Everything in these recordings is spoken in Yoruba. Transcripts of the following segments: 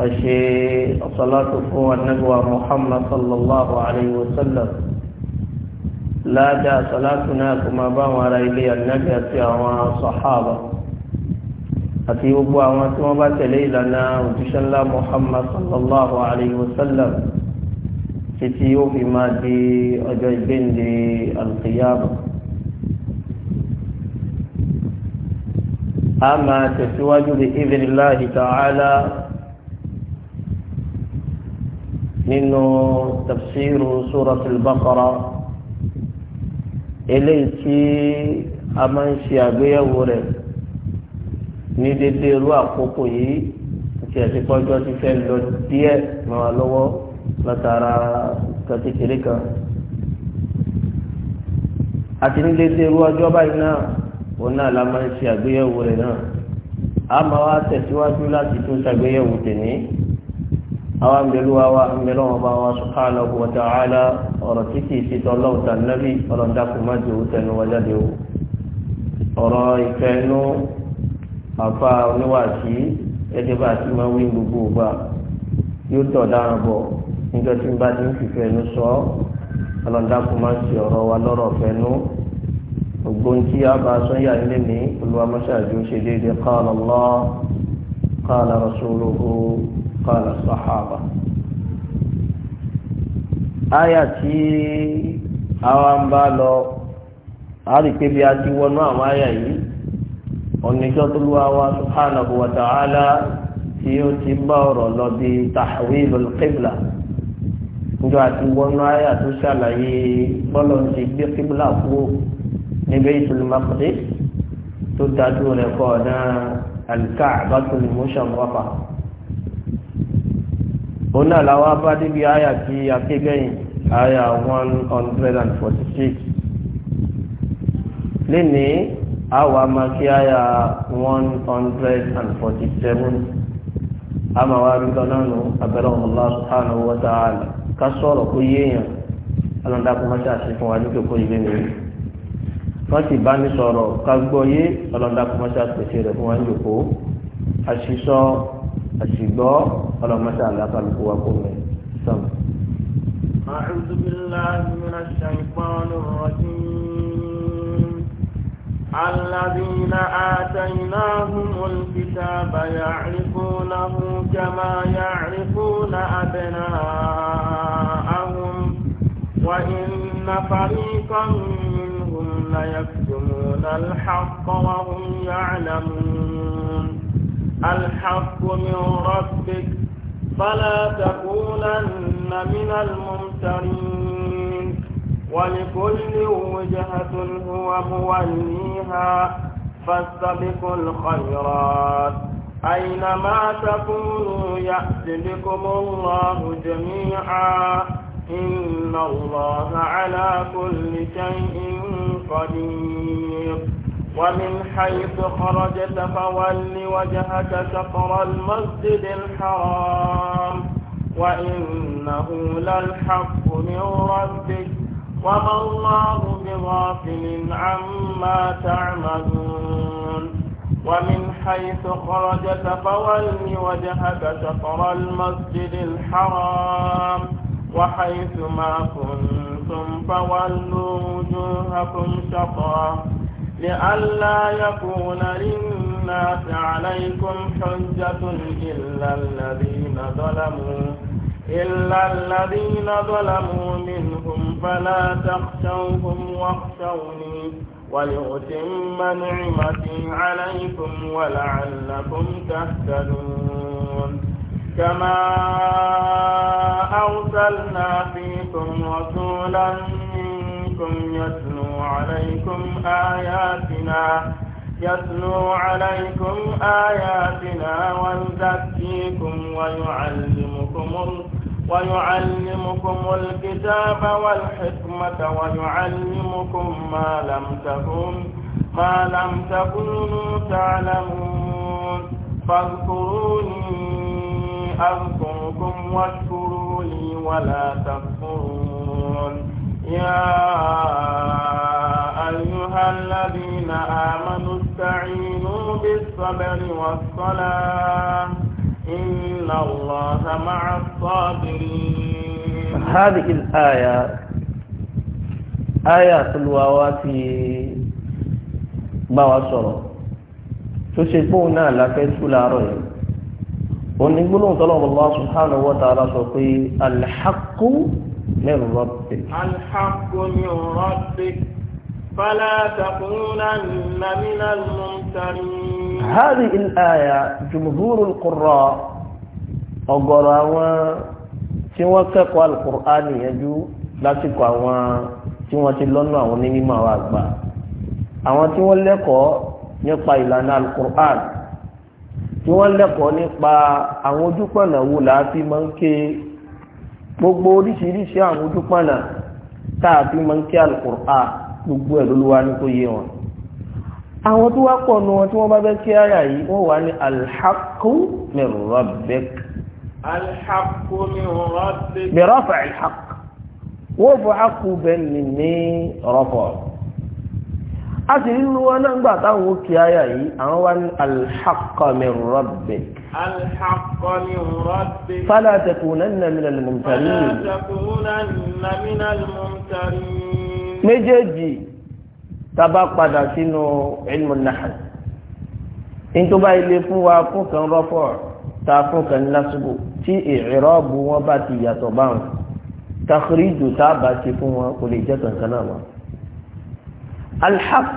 أشي الصلاة فوق النبوة محمد صلى الله عليه وسلم لا جاء صلاتنا كما بام على إلي النبي أتي صحابة أتي أبو أما تمبات ليلنا وتشلى محمد صلى الله عليه وسلم títí yóò fi máa di ọjọ́ ìgbéǹde alqiyama. a máa tẹ̀síwájú bí nínú tafsiru suratul Baqara eléyìí tí a máa ń ṣe àgbéyẹ̀wò rẹ̀ ní dédé irú àkókò yìí tí a ti pọ́jọ́ ti fẹ́ lọ díẹ̀ mọ́ wa lọ́wọ́ látara kàtíkiri kan àti ní dédé irú ọjọ́ báyìí náà òun náà la máa ń ṣe àgbéyẹ̀wò rẹ̀ náà a máa wá tẹ̀síwájú láti tún ṣàgbéyẹ̀wò tèmi àwọn àmìlú wa àmìlú wọn bá wa subhanahu wa ta'ala ọ̀rọ̀ tí kìí fi tọ́lọ́wọ́ tà nábì ọ̀rọ̀ dákun má jẹ́ òtẹnu wa jáde o ọ̀rọ̀ ìfẹ́ inú àfa oníwàásí ẹgbẹ́ bá ti máa wí gbogbo ògbà yóò tọ̀ dáhùn bọ̀ níjọ́ tí ń bá ti ń fìfẹ́ inú sọ ọ̀rọ̀ dákun má ṣe wa lọ́rọ̀ fẹ́ inú ogbon tí a bá sọ yà nílé ní olùwàmọ́ṣáájú ṣe déédéé qala Allah qala rasuluhu. قال الصحابة آية tí àwa ń bá lọ a rí pé bí a ti wọnú àwọn àyà yìí ọ̀nìjọ́ tó lù wá subhanahu wa ta'ala tí ó ti bá ọ̀rọ̀ lọ bí tahwilul qibla njọ àti wọnú àyà tó ṣàlàyé bọ́lọ̀ ti gbé qibla kúrò ní Baytul Maqdis tó dájú rẹ̀ kọ́ ọ̀nà al-Ka'batul musharrafa òun lawa làwọn bá débi àyà tí akégbẹ̀yìn àyà one hundred and forty six lénìí àwa máa kí àyà one hundred and forty seven àmà wa rí lọ́nà nù abẹ́rẹ́ ọ̀húnlá subhanahu wa ta'ala ká sọ̀rọ̀ kó yéèyàn alọ́dà kó má ṣàṣì fún wa nígbà kó yé mi wọ́n sì bá ní sọ̀rọ̀ ká gbọ́ yé ọlọ́dà kó má ṣàṣì fún wa nígbà kó àṣìṣọ́ àṣìgbọ́ ọlọ́mọṣẹ́ àlàkàlùkù wa kò mẹ́ sàn. أعوذ بالله من الشيطان الرجيم الذين آتيناهم الكتاب يعرفونه كما يعرفون أبناءهم وإن فريقا منهم ليكتمون الحق وهم يعلمون الحق من ربك فلا تكونن من الممترين ولكل وجهة هو موليها فاستبقوا الخيرات أينما تكونوا يأت بكم الله جميعا إن الله على كل شيء قدير ومن حيث خرجت فول وجهك شطر المسجد الحرام وإنه للحق من ربك وما الله بغافل عما تعملون ومن حيث خرجت فول وجهك شطر المسجد الحرام وحيث ما كنتم فولوا وجوهكم شطره لئلا يكون للناس عليكم حجة إلا الذين ظلموا إلا الذين ظلموا منهم فلا تخشوهم واخشوني ولأتم نعمتي عليكم ولعلكم تهتدون كما أرسلنا فيكم رسولا ربكم يتلو عليكم آياتنا يتلو عليكم آياتنا ويزكيكم ويعلمكم ويعلمكم الكتاب والحكمة ويعلمكم ما لم تكن ما لم تكونوا تعلمون فاذكروني أذكركم واشكروا لي ولا تكفرون يا أيها الذين آمنوا استعينوا بالصبر والصلاة إن الله مع الصابرين هذه الآية آية الواوات بواسرة تشبه نالا كيسو لارو ونقولون طلب الله سبحانه وتعالى سوقي الحق من ربك الحق من ربك فلا تكونن من الممترين هذه الآية جمهور القراء ọ̀gọ̀rọ̀ àwọn tí wọ́n kẹ́kọ̀ọ́ alukur'ani yẹjú lásìkò àwọn tí wọ́n ti lọ́nà àwọn onímọ̀ àwọn àgbà àwọn tí wọ́n lẹ́kọ̀ọ́ nípa ìlànà alukur'an tí wọ́n lẹ́kọ̀ọ́ nípa àwọn ojúpọ̀nà wo làá máa ń ké gbogbo oríṣiríṣi àwọn ojúpọ̀nà táàbí máa ń kí àlùkùrá gbogbo ẹ̀ lólúwa ní kó yé wọn àwọn tó wá pọ̀ nù wọn tí wọ́n bá fẹ́ kí àyà yìí wọ́n wà ní alhaqqu min rabbik alhaqqu min rabbik bi rafa alhaqq wọ́n fọ àkùbẹ̀ ní rọ́fọ̀ a sì nínú wọn náà gbà táwọn òkè àyà yìí àwọn wá ní al-haqqa min rabbik. al-haqqa min rabbik. fala takunanna minal mumtarin. fala takunanna minal mumtarin. méjèèjì tábà padà sínú ilmu nahal. nítorí ilé fún wa fún kan rọ́fọ̀ tá fún kan násìbò tí ìrọ́bù wọn bá ti yàtọ̀ báwọn. takhriju tá a bá ti fún wọn kò lè jẹ́ kankan náà wọn. الحق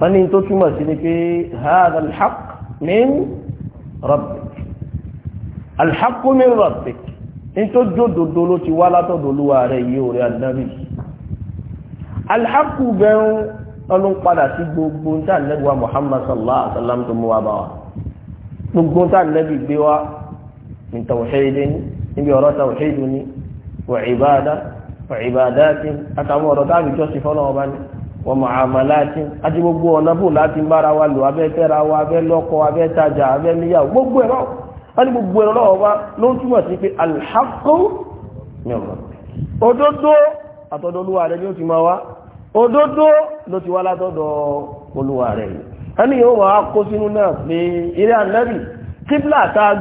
wọ́n ní tó túmọ̀ sí ni pé hada alhaq min rabbik alhaq min rabbik ولا tó jó dodo النبي ti wá látọ̀dọ̀ olúwa rẹ̀ yìí orí anábì alhaq bẹ́rún ọlọ́n padà sí gbogbo ń tà lẹ́gbàá muhammad sallallahu alaihi wa sallam tó mú wa bá wa gbogbo ń tà lẹ́bi gbé wa min tawhidin níbi ọ̀rọ̀ tawhidin ni wa ibada wa ibadatin àtàwọn ọ̀rọ̀ táàbì jọ sí fọ́nà ọba ni wa muamalatin àti gbogbo ọ̀nà bò láti ń bára wa lò abẹ́ tẹ́ra wa abẹ́ lọ́kọ abẹ́ tajà abẹ́ níyàwó gbogbo ẹ̀rọ wọ́n ní gbogbo ẹ̀rọ lọ́wọ́ wa ló ń túmọ̀ sí pé alhaqqu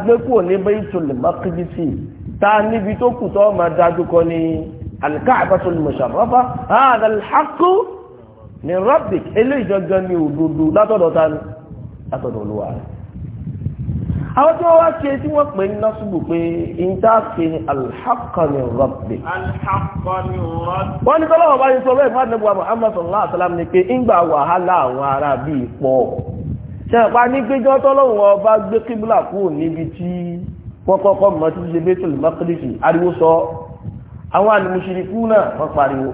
gbé kúrò ní Baitul Maqdisi ta níbi tó kù tó máa dájú ní الكعبة المشرفة هذا الحق من ربك eléyìí gangan ni لا látọ̀dọ̀ ta ni látọ̀dọ̀ Olúwa rẹ̀ àwọn tí wọ́n wá ṣe tí wọ́n pè ní násùgbò pé ìntàfin alhakani rọ̀bì wọ́n ní tọ́lọ́wọ́ bá ń sọ bẹ́ẹ̀ fún àdínẹ́bù àmọ́ àmọ́sọ̀lá àtàlámi ni pé ìgbà wàhálà àwọn ará bíi pọ̀ ṣẹ̀pá ní gbẹ́jọ́ tọ́lọ́wọ́ bá gbé kíbùlà kúrò níbi tí wọ́n kọ́kọ́ àwọn alìmùsìrìkúnà wọ́n pariwo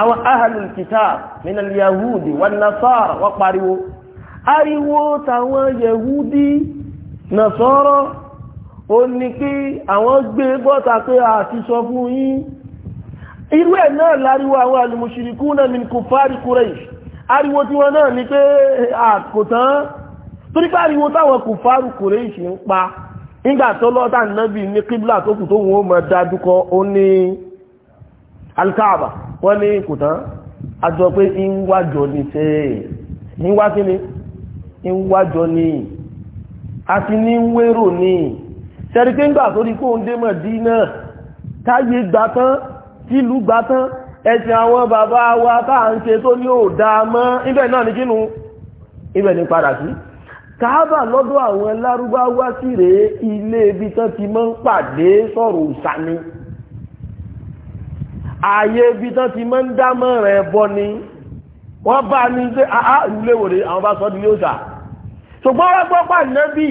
àwọn ahalul kitab minal yahudi wan nasara wọ́n pariwo ariwo tàwọn yahudi nasara ó ní kí àwọn gbé bọ́ta pé a ti sọ fún yín irú ẹ̀ náà láriwo àwọn alìmùsìrìkúnà min kufari Quraysh ariwo tí nígbà tó lọ́dà nábì ní kíblà tó kù tó wọ́n mọ̀ dájúkọ ó ní alkaaba wọ́n ní kò tán àjọ pé ìwájọ ní tẹ́ níwá kí ni ìwájọ ní àti ní wérò ní sẹ́ríkẹ́ ńgbà tó rí kóhun dé Mẹdínà táyé gbà tán tìlú gbà tán ẹ̀sìn àwọn bàbá wa táà ń ṣe tó ní ò dáa mọ́ ibẹ̀ náà ní kínú ibẹ̀ ní padà sí káábà lọ́dọ̀ àwọn lárúbáwá sí rèé ilé ibi tán ti máa ń pàdé sọ̀rọ̀ òòṣà ni ààyè ibi tán ti máa ń dámọ̀ rẹ̀ bọ́ ni wọ́n bá ní pé àá ìrúléwòrè àwọn bá sọ́dún yóò sà ṣùgbọ́n wọ́n gbọ́ pà nẹ́bì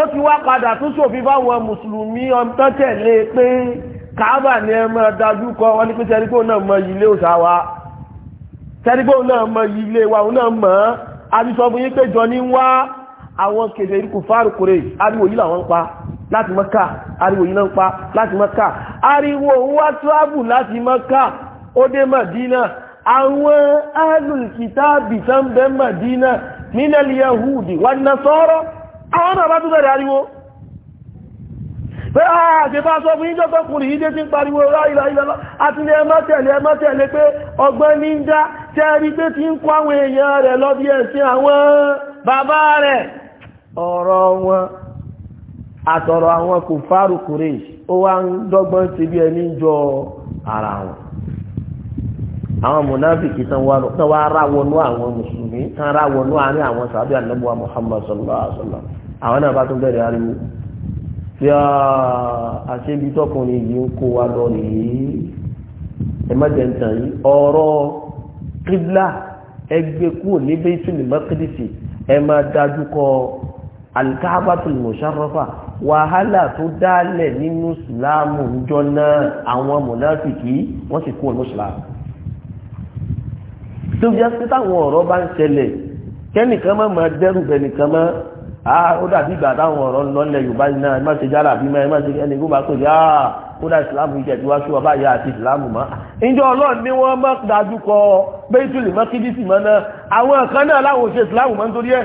ó ti wá padà tún ṣòfin fáwọn mùsùlùmí ọmọtán e pé káábà ni ẹ máa dájú kọ wọn ní pé tẹrígbó náà mọ ilé òòṣà wa tẹrígbó náà mọ ilé wa òun náà mọ̀ á ti sọ fún yín pé jọ ní wá àwọn kèfèrí kùfàrù Kùrẹ́ṣì ariwo yìí làwọn ń pa láti Mẹ́kà ariwo yìí náà ń pa láti Mẹ́kà ariwo wá tíráàbù láti Mẹ́kà ó dé Mẹ̀dínà àwọn alùkìtàbì tán bẹ Mẹ̀dínà nílẹ̀ Yahudi wà ní sọ́rọ̀ àwọn náà bá tún bẹ̀rẹ̀ ariwo pé àṣẹfà ah, sọ fún ìjọ́ tọkùnrin ìdé tí ń pariwo ráìláìlọ́lọ́ àti ní ẹmọ́ tẹ̀lé ẹmọ́ tẹ̀lé pé ọgbọ́n ní ń bàbá rẹ̀ ọ̀rọ̀ wọn àtọ̀rọ̀ àwọn kò fárú kùrèṣ ó wá ń dọ́gbọ́n ti bí ẹni jọ ara wọn àwọn mùnáfìkì tán wá rá àwọn mùsùlùmí tán rá àárín àwọn sàbí ànábùwà Muhammad sallallahu àwọn náà bá tún bẹ̀rẹ̀ ariwo tí a àṣebi tọkùnrin yìí ń alkaabatul musharrafa wàhálà tó dálẹ̀ nínú ìsìláàmù ìjọ náà àwọn mọ̀láfìkì wọ́n sì kú ọ̀nà ìsìláàmù tó bí ẹ́sì táwọn ọ̀rọ̀ bá ń ṣẹlẹ̀ kẹ́nìkan mọ́ mọ́ dẹ́rù bẹ̀nìkan mọ́ ó dàbí ìgbà táwọn ọ̀rọ̀ lọ́lẹ̀ yorùbá náà ẹ má ṣe jára bí mọ́ ẹ má ṣe ẹni gbogbo àkójọ áà ó dá ìsìláàmù ìjẹ̀ tí wáá ṣúwọ́ báyà àti ìsìláàmù mọ́ ìjọ ọlọ́run ni wọ́n mọ́ dájú kọ bẹ́ẹ̀tùlì mọ́ kídísì mọ́ náà àwọn kan náà láwọn òṣè ìsìláàmù mọ́ nítorí ẹ̀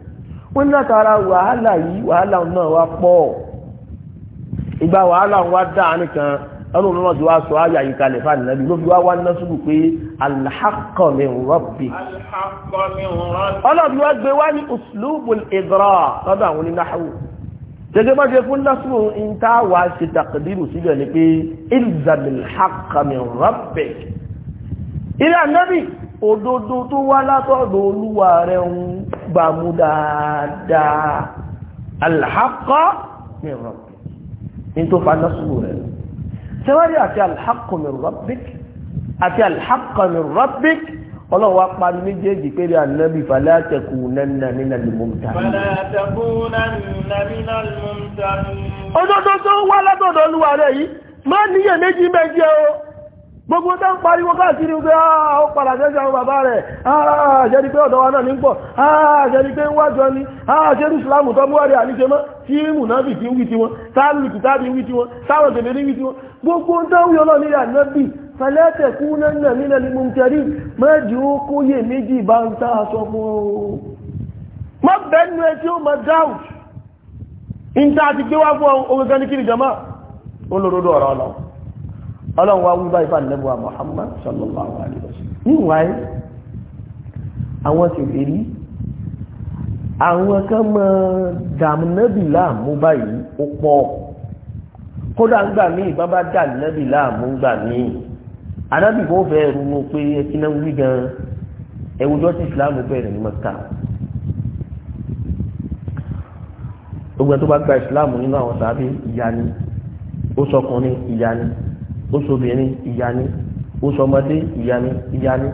wọ́n ní látara wàhálà yìí wàhálà náà wá pọ̀ ìgbà wàhálà wá dáa nìkan ọlọ́run náà ti wá sọ ayé àyíká lè fà nìyàbí ló fi wá wá náà sùgbù pé alhaqqa min rabbik wá gbé wá ní uslubul idra lọ́dọ̀ àwọn onínáhàwò gẹ́gẹ́ bá ṣe fún násùrù ń tá wà ṣe taqdiru síbẹ̀ ni pé ilzamil haqqa min rabbik ilé òdodo tó wá látọ̀dọ̀ olúwa rẹ̀ ń gbàmú dáadáa alhaqqa min rabbik ní tó fa násùlù rẹ̀ sẹ́wárí àti alhaqqa min rabbik àti alhaqqa min rabbik ọlọ́run wá pa méjèèjì pé rí ànábì fala takunanna minal mumtarin. fala takunanna minal mumtarin. òdodo tó wá látọ̀dọ̀ olúwa rẹ̀ yìí má níyèméjì méje o gbogbo tó ń pariwo káàkiri pé ah, ó padà jẹ́ àwọn bàbá rẹ̀ ààjẹ́rí ah, pé ọ̀dọ̀ wa náà ní pọ̀ ààjẹ́rí ah, pé wájọ́ ní ààjẹ́rí islamu tó múwárí àníṣe mọ́ tí mù náà bì tí wí tí wọn táàlù kìtàbí wí tí wọn táwọn tèlé ní wí tí wọn gbogbo tó ń yọ lọ́ní ànábì fẹlẹ́tẹ̀ kú náà ọlọ́run wa wúbá ìfà nẹ́bùwà Muhammad sallallahu alaihi wasallam níwáyé àwọn ti lè rí àwọn kan mọ́ dàmú nẹ́bì láàmú báyìí ó pọ̀ kódà ń gbà mí ìbá bá dà nẹ́bì láàmú gbà mí anábì kò fẹ́ ronú pé ẹtí náà wí gan ẹwùjọ́ sí Islam bẹ̀rẹ̀ ní Mẹ́kà gbogbo ẹ̀ tó bá gba Islam nínú àwọn sàbí ìyá ni ó sọkùnrin ìyá ni ó sobìnrin ìyá ni ó sọmọdé ìyá ni ìyá ni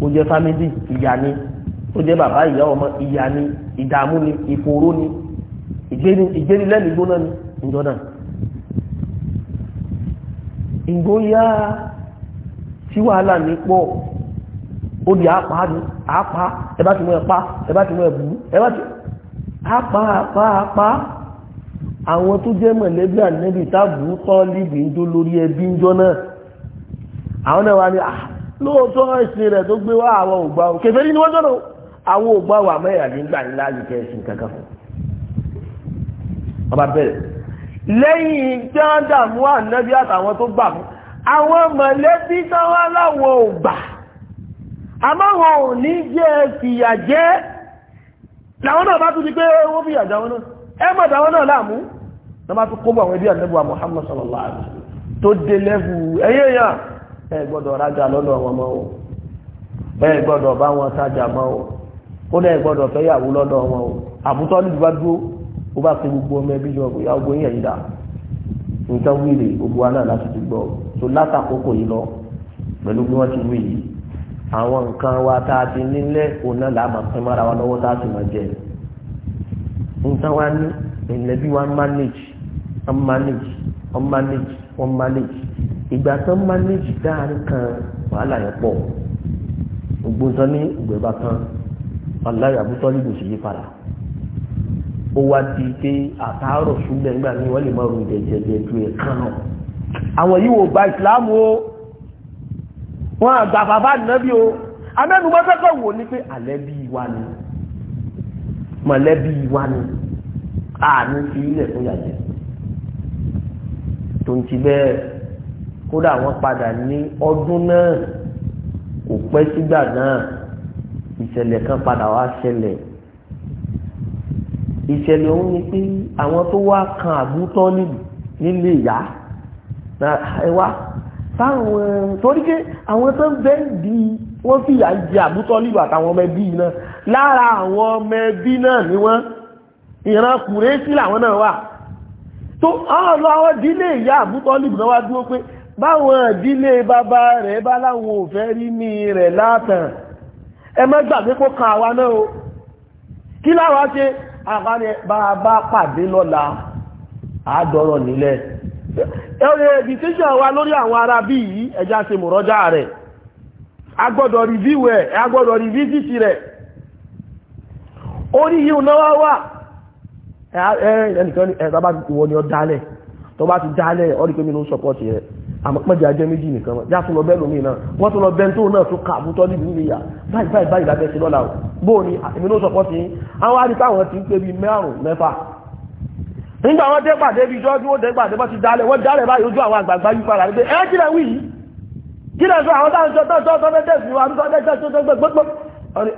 ó jẹ́ fámílì ìyá ni ó jẹ́ bàbá ìyá ọmọ ìyá ni ìdààmú ni ìfòòró ni ìgbérilẹ́nu gbóná ni ìjọdá ìgbóyá tí wàhálà ní pọ̀ ó di àpá ní àpá ẹbá ti mọ́ ẹ̀pá ẹbá ti mọ́ ẹ̀bù ẹbá ti àpá àpá àpá àwọn tó jẹ́ mọ̀lẹ́bí ànẹ́bí tábù tọ́líbì ń dó lórí ẹbí ń jọ́nà àwọn náà wà ní ah, lóòótọ́ ẹ̀sìn rẹ̀ tó gbé wá àwọn ògbà ò kèfèrí ní wọ́n jọ́nà àwọn ògbà wà mẹ́rin nígbà nílá àlùkẹ́ ẹ̀sìn kankan fún ọba bẹ̀rẹ̀ lẹ́yìn jọ́ndàmú ànẹ́bí àtàwọn tó gbà fún àwọn mọ̀lẹ́bí táwọn aláwọ̀ ògbà àmáwọn ò ní jẹ́ fìyà jẹ́ làwọn náà bá tún di pé wọ́n fìyà jẹ́ wọn náà ẹ mọ̀ tàwọn náà láàmú náà bá tún kó bọ̀ àwọn ẹbí àdẹ́bùwà Muhammad sallallahu alaihi wasallam tó dé lẹ́bù ẹyẹ yàn ẹ gbọ́dọ̀ rajà lọ́dọ̀ wọn mọ́ o ẹ gbọ́dọ̀ bá wọn tajà mọ́ o ó dẹ́ gbọ́dọ̀ fẹ́yàwó lọ́dọ̀ wọn o àbútọ́ níbi bá dúró ó bá fi gbogbo ọmọ ẹbí jọ bóyá ogun yẹn yìí dá nǹkan wíìlì gbogbo wa náà láti ti gbọ́ tó látàkókò yìí lọ pẹ̀lú bí wọ́n ti wí yìí àwọn nǹkan wa tá a ti nílẹ̀ òun náà làá máa pín mára wa lọ́wọ́ tá a sì máa jẹ nǹkan wa ní ìlẹ́bí wa manage wọ́n manage wọ́n manage wọ́n manage ìgbà tó manage dáhàrí kan wàhálà yẹn pọ̀ gbogbo nǹkan ní ìgbẹ́bà kan aláyà àbútọ́ níbo sì yí padà ó wá di pé àtàárọ̀ ṣúgbẹ́ nígbà ní wọ́n lè máa ròyìn jẹjẹjẹ ju ẹ̀ náà àwọn yìí wò gba ìsìláàmù o wọ́n àgbà bàbá nìyẹn bí o amẹ́nu mọ́tẹ́kọ̀ wò ní pé àlẹ́ bíi wa ni mọ̀lẹ́bí wa ni àánú fi ilẹ̀ fún yàjẹ́ tó ń ti bẹ́ẹ̀ kódà wọ́n padà ní ọdún náà kò pẹ́ sígbà náà ìṣẹ̀lẹ̀ kan padà wá ṣẹlẹ̀ ìṣẹ̀lẹ̀ ọ̀hún ni pé àwọn tó wá kan àbútọ́ nílé ìyá ẹ wá táwọn torí pé àwọn tó ń bẹ́ẹ̀ bíi wọ́n fìyà ń jẹ àbútọ́líbù àtàwọn ọmọ ẹbí náà lára àwọn ọmọ ẹbí náà ni wọ́n ìran kùrẹ́sì làwọn náà wà tó ọlọ́wọ́ dílé ìyá àbútọ́líbù náà wá dúró pé báwọn ìdílé bàbá rẹ̀ bá láwọn ò fẹ́ rí ní rẹ̀ látàn ẹ má gbàgbé kó kan àwa náà o kí láwa ṣe àbálẹ̀ bàbá pàdé lọ́la àádọ́rọ̀ nílẹ̀ wa lórí àwọn arábí yìí ẹjá ṣe mọ̀rọ́jà agbọ́dọ̀ rìvíwù ẹ̀ agbọ́dọ̀ rìvísìtì rẹ̀ orí yíò náwà wà ẹnìkan ẹ̀ bàbá ìwọ ni ọ dálẹ̀ tó bá ti dálẹ̀ ọdí pé mi ló ń sọpọ́tì rẹ̀ àmọ́pẹ́jẹ́ ajẹ́ méjì nìkan já tún lọ bẹ́lú mi náà wọ́n tún lọ bẹ́ntó náà tún kà fún tọ́lú ìlú ìyá báyìí báyìí báyìí lábẹ́ sí lọ́la bóò ni èmi ló sọpọ́tì àwọn adìtàwọn ti ń pé bíi márùn mẹ́fà nígbà wọn dẹ́gbàdé bíi jọ́ọ́dún ó dẹ́gbàdé bá ti dálẹ̀ wọ́n dálẹ̀ báyìí ojú àwọn àgbààgbà yípa rà ní pé ẹ́ kílẹ̀ sọ àwọn táwọn sọ tọ́tọ́ tọ́ mẹ́tẹ́ sí wa tọ́ mẹ́tẹ́ tó tọ́gbẹ́ gbogbo ọ̀rẹ́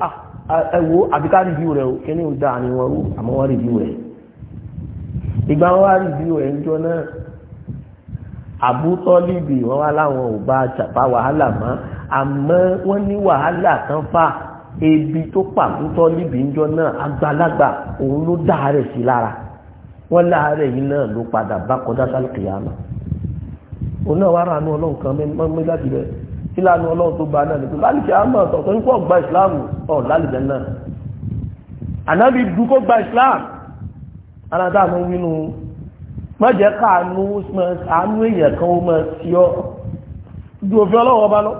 ẹ̀wọ́ àbíká rìbíù rẹ̀ o kíní ò dáa ni wọ́n rú àmọ́ wọ́n rìbíù rẹ̀ ìgbà wọn wá rìbíù rẹ̀ ń jọ náà àbútọ́líbì wọn wá láwọn ò bá àtàpá wàhálà mọ́ àmọ́ wọ́n ní wàhálà kan fà ebi tó pàbútọ́líbì ń jọ náà àgbàlagbà òun ló dáa rẹ̀ sí lára wọ́n láàárẹ̀ yìí náà ló padà bá kọjá sálùkìyàmọ́ òun náà wá ra àánú ọlọ́run kan mẹ́mí láti bẹ̀ kí lánàá ọlọ́run tó bá náà nìkan lálùkì àmọ́ ọ̀tọ̀ ń kọ́ gba ìsìláàmù ọ̀ lálùjẹ́ náà ànábì dùn kó gba ìsìláàmù aláta àmọ́ wínú mọ́jẹ́ káànú àánú èèyàn kan ó mọ̀ sí ọ́ ju òfin ọlọ́wọ́ bá lọ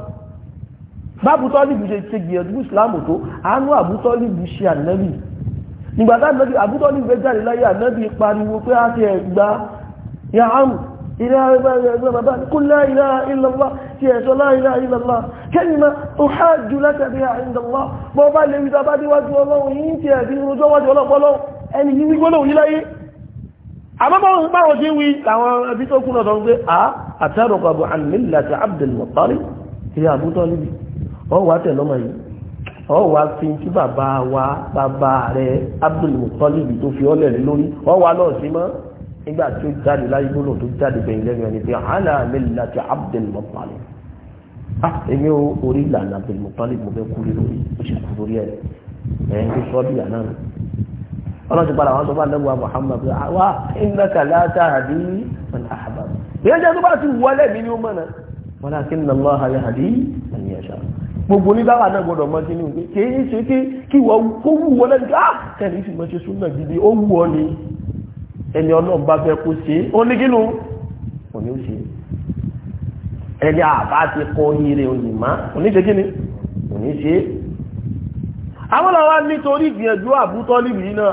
báàbù tọ́lìbù ṣe ṣe gbìyànjú ìsìláàmù tó àánú àbútọ́lìbù ṣe ànábì nígbàtà àbútọ́lìbù fẹ́ jáde láyé ànábì pariwo pé á ti ẹ̀ gba yahoo قل لا إله إلا الله تيأس لا إله إلا الله كلمة أحاج لك بها عند الله بابا اللي يتابع دي واجه الله وينتي هذه رجوع واجه الله قالوا أن يجي قالوا إلا أما ما هو جيوي لو أبيت أكون أتنقى أترغب عن ملة عبد المطلب يا أبو طالب أو واتي لما يجي ọ wá fi tí bàbá wa bàbá rẹ̀ Abdul Muttalib tó fi ọlẹ̀ lórí ọ wá lọ sí mọ́ nígbà tó jáde láyé gbólóhùn tó jáde gbẹ̀yìn lẹ́nu ẹni pé ala millati Abdul Muttalib ah èmi ò orí ìlànà Abdul Muttalib mo fẹ́ kú lórí ó sì kú lórí ẹ̀ ẹ̀yìn tó sọ́ bí àná ọlọ́run ti padà wọn sọ fún àdẹ́gbà Muhammad pé àwa innaka la tahdi man ahbab ìyẹn jẹ́ tó bá ti wọlé mi ní ó mọ̀nà walakinna Allaha yahdi man yasha gbogbo oníbàbà náà gbọdọ̀ mọ́ sínú pé kì í ṣe kí wọ́n kó wù wọlé nígbà kẹ́ni ìfìmọ̀ ṣe súnmọ̀ gidi ó wù ọ ni ẹni ọlọ́run bá fẹ́ kó ṣe ó ní kínú kò ní ó ṣe ẹni àbá ti kọ ire òyìnbá kò ní ṣe kí ni kò ní ṣe àwọn ọlọ́wà nítorí ìgbìyànjú àbútọ́ níbi iná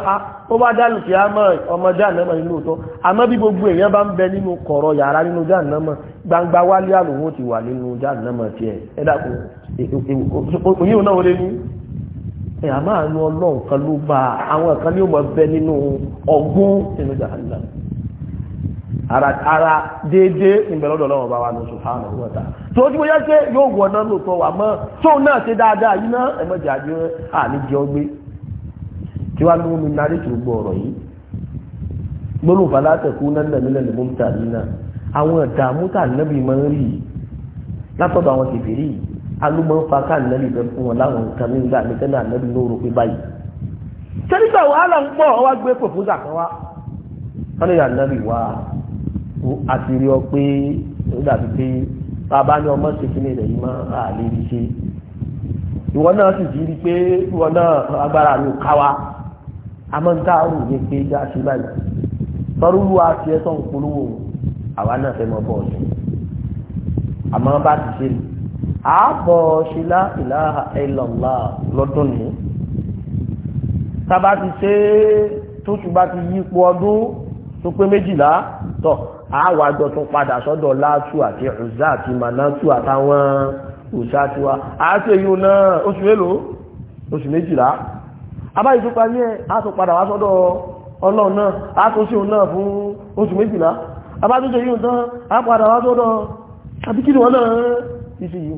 ó bá dá lùfẹ́ àmọ́ ọmọdé ànámọ̀ nínú òótọ́ àmọ́ bí gbogbo èèyàn bá ń bẹ nínú kọ̀rọ̀ yàrá nínú jàǹnàmọ̀ gbangba wálé àlòwò ti wà nínú jàǹnàmọ̀ tiẹ̀ ẹ̀dàkùn òyìn náà wọlé ní ẹ̀ àmọ́ àánú ọlọ́run kan ló bá àwọn kan ní ó máa bẹ nínú ọgbọ́n nínú jàǹdà ara déédéé ìgbẹ̀lọ́dọ̀ ọlọ́run bá wà ní subhanahu wa ta'ala tó tí mo yá pé yóò wọ̀ náà lóòótọ́ wà mọ́ tóun náà ṣe dáadáa yìí náà ẹ̀mọ́ jà jẹ́ àní jẹ́ ọgbé tí wàá lóun mi nárí tó gbọ́ ọ̀rọ̀ yìí gbólóhùn falátẹ̀kú náà nílẹ̀ ní mọ́mítà yìí náà àwọn ìdààmú tà nẹ́bí máa ń rí látọ̀dọ̀ alúmọ̀ ń fa ká ànábì bẹ fún wọn láwọn nǹkan nígbà nìkan náà ànábì ló rò pé báyìí sẹ́nitọ̀ wàhálà ń pọ̀ wá gbé pòfúsà kan wá wọ́n lè ànábì wá àti rí ọ pé ó dàbí pé bàbá ní ọmọ ṣe kíni rẹ̀ yìí máa àlè rí ṣe ìwọ náà sì rí pé ìwọ náà agbára mi ká wa àmọ́ nǹkan àrùn ní pé já sí báyìí tọ́rúwú àti ẹ̀tọ́ ń polówó àwa náà fẹ́ mọ́ bọ́ọ̀lù àmọ́ bá ti ṣe àbọ̀ ṣílá ìlàhà ẹlọ́lá lọ́dún ní tàbá ti ṣe tó ṣùgbá ti yípo ọdún tó pé méjìlá tọ̀ àwà àjọ tún padà sọ́dọ̀ látú àti ọ̀zá àti manátú àtàwọn òṣàtiwa àti èyí náà oṣù mélòó oṣù méjìlá abáyé tó parí ẹ̀ á tún padà wá sọ́dọ̀ ọlọ́run náà á tún òun náà fún oṣù méjìlá abájọ́jọ́ yìí tán á padà wá sọ́dọ̀ àbíkí ni wọ́n náà ti ṣe yìí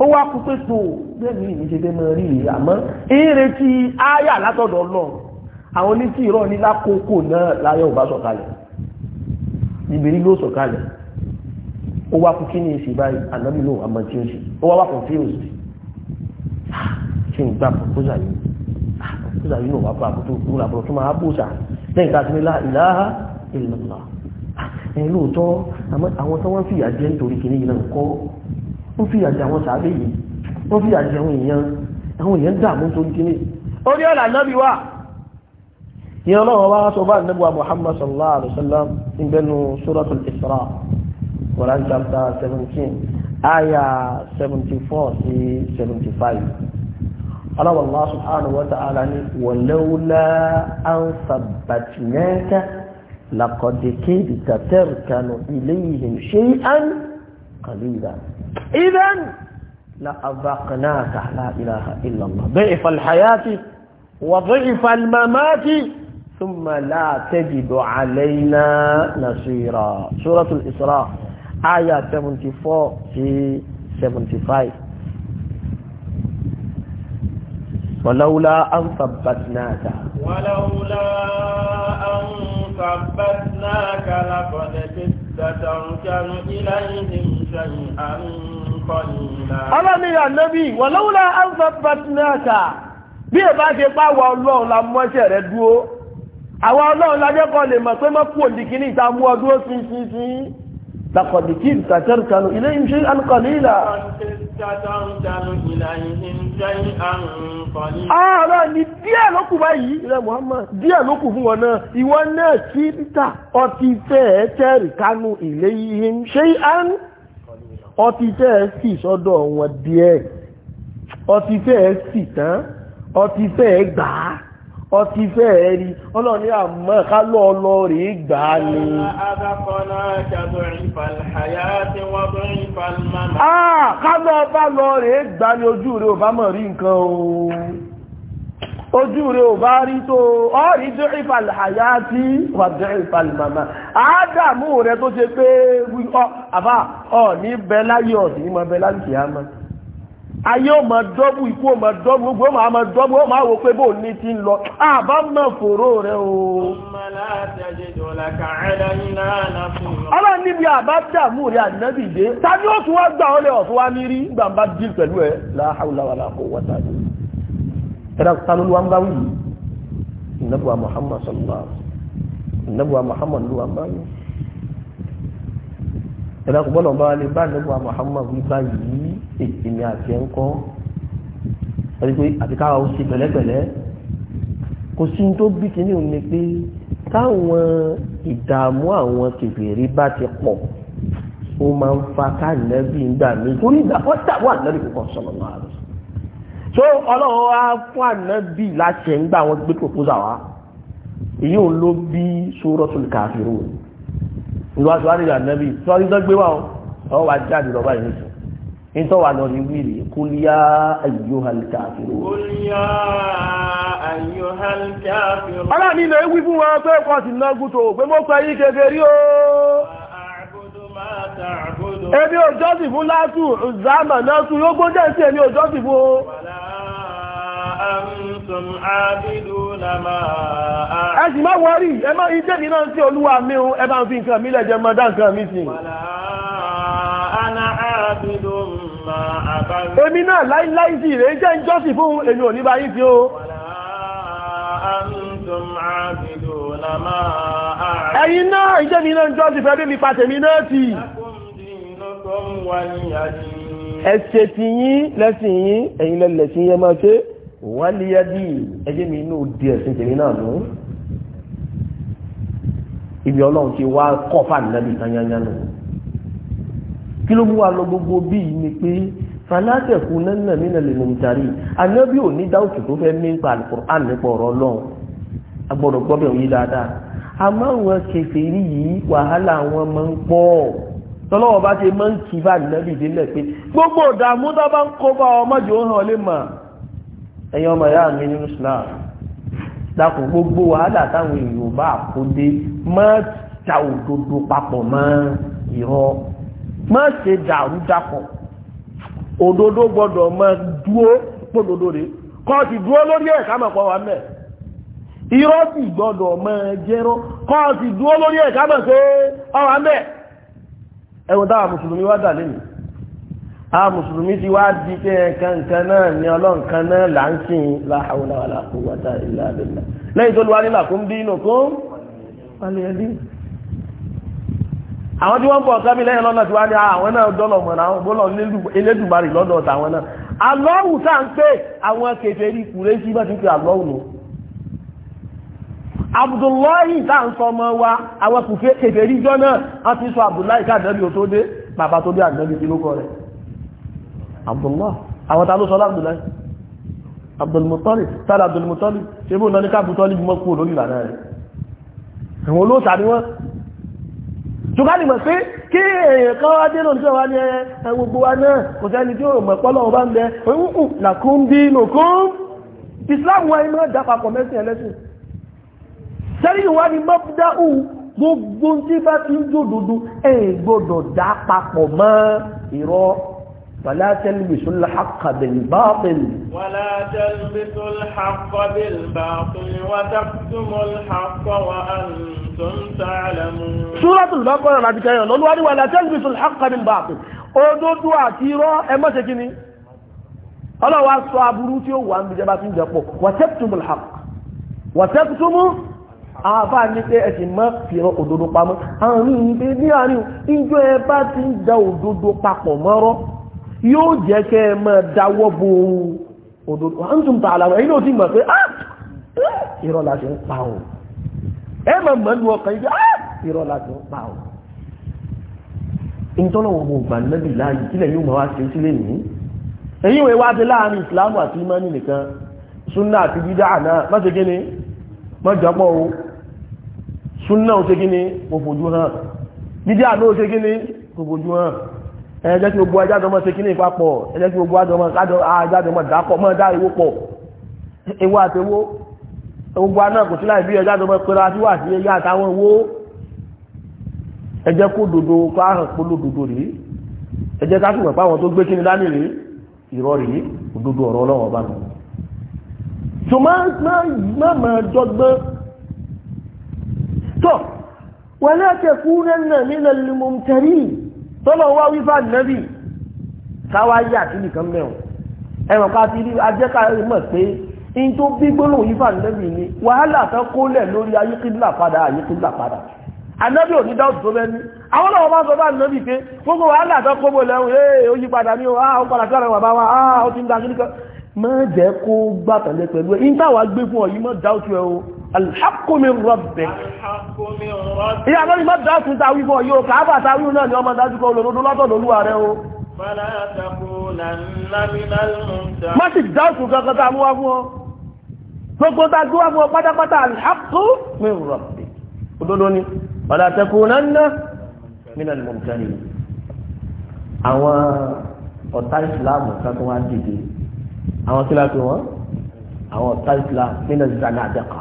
ó wá kú pé tó gbẹ̀mí ìní ṣe fẹ́ mọ rí i àmọ́ eré tí áyà látọ̀dọ̀ ọlọ́run àwọn onítì ìrọ̀ ní lákòókò náà láyọ̀ ò bá sọ̀kalẹ̀ ìbèrè ló sọ̀kalẹ̀ ó wá kú kí ni èsì báyìí ànábì ló àmọ́ tí ó ṣe ó wá wá confused ṣe ń gbà proposal yìí ah, proposal yìí náà wá fún àkótó kúrò àbúrò tó máa bòṣà lẹ́yìn tá a ó fi àjẹ àwọn sàábé yìí ó fi àjẹ àwọn èèyàn àwọn èèyàn dààmú tó ń kíní orí ọ̀là nábì wà ní ọlọ́run wá sọ bá nábì wa muhammad sallallahu alaihi wasallam ìgbẹ́nu suratul isra quran chapter seventeen aya seventy four sí seventy five aláwọ̀ allah subhanahu wa ta'ala ni wàlẹ́wùlá an sàbàtìmẹ́kà làkọ̀dẹ̀kẹ́ ìtàtẹ̀rù kanu ilayhim shay'an qalila إذا لأذقناك لا إله إلا الله ضعف الحياة وضعف الممات ثم لا تجد علينا نصيرا سورة الإسراء آية 74 في 75 ولولا أن ثبتناك ولولا أن ثبتناك لقد جئت ọlọ́ni ànábì wọ̀lọ́wọ́lá alfa patinata bí ẹ ṣe pa àwọn ọlọ́run la mú ẹsẹ̀ rẹ dúró àwọn ọlọ́run la lè mọ̀ pé mọ́kù òdìkíní ìta mú ọdún ó sí sí sí لقد كنت تركن إليهم شيئا قليلا Ààrẹ ni díẹ̀ ló kù báyìí, ilẹ̀ Muhammad, díẹ̀ ló kù fún wọn náà, ìwọ náà kí títà ọtí tẹ́ ẹ tẹ́rì kánú ilayhim shay'an, ọtí tẹ́ ẹ sì sọ́dọ̀ wọn díẹ̀, ọtí tẹ́ ẹ sì tán, ọtí tẹ́ ẹ gbàá ọtí fẹ́ ẹ̀rí ọlọ́ni àmọ́ kálọ́ ọlọ́ rí gbà ní kálọ́ ọba lọ rí gbà ní ojú rẹ̀ ọba mọ̀ rí nǹkan ooo ojú rẹ̀ ọba rí tó ọ́rí dẹ́rẹ́fàl àyá tí wà dẹ́rẹ́fàl màmá ádámù rẹ̀ tó ṣe pé àbá ọ̀ ní bẹ́láyọ̀ sí ní mọ́ bẹ́láyọ̀ ayé ọmọ dọ́bù ikú ọmọ dọ́bù gbogbo ọmọ àmọ dọ́bù ọmọ àwò pé bó ní ti ń lọ àbá mọ̀ fòró rẹ o. ọlọ́run níbi àbá dààmú rẹ ànábì dé tàbí ó tún wá gbà ọ́ lẹ́ ọ̀tún wá ní rí gbàǹbá dín pẹ̀lú ẹ̀ láhàúláwàlá kò wọ́tà ní. ẹ̀rọ tanúlú wa ń bá wí yìí ìnáwó Muhammad sallallahu ìnáwó Muhammad ló wa ń bá wí ẹ̀dá kò gbọ́dọ̀ bá wa lè bá nígbà Muhammad wí báyìí èmi àti ẹ̀ ń kọ́ ẹni pé àti káwa ó ṣe pẹ̀lẹ́pẹ̀lẹ́ kò sí ní tó bí kíní òun ni pé táwọn ìdààmú àwọn kèfèrí bá ti pọ̀ ó máa ń fa káàlẹ́bí ń gbà mí torí ìgbà wọ́n dà wà lẹ́rìí kò kàn sọ̀rọ̀ náà rẹ̀ so ọlọ́run wá fún ànábì láti ẹ̀ ń gbà wọn gbé proposal wa èyí òun ló bí Suratul Kafirun ìwà tó wà nílò ànábì tó ọdún tó gbé wà ó wà jáde lọ báyìí nìkan nítorí wà lọ ní wíìlì kúlíà ayyuhal kafirun. kúlíà ayyuhal kafirun. ọlọ́run ni ilé wí fún wọn pé kọ́ sí náà gúto pé mo pẹ́ yí kékeré o. èmi ò jọ́sìn fún látù zàmà náà tún yóò gbọ́dọ̀ sí èmi ò jọ́sìn fún o. أنتم عابدون ما أعبد أجي ما وري أما إجابي نانسي أولوها ميو أما في نكام ميلا جمدان كام ميسي ولا أنا عابد ما عبد èmi náà láíláí sí rẹ̀ jẹ́ ìjọsìn fún èmi ò ní bá yín sí o. ẹ̀yin náà ìjẹ́ mi náà ń jọ́sìn fẹ́ bí mi pa tèmi náà tì. ẹ ṣe tì yín lẹ́sìn yín ẹ̀yin lẹ́sìn yín ẹ máa ṣe wálíyádì ẹjẹ́ mi inú di ẹ̀sìn tèmi náà nù ibi ọlọ́run ti wá kọ́ fàdínàbì kányányán nù kí ló mú wa lọ gbogbo bíi ni pé fanátẹ̀kù nánà nínà lè mọ̀mítàrí anábì ò ní dáùtù tó fẹ́ mí pa alukur'an nípa ọ̀rọ̀ ọlọ́run agbọ́dọ̀ gbọ́ bẹ̀rù yí dáadáa àmọ́ àwọn kẹfẹ́rí yìí wàhálà wọn máa ń pọ̀ tọ́lọ́wọ́ bá ti máa ń kí fàdínàbì délẹ̀ pé gbogbo ìdààmú tó bá ń kó bá ọmọdé ó hàn lè mọ̀ ẹ̀yin ọmọ ìyá mi nínú Islam gbogbo wàhálà táwọn èèyàn àkóde má ta òdodo papọ̀ mọ́ irọ́ má ṣe dàrú dàpọ̀ òdodo gbọ́dọ̀ máa dúró pòdodo rẹ̀ kọ́ ti dúró lórí ẹ̀ ká mọ̀ pọ̀ mẹ́ irọ́ sì gbọ́dọ̀ máa jẹ́rọ́ kọ́ ti a mùsùlùmí ti wá di pé nǹkan náà ní ọlọ́run kan náà là ń sìn la hawla wala quwwata illa billah lẹ́yìn tó lu wálé lakum dinukum wálé ẹ̀dí. àwọn tí wọ́n ń bọ̀ ọ̀kan lẹ́yìn lọ́nà tí wá ní ah, àwọn náà dọ́lọ̀ mọ̀nà àwọn bọ́lọ̀ elédùnmarì lọ́dọ̀ tàwọn náà alọ́wù tá à ń pè àwọn kèfèrí kùrẹ́ sí bá ti pè alọ́wù nù. abdullahi tá à ń sọ ọmọ wa àwọn kèfèrí jọ náà wọ́n ti sọ abdullahi ká Abdullah àwọn ta ló sọ lábdùlá Abdulmutalib sára Abdulmutalib ṣe bó náà ní káàbùtọ́lì bí mọ́kú lórí ìlànà rẹ̀ àwọn olóòsà ni wọ́n ṣùgbọ́n mọ̀ pé kí èèyàn kan wá dé lónìí wá ní ẹ gbogbo wa náà kò sẹ́ni tí ó mọ̀ pọ́lọ̀ bá ń bẹ oúnkù làkún bí nùkún Islam wa iná dápapọ̀ mẹ́sìn ẹlẹ́sìn sẹ́rí ìwá ni u. gbogbo tí bá ti ń jòdòdó ẹ̀ gbọ́dọ̀ dápapọ̀ mọ́ irọ́ ولا تلبسوا الحق بالباطل ولا تلبسوا الحق بالباطل وتكتموا الحق وأنتم تعلمون سورة البقرة láti kẹyàn lọ́lúwà ní ولا تلبسوا الحق بالباطل òdodo àti irọ́ ẹ má ṣe kíní ọlọ́wà sọ aburú tí ó wà ń bìjẹba tí ń jẹpọ̀ وتكتموا الحق وتكتموا àbá ní pé ẹ̀sìn mọ́ fìran òdodo pamọ́ àrùn ìgbé ní àárín ìjọ ẹ bá ti ń da òdodo papọ̀ mọ́rọ́ yóò jẹ́ kẹ́ ẹ máa dáwọ́ bo òdòdó à ń tún ta àlàwọ̀ ẹ̀yìn náà ti mọ̀ pé ah! Ah! irọ́ la ti ń pa o ẹ máa mọ̀ nínú ọkàn yìí ah! irọ́ la ti ń pa o ìtọ́lọ́wọ́ wo gbà nẹ́bì láàyè sílẹ̀ yóò máa wá ṣe sílẹ̀ nìyí èyí wọ́n wá dé láàrin ìsìlámù àti ìmánì nìkan súnà àti bídá àná má ṣe kí ni má jọpọ̀ o súnà ó ṣe kí ni kò fojú hàn bídá àná ó ṣe kí ni kò fojú hàn ẹ jẹ́ kí gbogbo ajádọ́mọ́ ṣe kí ní ìpapọ̀ ẹ jẹ́ kí gbogbo ajádọ́mọ́ dápọ̀ mọ́ dá ìwó pọ̀ ewu àtẹwó gbogbo aná kò sí láì bí ajádọ́mọ́ pẹ́ra sí wà sí ẹyà àtàwọn owó ẹ kó dodo kó polo dodo rèé ẹ jẹ́ ká tó gbé kí dání rèé ìrọ̀ rèé òdodo ọ̀rọ̀ ọlọ́wọ́ tọ́lọ̀ wá wífà nẹ́bì káwáyé àti nìkan mẹ́wọ̀n ẹ̀wọ̀n ká ti rí ajẹ́ká mọ̀ pé in tó bí gbólóhùn wífà nẹ́bì ni wàhálà tán kólẹ̀ lórí ayékíńlá padà ayékíńlá padà anẹ́bì ò ní dáwùtò tó ni àwọn ọmọ sọ bá nẹ́bì pé gbogbo wàhálà tán kóbò ẹ̀ ó yí padà ah, ah, ní má jẹ́ kó gbàtàlẹ́ pẹ̀lú ẹ̀ in táwà gbé fún ọ̀yí mọ́ dáútù ẹ̀ o alhaqqu min rabbik ìyá lórí mọ́ dáútù táwí fún ọ̀yí o kàábà táwí náà ni ọmọ dájú kan olódodo lọ́tọ̀ lólúwa rẹ o má sì dáútù kankan tá a mú wá fún ọ gbogbo tá a gbé wá fún ọ pátápátá alhaqqu min rabbik òdodo ni wala takunanna minal mumtarin àwọn ọ̀tá ìsìláàmù kan tó wá dìde àwọn kí láti wọn àwọn ọ̀tá islam nínú zanadaka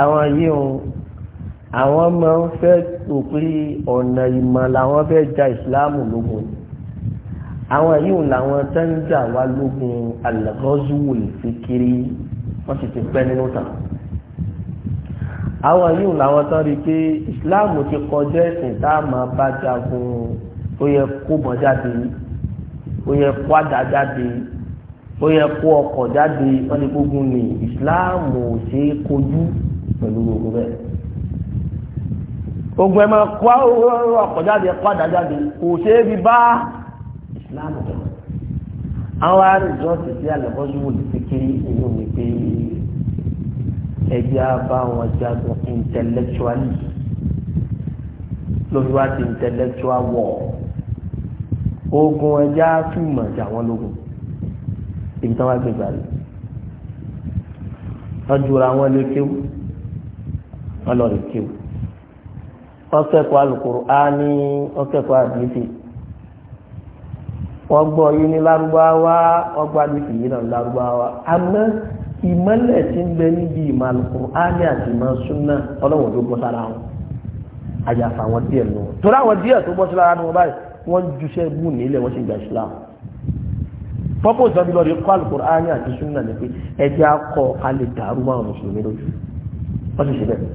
àwọn yìí ń àwọn máa ń fẹ́ rò pé ọ̀nà ìmọ̀ làwọn fẹ́ ja ìsìláàmù lógun àwọn yìí ń làwọn tó ń jà wá lógun alagọ́zúwòl fi kiri wọ́n sì ti pẹ́ nínú tàn àwọn yìí ń làwọn tó rí i pé ìsìláàmù ti kọjá ẹ̀sìn tá a máa bá jagun tó yẹ kó bọ́ jáde yìí ó yẹ kó àdá jáde ó yẹ kó ọkọ̀ jáde wọ́n ní gbógun ní ìsìláàmù ò ṣe é kojú pẹ̀lú ogun bẹ́ẹ̀. ogun ẹ máa kó ọkọ̀ jáde kó àdá jáde kò ṣe é fi bá ìsìláàmù lọ. àwọn arìnrìn ọ̀sẹ̀ sí àlẹ́kọ́sí wò lè fi kiri inú mi pé ẹgbẹ́ bá wọn jagun intellectually lórí wá ti intellectual war. ogun ẹja túmọ̀ jà wọ́n lógun wọn kéwù wọ́n lọ lè kéwù wọ́n kẹ́kọ̀ọ́ Al-Kùránì wọ́n àdìsí wọ́n gbọ́ yìí ní lárúbáwá wọ́n gbọ́ àdìsí yìí náà àmọ́ ìmọ̀lẹ̀ ń bẹ níbi àti ìmọ̀ súnà ọlọ́wọ́n tó sára wọn àyàfà wọn díẹ̀ wọ́n jùṣẹ́ mú nílẹ̀ wọ́n ṣe gba islam pọ́pọ̀ ìjọba lọ́ọ́ di kọ́ alukur'ani àti sunna ni pé ẹjẹ́ akọ alẹ́ dàrú máa mùsùlùmí lójú wọ́n ti ṣe bẹ́ẹ̀.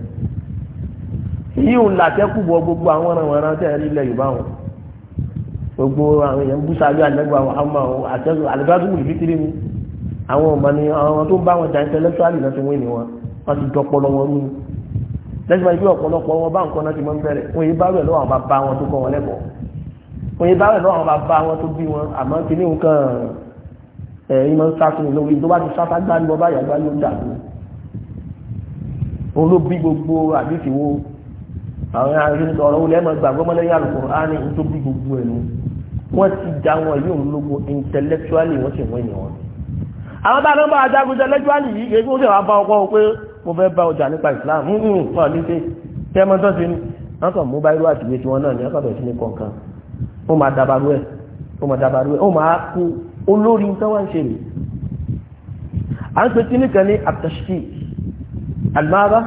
èyí ò làtẹ́kù bọ gbogbo àwọn ọ̀ràn tẹ̀ rí ilẹ̀ yorùbá wọn gbogbo àwọn èèyàn bú sáré àlẹ́gbọ̀ àwọn àwọn àtẹ́gùn àlùbádùn ìfi kiri ni àwọn ọmọ ni àwọn tó ń bá wọn jà intellectually náà ti wé ni wọn wọ́n ti dọ́pọ̀ lọ́wọ́ rú ni lẹ́sìn máa ń gbé ọ̀pọ̀lọpọ̀ wọn bá nǹkan náà ti mọ́ ń bẹ̀rẹ̀ wọ́n yé bá rẹ̀ lọ́wọ́ àwọn bá wọn tó kọ́ wọn lẹ́kọ̀ọ́ òye bá rẹ̀ náà wọn bá bá wọn tó bí wọn àmọ́ ti ní nǹkan ẹ̀ ìmọ̀ sáfún lórí tó bá ti sáfá gbáni bọ́ báyà gbáni ó dàgbò òun ló bí gbogbo àbífiwó àwọn arìnrìn ọ̀rọ̀ olè ẹ̀mọ̀ gbàgbọ́ mọ́lẹ́yìn Al-Qur'ani tó bí gbogbo ẹ̀ nù wọ́n ti dá wọn yóò lógo intellectually wọ́n sì wọ́n ènìyàn àwọn bá nọ́mbà ajagun intellectually yìí kí ó sì wá bá ọkọ̀ pé mo fẹ́ bá ọjà nípa Islam mú mú pọ̀ níṣẹ́ tẹ́mọ́tọ́sí ni wọ́n kàn mú báyìí wá àtìwé tí wọ́n náà ní ọkọ̀ bẹ̀rẹ̀ sí ní kọ̀ọ̀kan ó máa dàbàrú ẹ̀ ó máa dàbàrú ẹ̀ ó máa kú olórí tó wá ń ṣe rè à ń pè kí nìkan ní àtẹ̀ṣkì àlùmáàbá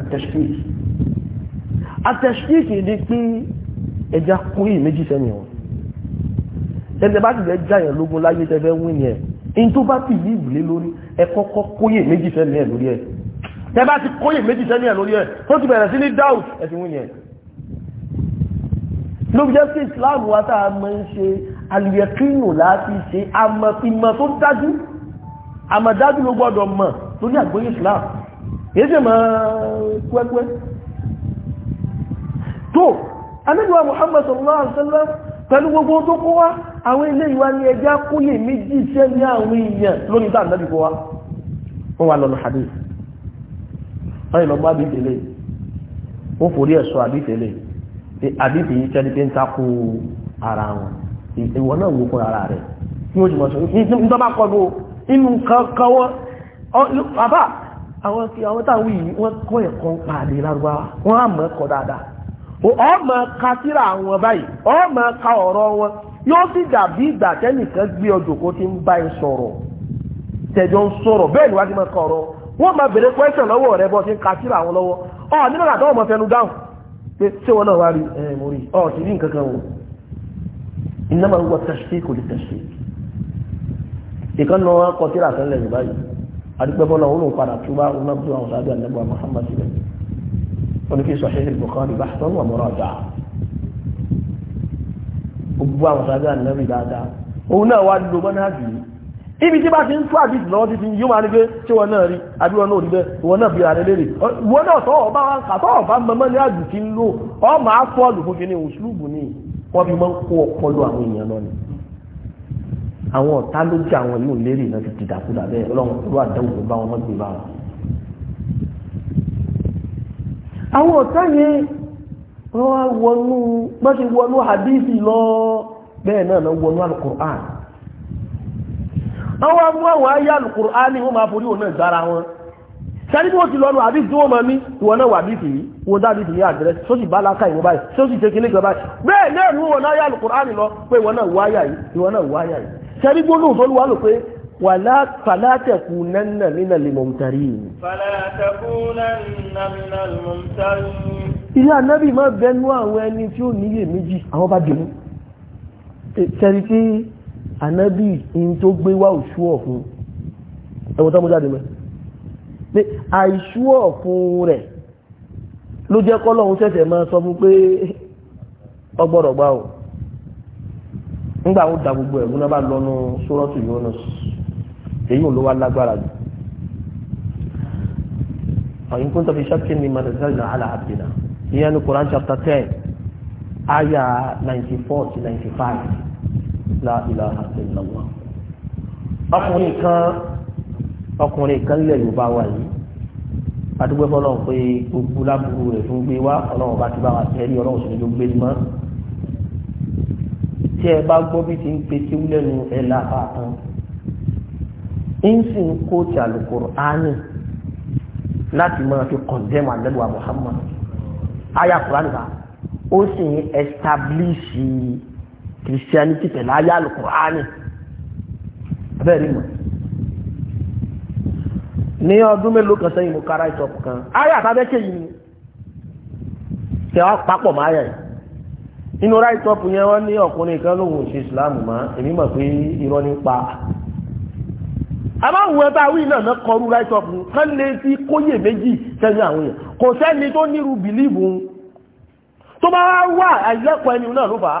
àtẹ̀ṣkì àtẹ̀ṣkì kì í di pé ẹja kúrì méjì sẹ́yìn o tẹ́tẹ́ bá ti fẹ́ jáyàn lógún láyé tẹ́fẹ́ wín yẹn in tó bá ti yí ìwúlé lórí kóyè méjì sẹ́yìn lórí ẹ̀ tó ti bẹ̀rẹ̀ sí ní doubt ẹ ti ló fi jẹ́ sí islam wa tá a mọ̀ ń ṣe alìyẹ̀kínù láti ṣe àmọ̀ ìmọ̀ tó dájú àmọ̀ dájú ló gbọ́dọ̀ mọ̀ lórí àgbóyé islam èyí ṣe mọ̀ pẹ́pẹ́ tó anájúwà muhammad sallallahu alaihi wasallam pẹ̀lú gbogbo tó kó wá àwọn ilé ìwà ni ẹja kúyè méjì iṣẹ́ ní àwọn èèyàn lónìí tá àdájú kó wá wọ́n wà lọ́nà hadith wọ́n yìí lọ bá bí tẹ̀lé wọ́n forí ẹ̀ṣọ́ àbí tẹ̀lé àbíbí sẹ́ni pé ń takò ara wọn ìwọ náà wò fún ara rẹ̀ tí wọ́n ti mọ̀ sọ ìjọba kọlu inú kankan bàbá àwọn tí àwọn táwọn yìí wọ́n kọ́ ẹ̀kọ́ pàdé lárúbáwá wọ́n á mọ̀ ẹ̀kọ́ dáadáa ọmọ ka síra àwọn báyìí ọmọ ka ọ̀rọ̀ wọn yóò sì dàbí ìgbà tẹ́nìkan gbé ọjọ́ kó ti ń bá ẹ sọ̀rọ̀ tẹ̀jọ́ ń sọ̀rọ̀ bẹ́ẹ̀ ni wá ti mọ̀ ẹ̀kọ́ ọ̀rọ̀ wọ́n pé tí wọ́n náà wá rí ẹ̀ mo rí ọ̀ ti rí nǹkan kan wò iná máa ń wọ tẹ̀sí kò lè tẹ̀sí ìkan náà kọ síra kan lẹ́yìn báyìí adúgbẹ́bọ́lá òun lòun padà túbá òun náà bí àwọn sábẹ́ àlẹ́bọ̀ Muhammad sílẹ̀ wọn kì í Sahih al-Bukhari bahthan wa muraja'a gbogbo àwọn sábẹ́ àlẹ́bọ̀ ibi tí bá ti ń tó àdìs náà ti fi yíò máa ní pé tí wọn náà rí àbíwọn náà rí bẹ́ wọn náà bí ààrẹ lérè wọn náà tọ́wọ́ bá wá ń kà tọ́wọ́ bá mọ́mọ́ ní àjù tí ń lò ọ máa fọ́ọ̀lù fún kíní òṣùlùbù ní wọ́n fi máa ń kó ọpọlọ àwọn èèyàn lọ ni àwọn ọ̀tá ló jẹ́ àwọn ìlú lérè náà ti dìdàkudà bẹ́ẹ̀ ọlọ́run tó wà dáwò tó bá wọn mọ́gbé bá wọn. àwọn ọ̀tá yẹn àwọn amú àwọn ayé Al-Qur'ani wọ́n máa forí òun náà dára wọn sẹ́ni bí wọ́n ti lọ́nu àbí tí wọ́n mọ̀ mí ìwọ náà wà bíbí yìí wọ́n dá bíbí ní àdírẹ́sì tó sì bá láká ìwọ báyìí tó sì ṣe kíní kan báyìí bẹ́ẹ̀ náà ni wọ́n náà yá Al-Qur'ani lọ pé ìwọ náà wáyà yìí ìwọ náà ولا فلا تكونن من الممترين فلا تكونن من الممترين ìyá nábì máa bẹnu àwọn ẹni tí ó níyè méjì àwọn bá dìmú tẹ̀rí tí ànábì in tó gbé wá òṣù ọ̀fún ẹwọ́n tó mú jáde mẹ́ pé àìṣú ọ̀fún rẹ̀ ló jẹ́ kọ́ lọ́hun ṣẹ̀ṣẹ̀ máa sọ fún pé o nígbà ó da gbogbo ẹ̀gún náà bá lọ́nu sórọ́tù Yunus èyí ò ló wá lágbára jù fi ṣáàkì ní madagascar àlà àbdìlà ìyẹn ní Quran chapter ten la ilaha illallah ọkùnrin kan ọkùnrin kan lẹ̀ yorùbá wa yìí adúgbò fọlọ́ pé gbogbo lábúrú rẹ̀ tó ń gbé wá ọlọ́run bá ti bá wa tẹ́lẹ̀ ọlọ́run sì ni ló gbé mọ́ tí ẹ bá gbọ́ bí ti ń pe tí wúlẹ̀ nu ẹ̀ láfa kan ń sì ń kó ti Al-Qur'ani láti máa fi kọ̀ndẹ́mù àdẹ́lùwà Muhammad aya Qur'ani bá ó sì ń ẹ́stábílíṣì Christianity ti pẹ̀lú ayé alukùránì abẹ́rẹ́ mọ̀ ní ọdún mélòó kan sẹ́yìn mo kára ìtọ́kù kan ayé àtàbẹ́kẹ́ yìí ni tẹ wá papọ̀ máa yà yìí inú ráìtọ́pù yẹn wọ́n ní ọkùnrin kan lóhùn ṣe ìsìláàmù mọ́ èmi mọ̀ pé irọ́ ní pa àbáwọn ẹbá wí náà náà kọrú ráìtọ́pù kán lè fi kóyè méjì sẹ́yìn àwọn èèyàn kò sẹ́ni tó nírú bìlíìbù tó bá wà àìlẹ́kọ̀ọ́ ẹni náà ló bàá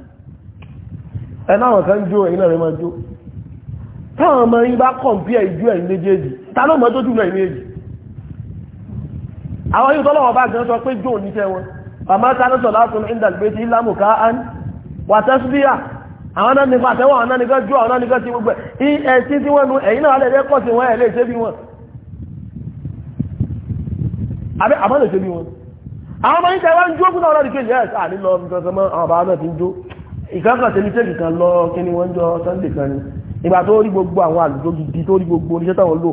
ẹ̀nà àwọn kan jó ẹ̀yìn rẹ̀ máa jó táwọn ọmọ yín bá kọ̀m̀pí ìjú ẹ̀yìn méjèèjì ta ló mọ́ tó jù àwọn yóò tọ́lọ́wọ́ bá gan pé jó wọn bàmá tánátọ̀ látún indalgbé ti lámù wà àwọn náà nípa àtẹ́wọ̀n àwọn náà jó àwọn náà ti wọn wọn ìkankan tẹ̀lé tẹ́lì kan lọ kí ni wọ́n jọ sunday kan ni ìgbà tó rí gbogbo àwọn àlùjọ gidi tó rí gbogbo oníṣẹ́ táwọn lò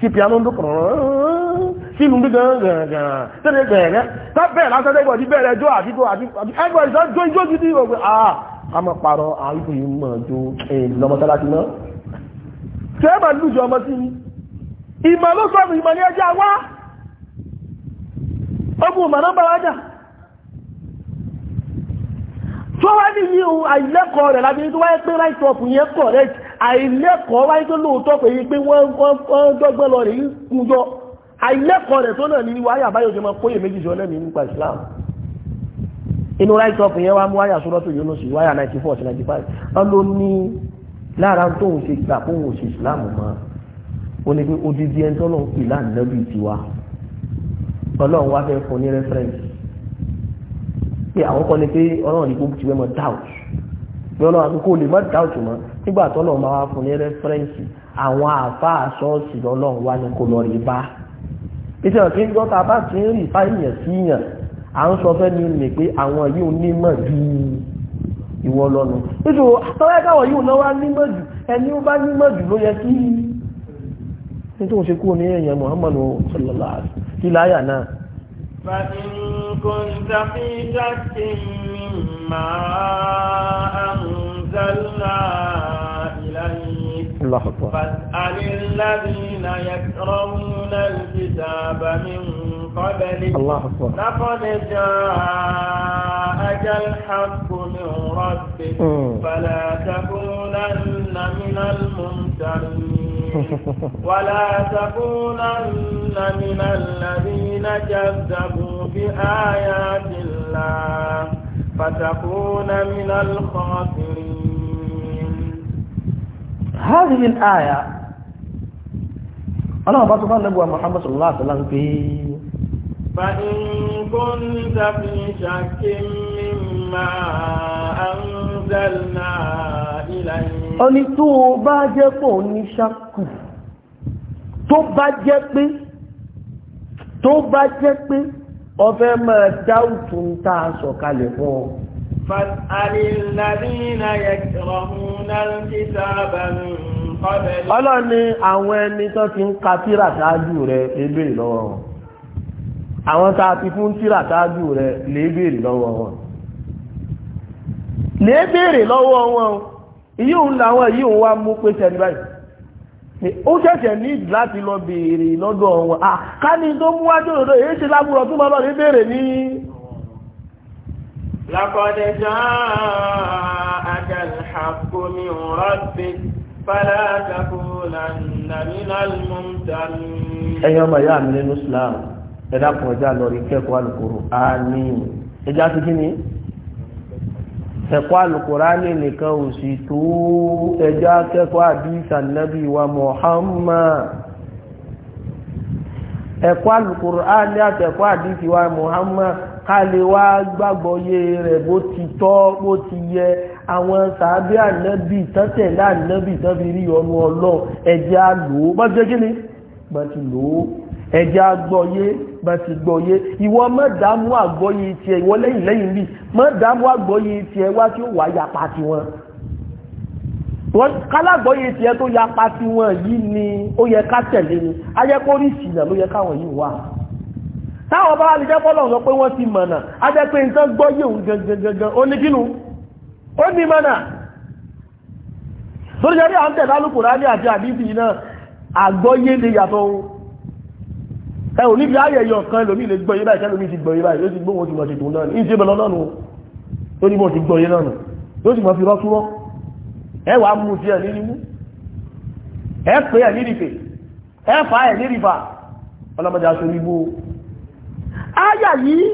sí piano ń dókòrò ah, sí ìlú gbígan gàngàn tẹ́lẹ̀ gàngàn tá bẹ́ẹ̀ lásán tẹ́gbọ̀n ti bẹ̀rẹ̀ jó àti tó àti ẹgbẹ́ tó wá ní ní ohun àìlẹ́kọ̀ọ́ rẹ̀ lábí tó wáyé pé right up yẹn correct àìlẹ́kọ̀ọ́ wáyé tó lóòótọ́ pé yí pé wọ́n dọ́gbọ́n lọ rẹ̀ kújọ àìlẹ́kọ̀ọ́ rẹ̀ tó náà ní wáyà báyọ̀ jẹ́ máa kóyè méjì jọ lẹ́mìí nípa Islam inú right up yẹn wá mú wáyà sọ́dọ́tò Yunus wáyà 94 sí 95 wọ́n ló ní lára tó ń ṣe gbà fún òṣì Islam mọ́ ó ní pé odidi ẹni tó lọ́n pè láàrín lẹ́bí tiwa Ọlọ́run wá fẹ́ fún ní reference pé àwọn kọ́ ni pé ọlọ́run ní gbogbo ti fẹ́ mọ doubt pé ọlọ́run àti kò lè mọ doubt mọ́ nígbà tó lọ́ọ́ máa wá fún ní rẹ́fẹ́rẹ́ǹsì àwọn àáfàá ṣọ́ọ̀ṣì lọ́lọ́run wá ní kò lọ rí bá iṣẹ́ òkè dọ́ta bá ti ń rí fáyìyàn síyàn à ń sọ fẹ́ ni nì pé àwọn yìí ò ní mọ̀ ju ìwọ lọ́nu nítorí àtọ́wẹ́ káwọn yìí ò náwó á ní mọ̀ jù ẹni ó bá ní mọ̀ jù ló yẹ kí nítorí ṣe kúrò ní ẹ̀yàn Muhammadu sallallahu alaihi wasallam kí láyà náà فإن كنت في شك مما أنزلنا إليك الله أكبر فاسأل الذين يكرمون الكتاب من قبلك الله أكبر لقد جاءك الحق من ربك فلا تكونن من الممتنين ولا تكونن من الذين الذين كذبوا بآيات الله فتكون من الخاسرين هذه الآية أنا أبطل النبوة محمد صلى الله عليه وسلم في فإن كنت في شك مما أنزلنا إليك أني توبا جاكو نشاكو توبا جاكو tó bá jẹ́ pé ọfẹ́ máa dáùtù ń ta sọ̀kalẹ̀ fún ọ. Ọlọ́run ni àwọn ẹni tó ti ń ka tírà ṣáájú rẹ̀ lébèrè lọ́wọ́ wọn. Àwọn tá ti fún tírà ṣáájú rẹ̀ lébèrè lọ́wọ́ wọn. Lébèrè lọ́wọ́ wọn, ìyóhun làwọn yìí wá mú pé sẹ́ni báyìí ó ṣẹ̀ṣẹ̀ ní láti lọ béèrè lọ́dọ̀ wọn àkáni tó mú wájú òdòdó èyí ṣe lábúrọ̀ tó máa lọ rí ní. lakọ̀dẹ̀ já rọ́bì fàlàkàkùnlànàmínàlmùmtàmí. ẹ̀yọ́ ọmọ ìyá mi nínú ẹ̀kọ́ alukurani nìkan ò sì tó ẹjọ́ akẹ́kọ̀ọ́ àdìsá nàbí wa Muhammad ẹ̀kọ́ alukurani àtẹ̀kọ́ àdìsí wa Muhammad ká lè wá gbàgbọ́yé rẹ̀ bó ti tọ́ bó ti yẹ àwọn sàábí ànábì tọ́tẹ̀lá ànábì tọ́bi rí ọmọ ọlọ́ ẹ̀jẹ̀ àlò bá jẹ́ kí ni bá ti ẹjẹ́ agbọ́yé bá ti gbọ́yé ìwọ mọ́dàmú àgbọ́yé ti ẹ̀ ìwọ lẹ́yìn lẹ́yìn rí mọ́dàmú àgbọ́yé ti ẹ̀ wá tí ó wà yapa ti wọn kálágbọ́yé ti ẹ̀ tó yapa ti wọn yìí ni ó yẹ ká tẹ̀lé ni ayẹ́kórí ìsìnà ló yẹ káwọn yìí wà táwọn bá lè jẹ́ fọ́lọ̀ sọ pé wọ́n ti mọ̀nà a jẹ́ pé nǹkan gbọ́yé òun gangan ó ní kínú ó ní mọ̀nà lórí jẹ́ rí à ń tẹ̀lé Al-Kùránì àti àdífì náà àgbọ́yé lè yàtọ̀ ẹ ò níbi ayẹyẹ kan ẹlòmí lè gbọ́ yé báyìí tẹ́lòmí ti gbọ́ yé báyìí ló ti gbóhùn ti mọ̀ ṣètò náà ní ìṣẹ́ bẹ̀lọ́ náà nù ó ní bọ̀ ti gbọ́ yé náà nù ló sì mọ̀ fi rọ́túrọ́ ẹ wàá mú sí ẹ̀ ní nímú ẹ pé ẹ̀ ní rìfè ẹ fà ẹ̀ ní rìfà ọlọ́mọdé aṣọ ibú áyà yìí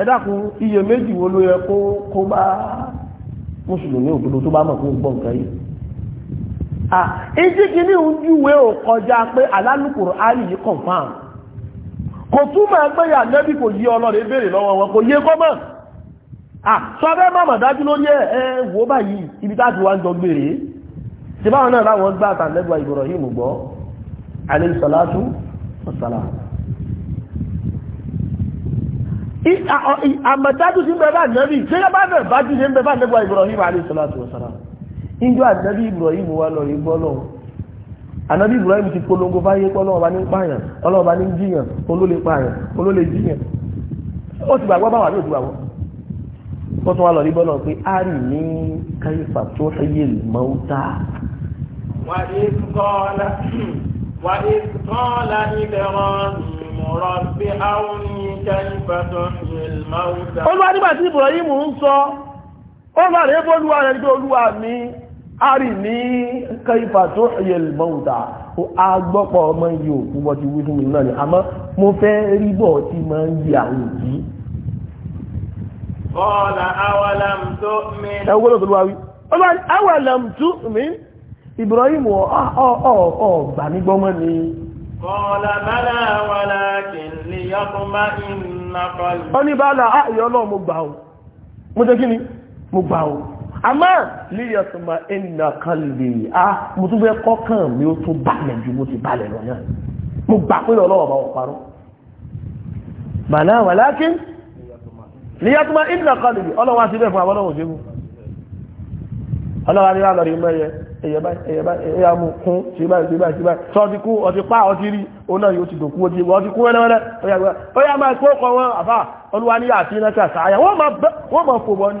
ẹ dákun iye méjì wo ló yẹ kó kó bá mùsùlùmí òdodo tó bá mọ̀ kó gbọ́ nǹkan yìí ah ìdí kìíní ń júwe ò kọjá pé alálùkùrù áyì yìí confam kò túmọ̀ ẹgbẹ́ yà nẹ́bí kò yí ọlọ́rẹ̀ béèrè lọ́wọ́ wọn kò yé gọ́mọ̀ àsọ́rẹ́ mọ̀mọ̀ dájú lórí ẹ wò báyìí ibi táti wá ń jọ gbèrè tí báwọn náà láwọn gbá àtàlẹ́gbà Ibrahim gbọ́ alayhi salatu wassalam àmọ̀dájú sí bẹ̀rẹ̀ ànẹ́bí tí yẹ bá bẹ̀ bá jú sí bẹ̀rẹ̀ ànẹ́gbà Ibrahim alayhi salatu wassalam ànábì ibrahim ti polongo fáyé pé ọlọ́ọ̀bá ní pààyàn ọlọ́ọ̀bá ní jiyàn olólè pààyàn olólè jiyàn ó ti gbàgbọ́ báwà ní òdúgbàwọ́ ó tún wá lọ rí bọ́lọ̀ pé a rì ní káyífà tó ṣẹyẹ mọ́ta. wà á ìsọ́ọ̀lá ìbẹ̀rọ̀ Rabbi awni kayfa tuhyil mawta. Olúwa nígbà tí Ibrahim ń sọ, ó bá rẹ̀ bọ́lúwa rẹ̀ gbé olúwa mi àrí ní kẹfà tó ẹ̀yẹ mọ́ta ó agbọ́pọ̀ ọmọ yìí òkú bọ́ ti wí fún mi náà ni àmọ́ mo fẹ́ rí bọ̀ tí máa ń yí àwọn òbí. bọ́ọ̀lá awalam tó mi. ẹ wọ́n tó wá wí. ọba awalam tó mi Ibrahim ọ̀gbà nígbọ́mọ́ ni. bọ́ọ̀lá bálá wàlá kìlì yọkùnmá ìnàkọlù. ó ní bálá àyọ́ náà mo gbà ó mo jẹ́ kí ni mo gbà ó àmọ́ lílẹ̀ ọ̀tọ̀mà ẹnìyàn kan lè á ah, mo tún fẹ́ kọ́kàn mi ó tún balẹ̀ ju mo ti balẹ̀ lọ náà mo gbà pé ọlọ́wọ́ bá wọ̀ parọ́ bàlá wàlákín lílẹ̀ ọ̀tọ̀mà ẹnìyàn kan lè ọlọ́wọ́ àti bẹ́ẹ̀ fún àwọn ọlọ́wọ́ òṣèlú ọlọ́wọ́ àríwá lọ́rí mẹ́yẹ ẹ̀yà mú kún síbáyìí síbáyìí síbáyìí sọ́ọ̀tí kú ọtí pá ọtí rí òun náà yóò ti dòkú ó ti wọ́n ti kú wẹ́lẹ́wẹ́lẹ́ ó yá máa kó kọ wọn àfà olúwa ní àti iná kí àṣà àyà wọ́n máa fò bọ́ ní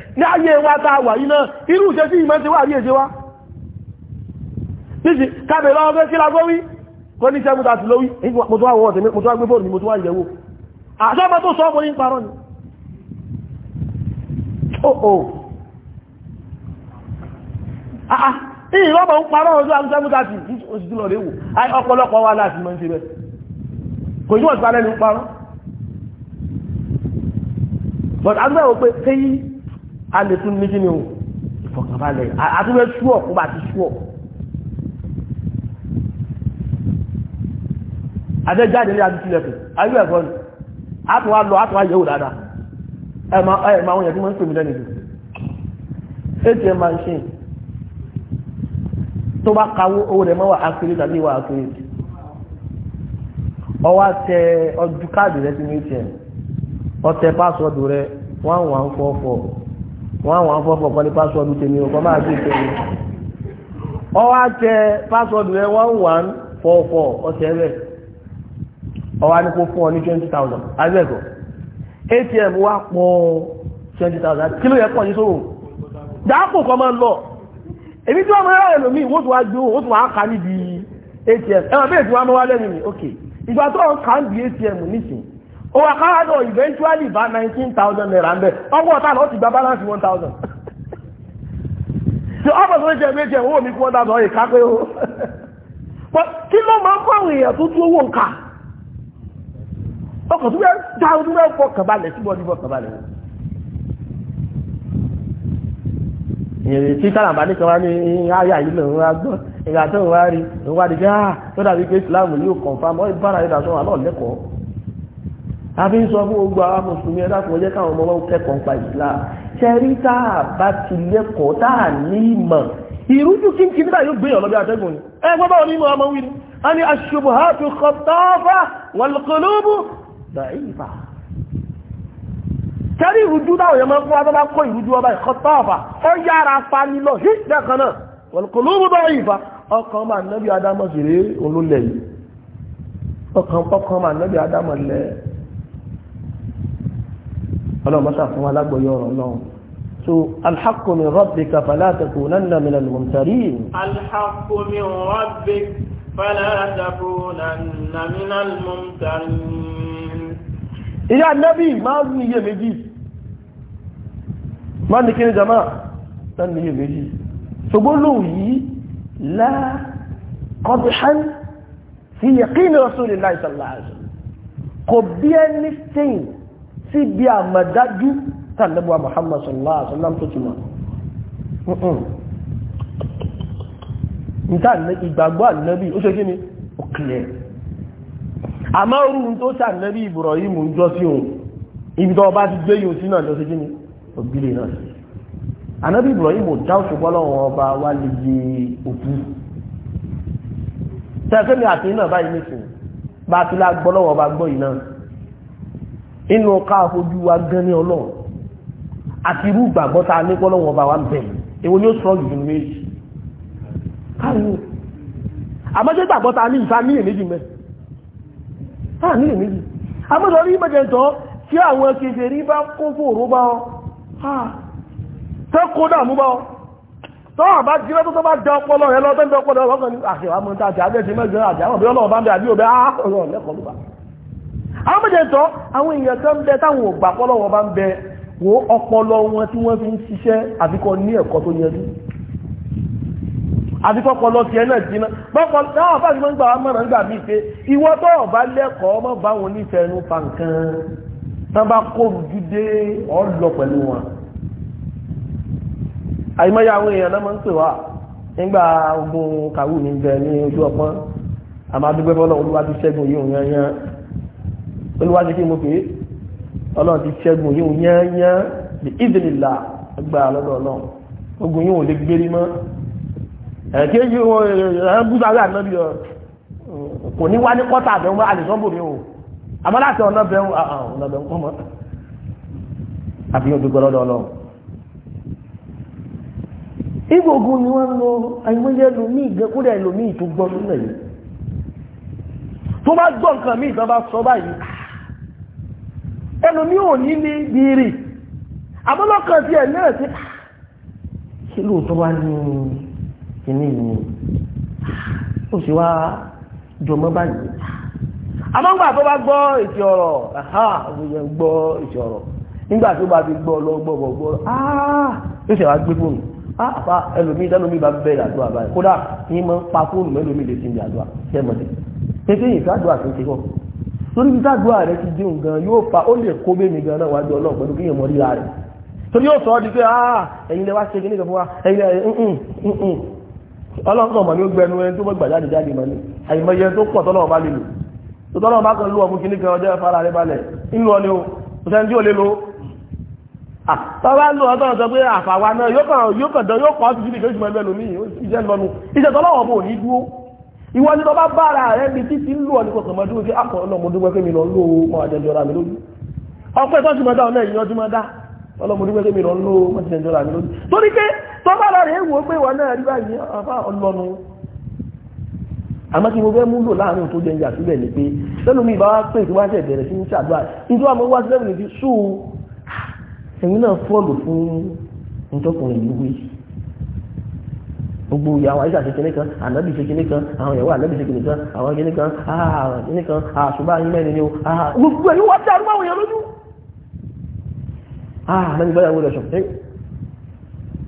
ní ayé wa ta wà yí náà irú ìṣẹ́ sí ìmọ̀ ti wà rí èṣe wá níṣì kábẹ̀ lọ́wọ́ fẹ́ síra gómí kó ní sẹ́gun tàbí lówí mo tó wà wọ́n tẹ̀mí mo tó wà gbé bóòlù ni mo tó wà ìyẹ̀wò àṣọ́mọ́ tó sọ ọmọ ní parọ́ ni oh, oh. ah, ah. ìrọ́bọ̀ ń parọ́ ṣe bẹ́ kò ní wọ́n but agbẹ́wò pé kéyí a lè tún ní kíni o ìfọ̀kànbalẹ̀ àtúwẹ̀ ṣúọ̀ kó bá ti ṣúọ̀ àtẹ́jáde ní adútilẹ̀kùn ayé ẹ̀kọ́ ni a tún wá lọ a tún wá yẹ̀wò dáadáa ẹ̀ máa wọ́n yẹ̀ tí wọ́n ń pè lẹ́nu ìlú atm machine tó bá kawó owó rẹ̀ mọ́ wà ákéré tàbí wà ákéré ọwá tẹ ọdún káàdì rẹ̀ sínú atm ọtẹ pásọ̀dù rẹ̀ 1144 wọ́n àwọn afọ́fọ́ kan ní pásọ̀dù tèmi o kọ́ máa gbé tèmi ọwọ́ àtẹ pásọ̀dù rẹ one one four four ọ̀sẹ̀ rẹ̀ ọwọ́ àni kò fún ọ ní twenty thousand azẹ́kọ̀ atm wá pọ̀ twenty thousand kí ló yẹ pọ̀ ní sòwò dàápò kan máa ń lọ èmi tí wọ́n máa ń rà ẹlòmíì wọ́n tún wá gbé wọ́n tún wá kà níbi atm ẹ̀wọ̀n bẹ́ẹ̀ tí wọ́n máa wá lẹ́nu mi ok ìgbà tó ń kà ń bi atm nísìnyí owó akáwádọ̀ eventually bá 19,000 naira mbẹ́ ọgbọ́ ọ̀tá lọ ti gba balance 1,000 tí ọgbọ̀ tó jẹ méjì owó mi fún ọdá lọ́yẹ̀ ká pé ó kí ló máa ń fáwọn èèyàn tó tú owó nǹka ọkọ̀ tó bẹ́ dá ojú rẹ̀ fọkàn balẹ̀ sí bọ́ọ̀dì fọkàn balẹ̀ tí kálàmbá ní kan wá ní ayé àyè lòun wá gbọ́ àfi ń sọ fún gbogbo àwọn mùsùlùmí ẹ̀dá kan jẹ́ káwọn ọmọ wọn kẹ́kọ̀ọ́ nípa Islam ṣẹ́rí tá a bá ti lẹ́kọ̀ọ́ tá a ní ìmọ̀ ìrújú kíńkí nígbà yóò gbéyàn lọ́bí atẹ́gùn ni ẹ gbọ́dọ̀ wọn ní ìmọ̀ ọmọ wí ni a ní aṣubuhatu khattafa wal qulubu da'ifa ṣẹ́rí ìrújú táwọn yẹn máa ń fún wa tó bá kọ́ ìrújú ọba khattafa ó yára pa nílọ ọkàn ọkàn ọkàn máa adámọ̀ lẹ́ẹ̀ ọlọ́run mọ́sá fún alágbòye ọ̀rọ̀ náà so alhaqqu min rabbika fala takunanna minal mumtarin alhaqqu min rabbika fala takunanna minal mumtarin ilé anábì máa ń níye méjì máa ní kíni jama máa ń níye méjì ṣùgbọ́n lóhùn yìí la qadhan fi yaqin rasulillahi sallallahu alaihi wasallam kò bí anything síbi àmọ̀dájú tàlẹ́bùwà Muhammad sallallahu alaihi wasallam tó ti mọ̀ nta ìgbàgbọ́ ànábì ó ṣe kí ni ó kílẹ̀ àmọ́ orúurú tó ṣe ànábì Ibrahim ń jọ sí òun ibi tó ọba ti gbé yìí sí náà ló ṣe kí ni òbílẹ̀ e náà ànábì Ibrahim ò dá òṣùpọ̀ lọ́wọ́ ọba wa lè yé òkú tẹ́kẹ́mi àti iná báyìí nìsín bá ti lá gbọ́ lọ́wọ́ ọba gbọ́ yìí náà inú ká àfojú wa gan ní ọlọ́run àti irú ìgbàgbọ́ tá a ní pọ́lọ́wọ́ ọba wa ń bẹ̀ èwo ni ó sọ jù nínú méjì káàlù àmọ́jẹ́ ìgbàgbọ́ tá a ní ìta ní èméjì mẹ́ táà ní èméjì àmọ́jọ́ rí ìbẹ̀jẹ̀ tọ́ tí àwọn kèfè rí bá kó fòrò bá ọ tẹ́ kó dààmú bá ọ tọ́wọ́ bá jílẹ̀ tó tó bá jẹ ọpọlọ rẹ lọ́tọ́ àwọn méjèèjọ àwọn èèyàn tó ń bẹ táwọn ò gbà pọ́lọ́ wọn bá ń bẹ wo ọpọlọ wọn tí wọ́n fi ń ṣiṣẹ́ àbíkọ́ ní ẹ̀kọ́ tó yẹjú àbíkọ́ pọlọ tiẹ̀ náà jiná bọ́pọ̀ táwọn afáàjì máa ń gbà wá mọ̀ràn nígbà bíi pé ìwọ tó ti ṣẹ́gun yìí òun olúwájú kí mo pè é ọlọ́run ti ṣẹ́gun yíò yányán bí ìdìlìlà gbà lọ́dọ̀ ọlọ́run ogun yíò lè gbérí mọ́ ẹ̀kẹ́ yíò ẹ̀rẹ́ búsàrí ànábì ọ kò ní wá ní kọ́tà àbẹ̀ wọn àlèsọ́bò mi o àmọ́ láti ọ̀nà bẹ̀ wọn ọ̀nà bẹ̀ wọn mọ́ àfihàn gbogbo lọ́dọ̀ ni wọ́n lọ àìmọye ẹlòmíì gẹ́kúrẹ́ ẹlòmíì tó gbọ́ nílẹ̀ tó bá gbọ́ nǹkan míì tó sọ báyìí ẹnu mi ò ní ní bìrì àbọ́lọ́kàn sí ẹ̀ náà sí ṣe ah, lóòótọ́ wá ní ìní ìní ah, ó sì wá jọmọ́ báyìí ah, àmọ́ngbà tó bá gbọ́ ètò ọ̀rọ̀ àhá òye gbọ́ ètò ọ̀rọ̀ nígbà tó bá fi gbọ́ lọ́gbọ́ gbọ́ áá ó sì wá gbé fóònù àpá ẹlòmíì tẹ́lòmíì bá bẹ̀rẹ̀ àdúrà báyìí kódà ní mọ́ pa fóònù mẹ́lòmíì lè ti ń bẹ̀ àdúrà tẹ́mọ̀tẹ́ torí gbígbàdúrà rẹ ti dé nǹkan yóò fa ó lè kó bẹ́ẹ̀ mi gan náà wájú ọlọ́run pẹ̀lú kí èèmọ̀ ríra rẹ̀ torí yóò sọ ọ́ di pé ah ẹ̀yin lè wá ṣe kíní kan fún wa ẹ̀yin lè mm, mm, mm, ọlọ́run kan mọ̀ ní ó gbẹnu ẹni tó mọ̀ gbàjáde jáde mọ̀ ní àyìnbọ̀yẹ tó pọ̀ tọ́lọ́run bá lè lò tó tọ́lọ́run bá kan lú ọmú kíní kan ọjọ́ fara rẹ balẹ̀ nínú ọ ni o kò sẹ́ni tí ò lè lo tọ́wá lò ọ́ tọ́lọ́ sọ pé àfàwa náà yóò kàn yóò kàn dán yóò kọ́ ọ́ ìwọ ni lọ́ba bára rẹ̀ bí títí ń lò ọ́ ní kọ̀ọ̀kan mọ́ dúró sí akọ̀ ah, ọlọ́mọ dúpẹ́ pé mi lọ lò ó mọ́ àjẹjọra mi lójú ọpẹ́ tó ti mọ́ dá ọ̀nà ìyọ́ tí mọ́ dá ọlọ́mọ dúpẹ́ pé mi lọ lò ó mọ́ àjẹjọra mi lójú torí pé tó bá lọ rẹ̀ wò ó pé wọn náà rí báyìí afá ah, ọlọ́nu àmọ́ tí mo fẹ́ mú lò láàrin tó jẹ ìyàsílẹ̀ ni pé lẹ́nu mi ìbáwá pé ìtura ṣẹ̀ bẹ̀rẹ̀ sí gbogbo àwọn àyíká ṣe kìnnìkan ànábì ṣe kìnnìkan àwọn ìyàwó ànábì ṣe kìnnìkan àwọn kìnnìkan ah, àwọn kìnnìkan àṣùbá ah, yín mẹ́rin ni ó ah, gbogbo ẹ̀yìn wá dárú àwọn èèyàn lójú. mẹ́rin báyàwó rẹ̀ sọ pé eh.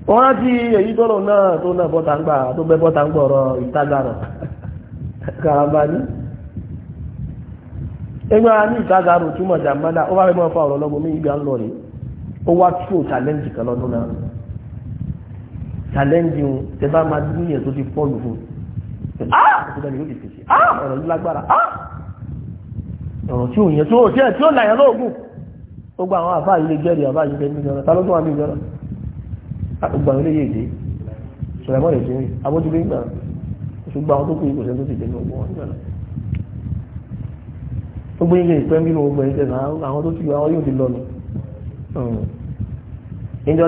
wọ́n á ti èyí tọ́lọ̀ náà tó náà bọ́ta ń gbà tó bẹ́ bọ́ta ń gbọ̀rọ̀ ìtajà rọ̀ karamba ní ẹgbẹ́ ara ní ìtajà rò túmọ̀ jàmbá náà ó bá fẹ́ mọ́ fa ọ̀rọ̀ lọ́gbọ̀n mi ìgbà ń lọ rè é ó wá tú challenge kan lọ́dún náà challenge wọn tẹ bá máa dún yẹn tó ti fọ́ọ̀lù fún ah! ah ọ̀rọ̀ yóò ti fèsì ah ọ̀rọ̀ yóò lágbára ah ọ̀rọ̀ tí ò yẹn tó tiẹ̀ tí ó là yẹn lóògùn ó gba àwọn àfáà yìí lè jẹ́rìí àfáà yìí lè ní ìjọra ta ló tún wà ní ìjọra ó ah, gba àwọn eléyìí èdè ṣọlá mọ́ rẹ̀ ṣe rí abójúlé ń gbà ṣùgbọ́n àwọn tó kù yìí kò sẹ́ni tó ti jẹ́ ní ọgbọ́n wọn nígbà hmm.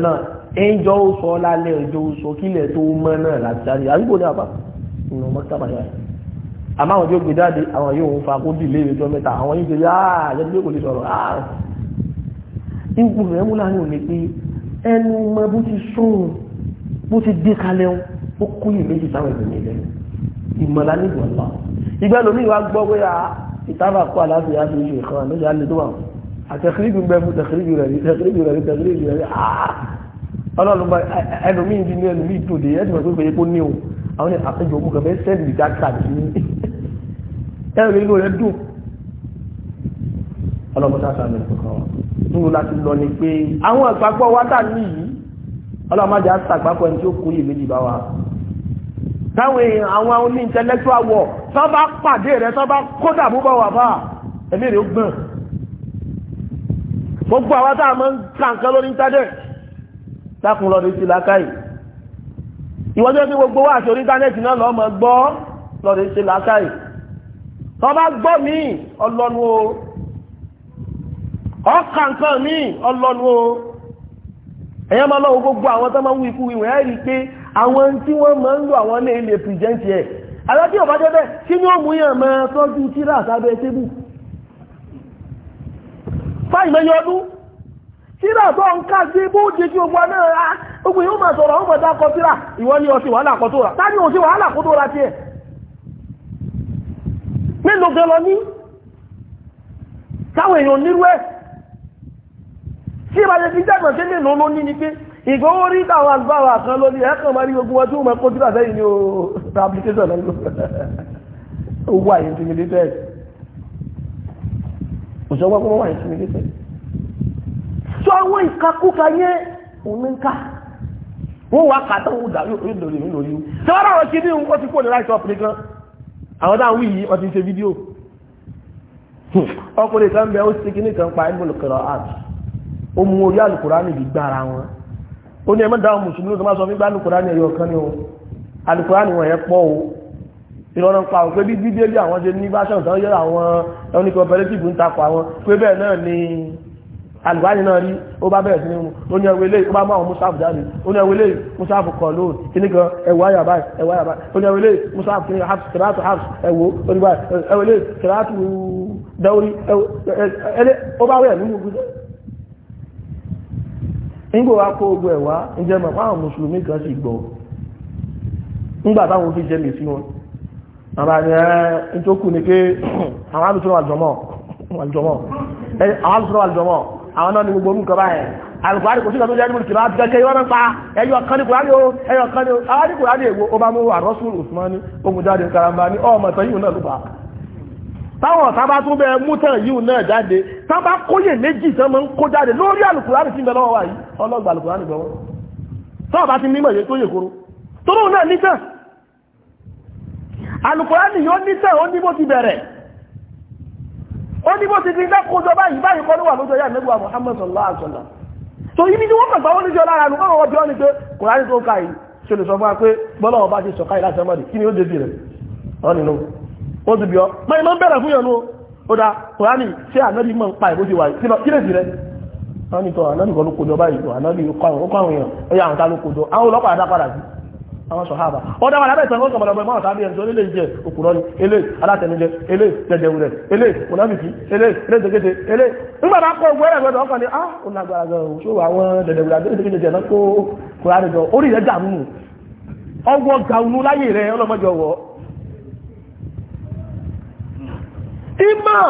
náà ó gbé ẹnjọ́ ó sọ lálẹ́ ẹjọ́ ó sọ kílẹ̀ tó mọ́ náà láti sáré àdúgbò ní àbá ìnà mọ́tàbà yára àmọ́ àwọn tí ó gbé jáde àwọn yóò ń fa kó dì lé ìrètí ọmọ ẹ̀ta àwọn yìí ṣe yá àjẹjẹ pé kò lè sọ̀rọ̀ áà ipò rẹ̀ mú láàrin òní pé ẹnu mọ bó ti sóhun bó ti dé kalẹ̀ ó kó yìí méjì sáwọn ìgbìmọ̀ ilẹ̀ ìmọ̀lá nígbà ọ̀la ìgbà lómi ìwà gbọ́ pé ìtàbà kó àlàáfíà fi ṣe ìkan àmì ìyá lè tó wà àtẹ̀kìrìbì ń bẹ́ fún tẹ̀kìrìbì rẹ̀ rí tẹ̀kìrìbì rẹ̀ rí tẹ̀kìrìbì rẹ̀ rí ọlọ́run bá ẹlòmíì bí ní ẹlòmíì tó dé ẹ̀sìn ọ̀sẹ̀ ìgbèyẹ kó ní o àwọn ní àpéjọ mú kẹfẹ́ sẹ́ẹ̀dì dákítà sí i ẹ̀rọ inú rẹ̀ dùn ọlọ́run sáà sàmì kankan nínú láti ni pé àwọn àgbàgbọ́ wa dà ní yìí ọlọ́run má jẹ́ àtàgbàgbọ́ ẹni tí ó kó yè méjì bá wa táwọn èèyàn àwọn oní intellectual wọ̀ tó bá pàdé rẹ̀ gbogbo àwọn táwọn máa ń kà nǹkan lórí íńtánẹ́ẹ̀tì dákun lọ́dún sí làákàyè ìwọ́jọ́ tí gbogbo wà sí orí íńtánẹ́ẹ̀tì náà lọ́mọ gbọ́ lọ́dún sí làákàyè tó bá gbọ́ mí ọlọ́nu o ọkà nǹkan mí ọlọ́nu o ẹ̀yẹ́ máa lọ́wọ́ gbogbo àwọn tó máa ń wí ikú ìwọ̀n ẹ̀ rí i pé àwọn tí wọ́n máa ń lò àwọn ilé ilé pìrìjẹ́ntì ẹ̀ àwọn tí ò bá jẹ́bẹ̀ kí ní ó mú yàn máa tọ́jú tíra sábẹ́ tébù fáìmẹ́yọ́dún tíra tó ń ká sí bó jẹ kí ogun náà rá ogun yóò máa sọ̀rọ̀ ọmọ kọ tíra ni wàhálà kọ tó rà tání wàhálà kó tó rà mélòó lọ ní táwọn èèyàn nírú ẹ̀ tí ti sí ní pé ìgbà ó rí táwọn kan lórí ẹ̀kàn máa rí ogun wọn tí máa kó tíra sẹ́yìn ní o sọ àwọn ìkakúka yẹn òun ní ká wọ́n wá kàtà òun dà yóò lórí mi lórí tí wọ́n ráwọ̀ sí ní wọ́n ti kó ní láìsọ ọ̀pìn kan àwọn táwọn wí yìí wọ́n ti ń ṣe fídíò ọkùnrin kan bẹ ó ti kí nìkan pa ẹgbẹ́ olùkọ́rọ̀ art ó mú orí àlùkùránì níbi gbára wọn ó ní ẹmọ́ dáwọn mùsùlùmí tó máa sọ nígbà àlùkùránì ẹ̀yọ kan ni o àlùkùránì wọn yẹn pọ̀ o ìrọ̀rùn pa ò pé bí bíbélì àwọn ṣe ní fásitì àwọn ẹni àwọn pé alùbáyé náà rí ó bá bẹ̀rẹ̀ sí ní mu ó ní ẹwẹ́ léyìí ó bá mú àwọn mùsáàfù jáde ó ní ẹwẹ́ léyìí mùsáàfù kọ̀ lóò kíní kan ẹ̀wọ̀ ayà báyìí ẹ̀wọ̀ ayà báyìí ó ní ẹwẹ́ léyìí mùsáàfù kíní hafs kìláàtù hafs ẹ̀wọ̀ ó ní báyìí ẹwẹ́ léyìí kìláàtù dáwórí ẹ̀ẹ́dẹ́ ó bá wẹ̀ pé àwọn alùsọ́rọ̀ àjọmọ́ àwọn alùsọ́rọ̀ àwọn náà ni gbogbo orú nǹkan báyẹn alùpàdé kò sí ìgbà tó jẹ́ nígbòdì kìlá gẹ́gẹ́ ìwọ́n náà pa ẹyọ kan ní kùránì o ẹyọ kan ní o àwọn ní kùránì èwo ó bá mú àrọ́sùn Usmani ogun jáde karamba ní ọmọ ìtàn yìí náà ló bá táwọn ọ̀tá bá tún bẹ mú tàn yìí náà jáde tá bá kóyè méjì tán mọ́ ń kó jáde lórí alùkùránì tí ń bẹ lọ́wọ́ wa ti mímọ̀ ó ní bó ti fi dákójọ báyìí báyìí kọ níwà lójọ yà Muhammad sallallahu alaihi wasallam so ibi tí wọ́n kàn gbáwọ́ níjọ lára nù kọ́kọ́ bí wọ́n ní pé Kùránì tó ka yìí ṣe sọ fún wa pé bọ́lá ọba ti sọ̀ka ìlà sẹ́mọ́dì kí ni ó débi rẹ̀ wọ́n nínú ó ti o pa ti àwọn sọ̀hábà ọdá wà lábẹ́ ìtàngọ́ ọ̀sọ̀bọ̀lọ̀bọ̀ ìmọ̀ àtàbí ẹ̀sọ́ ilé ìjẹ́ òkúrọ́ ni elé alátẹnujẹ elé jẹjẹwùrẹ̀ elé mùnáfìkì elé elé tẹ́gẹ́tẹ́ elé nígbàtà kọ́ ogun ẹ̀rẹ̀ gbọ́dọ̀ ọkàn ni ah ó lágbára gan o ṣó àwọn jẹjẹwùrẹ̀ àti tẹ́gẹ́tẹ́ jẹ̀ náà kó kúrá rẹ̀ jọ orí rẹ̀ dààmú ọwọ́ gàunú láyé rẹ̀ ọlọ́mọjọ wọ̀ ìmọ̀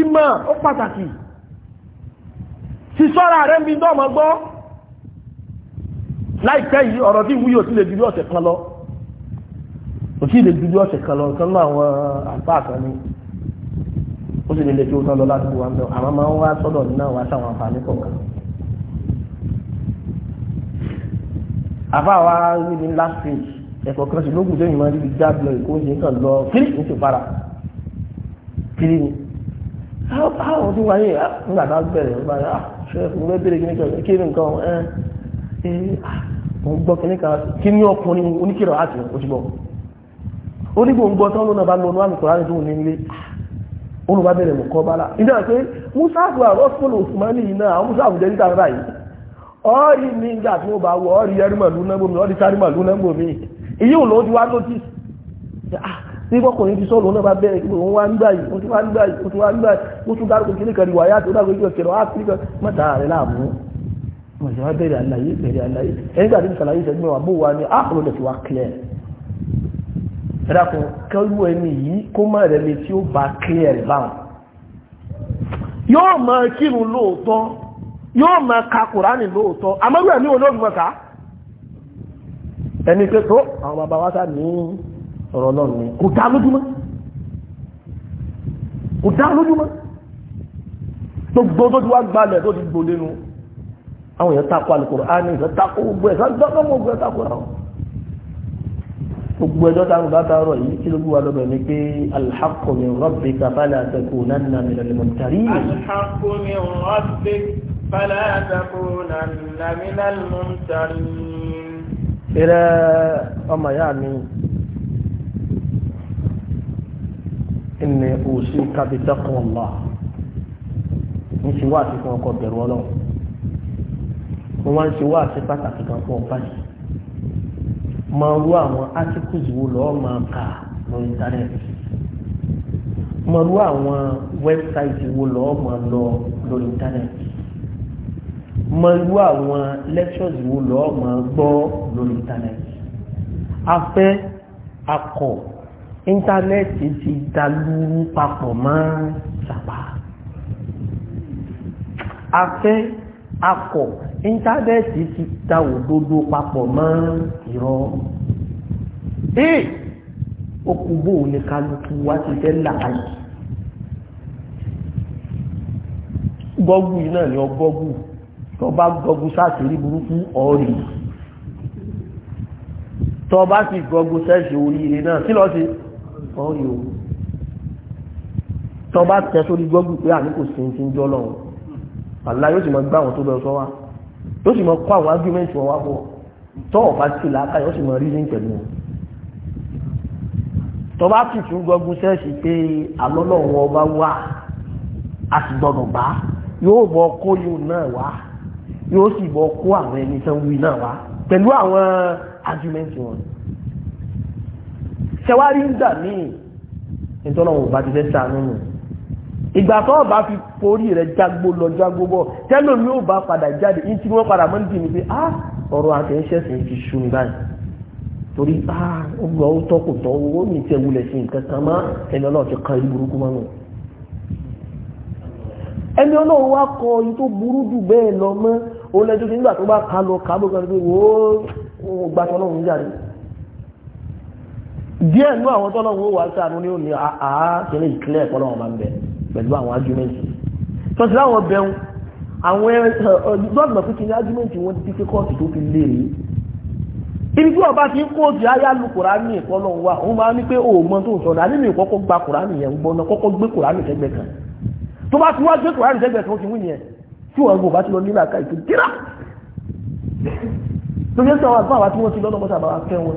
ìmọ̀ ó pàtàkì sísọ́ra rẹ̀ mi dọ́mọ gbọ́ láìpẹ́ yìí ọ̀rọ̀ tí wúyò sí lè ju bí ọ̀sẹ̀ kan lọ kò sí lè ju bí ọ̀sẹ̀ kan lọ nǹkan náà àwọn àǹfààní kan ní ó sì lè lè tí ó tán lọ láti wà ń bẹ àmọ́ máa ń wá sọ́dọ̀ ní náà wá sáwọn àǹfààní kọ̀ọ̀kan. àbá wa níbi last page ẹ̀kọ́ kan sí lókùn sẹ́yìn máa ń rí jáde lọ ìkó ṣe ń kàn lọ kiri ní ti para kiri ni àwọn tí wáyé ah, nígbà tá a bẹ̀rẹ̀ nígbà tá a ṣe é fún mi bẹ́ẹ̀ bẹ̀rẹ̀ kí ni nǹkan ẹ̀ eh, eh, ah, mo gbọ́ kí ní kan kí ní ọkùnrin oníkìrọ̀ àti òṣìbọ̀ onígbò ń gbọ́ tán lónà bá lọ́nà àmì kọ̀ọ̀rọ̀ tó ní ilé olùbá bẹ̀rẹ̀ mọ̀ kọ́ bára ìdá pé musafu àrọ́sọ́lù òsùmánì iná àwọn musafu jẹ́ níta ara yìí ọ́ọ̀rí ní ìgbà tí wọ́n bá wọ ọ́ọ̀rí ẹrìmọ̀lú náà gbòmí ọ́ọ̀rí sárìmọ̀lú náà gbòmí ìyí ò lọ́ọ́ ti wá lójì ah, tí wọ́kùnrin ti sọ́ọ̀lù náà bá bẹ̀rẹ̀ kí wọ́n wá ń gbà yìí tún wá ń gbà yìí tún wá ń gbà yìí wọ́n tún dárúkọ kíníkan ìwà yá mẹ́ta rẹ̀ láàmú wọ́n ṣe wá bẹ̀rẹ̀ àlàyé bẹ̀rẹ̀ àlàyé ẹgbẹ́ àti ìsàlàyé ìṣẹ́jú mẹ́wàá bó wa ní àkùrọ̀ dẹ̀ ti wá clear ẹ̀dàkùn kẹrù ẹni yìí kó má rẹ̀ lè tí ó bá clear báwọn yóò mọ kírun lóòótọ́ yóò mọ ka kùránì lóòótọ́ amẹ́rù ẹ̀mí olóògùn mọ̀ká ẹni pé tó àwọn bàbá wa sá ní ọ̀rọ̀ náà ní kò dá lójúmọ́ kò dá lójúmọ́ gbogbo tó ti wá gbalẹ̀ tó ti gbòlénu àwọn èèyàn takò Al-Kùránì ìfẹ́ takò gbogbo ẹ̀ sọ́dọ́gbọ́n gbogbo ẹ̀ takò ra wọn gbogbo ẹjọ́ tá a ń bá taarọ̀ yìí kí ló wà lọ́bẹ̀ ni pé alḥaqqu min rabbika fala takunanna minal mumtarin. alḥaqqu min rabbika fala takunanna minal mumtarin. eré ọmọ ya mi inni usika bi taqwa Allah ń ṣe wá àti mo wá ń ṣe wá àti pàtàkì kan fún ọba yìí máa rú àwọn articles wo lọ́ọ́ máa kà lórí íńtánẹ́ẹ̀tì máa rú àwọn wẹ́bsáìtì wo lọ́ọ́ máa lọ lórí íńtánẹ́ẹ̀tì máa rú àwọn lectures wo lọ́ọ́ máa gbọ́ lórí íńtánẹ́ẹ̀tì afẹ́ akọ̀ íńtánẹ́ẹ̀tì ti dalúrú papọ̀ máa ń sàpá afẹ́ akọ̀ íńtánẹ́ẹ̀tì ti da òdodo papọ̀ mọ́ irọ́ ee okùnbó ní kálukú wá ti fẹ́ làáyì gọ́gù yìí náà ni ọ gọ́gù tó bá gọ́gù sáàtìrí burúkú ọ̀rì tó bá sì gọ́gù sẹ́ẹ̀sì oríire náà kí lọ sí ọ̀rì o tó bá tẹ́ sórí gọ́gù pé àníkò sí ti ń jọ́ lọ́wọ́ wàlá yóò sì mọ gbá àwọn tó bẹ̀rù sọ wá yóò sì mọ kó àwọn argument wọn wá bọ̀ tọ́ ọ̀fà sí làákà yóò sì mọ reason pẹ̀lú wọn. tọ́ba sì tún gbọ́gun sẹ́ẹ̀sì pé àlọ́lọ́wọ́ ọba wà á sì gbọ́dọ̀ bá yóò bọ kó yóò náà wá yóò sì bọ kó àwọn ẹni tán wí náà wá pẹ̀lú àwọn argument wọn. ṣẹwárí ń dà míì nítorí wọn ò bá ti fẹ́ sànú nù ìgbà tó fi forí rẹ̀ jágbó lọ jágbó bọ̀ tẹ́lò ní ó bá padà jáde ní tí wọ́n padà mọ́ níbi ní pé á ah, ọ̀rọ̀ àtẹ̀ṣẹ́sìn ti ṣu ní báyìí torí á ah, ó gbọ́ ó tọ́kù tọ́ owó ní tẹ́ wulẹ̀ sí nǹkan kan má ẹni ọlọ́ọ̀ ti kan ìlú burúkú mọ́nà ẹni ọlọ́ọ̀ wá kọ ohun tó burú jù bẹ́ẹ̀ lọ mọ́ ó lẹ́jọ́ sí nígbà tó bá ká lọ ká bó kan pé wò ó gbàtọ́ ọlọ́run jáde díẹ̀ nú àwọn tọ́lọ́run ó wà sáà ní ó ní àá kí ní ìkílẹ̀ ẹ̀kọ́ náà máa ń bẹ̀rẹ̀ pẹ̀lú àwọn ájúmẹ́ǹtì tọ́sí láwọn bẹ̀rù àwọn gọ́ọ̀mù fún kìíní ájúmẹ́ǹtì wọn ti fi kóòtù tó fi lé rí ibi tí ọba ti ń kóòtù ayálu kùránì ìkọlọ̀ wa òun máa ní pé òun mọ tó ń sọ̀rọ̀ àníbi ìkọ́kọ́ gba kùránì yẹn ń gbọ́ náà kọ́kọ́ gbé kùránì tẹ́gbẹ́ kan tó bá ti wá gbé kùránì tẹ́gbẹ́ kan ó ti wí yẹn tí wọ́n gbọ́ bá ti lọ nílà ká ìtò díra tó yẹ sọ àwọn àgbà wa tí wọ́n ti lọ́dọ̀ mọ́ta bá wa fẹ́ wọn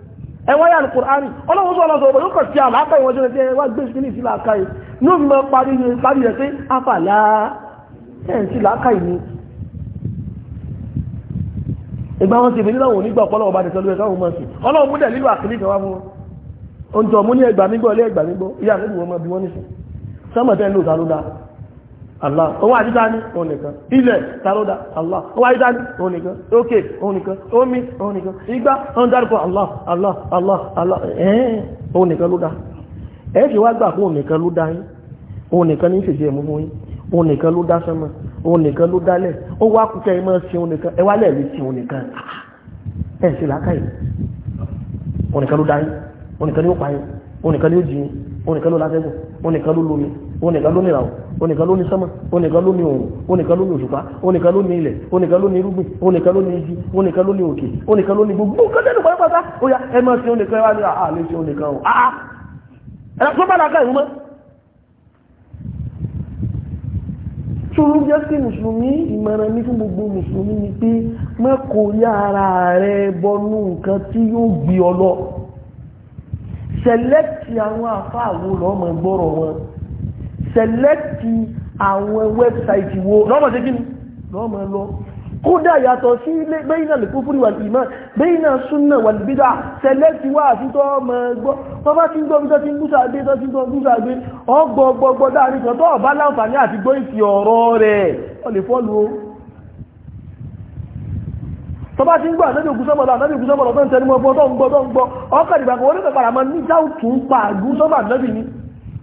ẹwọ́n yà ní kùránì ọlọ́wọ́ sọ ọlọ́sọ̀ yóò kàn sí àmà àpá ìwọ̀n jẹ́ ẹwà gbé ìsìnkú ní ìsìnkú àkáyé ní òmìnà parí ní parí rẹ̀ pé àfàlà ẹ̀ǹsì làákàyè ni ìgbà wọn sì fi níláwọ̀ onígbà ọ̀pọ̀lọpọ̀ bá kan wá fún wọn oúnjẹ ọmú ní ẹgbàá nígbọ́ ilé ẹgbàá nígbọ́ ilé àkìlì wọn mọ̀ bí wọ́n nìsín sọ́mọ̀tẹ́ ń lò Allah owó àdídá ní òun nìkan ilẹ̀ tàródà Allah owó àdídá ní òun nìkan òkè òun nìkan omi òun nìkan igbá òun dárúkọ Allah Allah Allah Allah ẹ̀ẹ́ òun nìkan ló dá ẹ̀ fi wá gbà fún òun nìkan ló dá yín òun nìkan ní ìṣèjì ẹ̀mú fún yín òun nìkan ló dá sánmọ̀ òun nìkan ló dálẹ̀ ó wá kúkẹ́ ẹ máa sin òun nìkan ẹ wá lẹ́ẹ̀lì sin òun nìkan ẹ̀ sì lákàyè òun nìkan ló dá yín òun nìkan ló pa yín òun nìkan ló jì yín onìkan ló látẹ́gùn onìkan ló lómi onìkan ló nìràwọ̀ onìkan ló ní sánmà onìkan ló ní òòrùn onìkan ló ní òṣùpá onìkan ló ní ilẹ̀ onìkan ló ní irúgbìn onìkan ló ní igi onìkan ló ní òkè onìkan ló ní gbogbo nǹkan lẹ́nu pátápátá ó yá ẹ máa fi onìkan wá ní àá lè fi onìkan o àá ẹ̀rọ tó bá làákà ìrúmọ́. sọ̀rọ̀ jẹ́ sí mùsùlùmí ìmọ̀ràn ní fún gbogbo mùsùlùmí ni pé mẹ́kọ̀ọ́ yára rẹ bọnú nǹkan tí yóò gbé ọ lọ sẹlẹ́tì àwọn àfáà wo lọ́mọ wọn sẹlẹ́tì àwọn wẹ́bsáìtì wo lọ́mọ ṣe kí ni lọ́mọ lọ kódà yàtọ̀ sí ilé bẹ́yìnà lè kúfúrú wà ní ìmọ̀ bẹ́yìnà súnà wà ní bídà sẹlẹ́tì wà àti ọmọ ẹgbọ́ tọ́ bá ń gbọ́ bí tọ́ ń gúúsà gbé tọ́ ti ń gbọ́ gúúsà gbé ọgbọ̀gbọ̀gbọ̀ tọ́ láǹfààní àti gbọ́ ìfì ọ̀rọ̀ rẹ̀ ọ lè fọ́lù o tó bá ti ń gbọ́ ànábì ògúsọ́mọ̀lọ́ ànábì ògúsọ́mọ̀lọ́ tó ń tẹnu mọ́ tó ń gbọ́ tó ń gbọ́ ọkọ̀ ìgbàgbọ́ oníkàpàrà mọ́ ní dáùtù ń pa àgúsọ́mọ̀ ànábì ni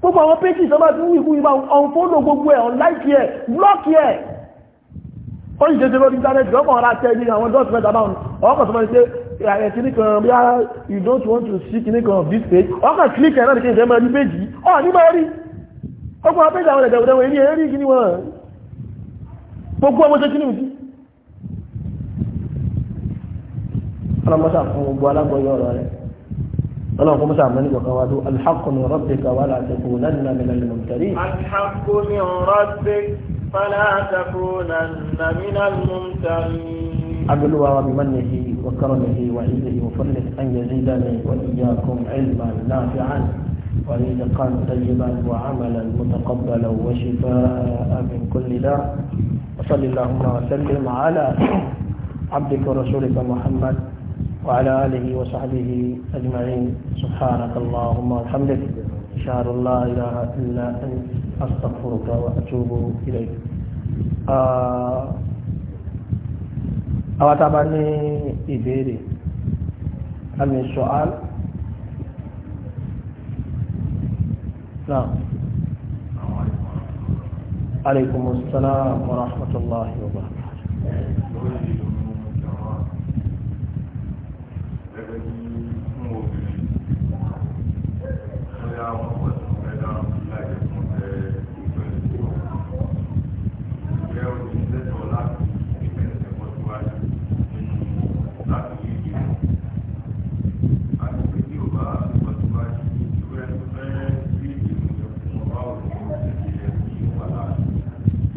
gbogbo àwọn péjì tó bá ti ń wíkú ibà ọ̀nfọ́lò gbogbo ẹ̀ ọ̀nláìkì ẹ̀ blọ́ọ̀kì ẹ̀ ó yìí jẹjẹ lórí íńtánẹ́ẹ̀tì ọkọ̀ ọ̀rá tẹ́ ní àwọn dọ́ọ̀tì mẹ́ta báwọn ọkọ̀ tó máa ṣe ẹ̀ kìíní kan bí i you don't want to see kìíní kan of this page ọkọ̀ click ẹ̀ náà nìkan ìṣẹ́ máa rí péjì ọ̀ ní máa rí ọgbọ́n péjì àwọn ẹ̀dẹ̀wẹ̀dẹ̀wẹ̀ ní ẹ̀rí kìíní wọn gbogbo ọmọ ṣe kìíní ọlọ́mọṣà fún gbogbo alágbọ̀yọ̀ ọ̀rọ̀ rẹ̀ ọlọ́run kún mọ́ṣà mọ́ ní kọ̀ọ̀kan wá tó alḥaqqu min rabbika wa la takunanna minal mumtarin. alḥaqqu min rabbika wa la takunanna minal mumtarin. عدلوا وبمنه وكرمه وعزه وفضله أن يزيدني وإياكم علما نافعا ورزقا طيبا وعملا متقبلا وشفاء من كل داء وصل اللهم وسلم على عبدك ورسولك محمد وعلى آله وصحبه أجمعين سبحانك اللهم وبحمدك وحمدك شهر الله إله إلا أنت أستغفرك وأتوب إليك أواتباني إبيري هل من سؤال نعم عليكم السلام ورحمة الله وبركاته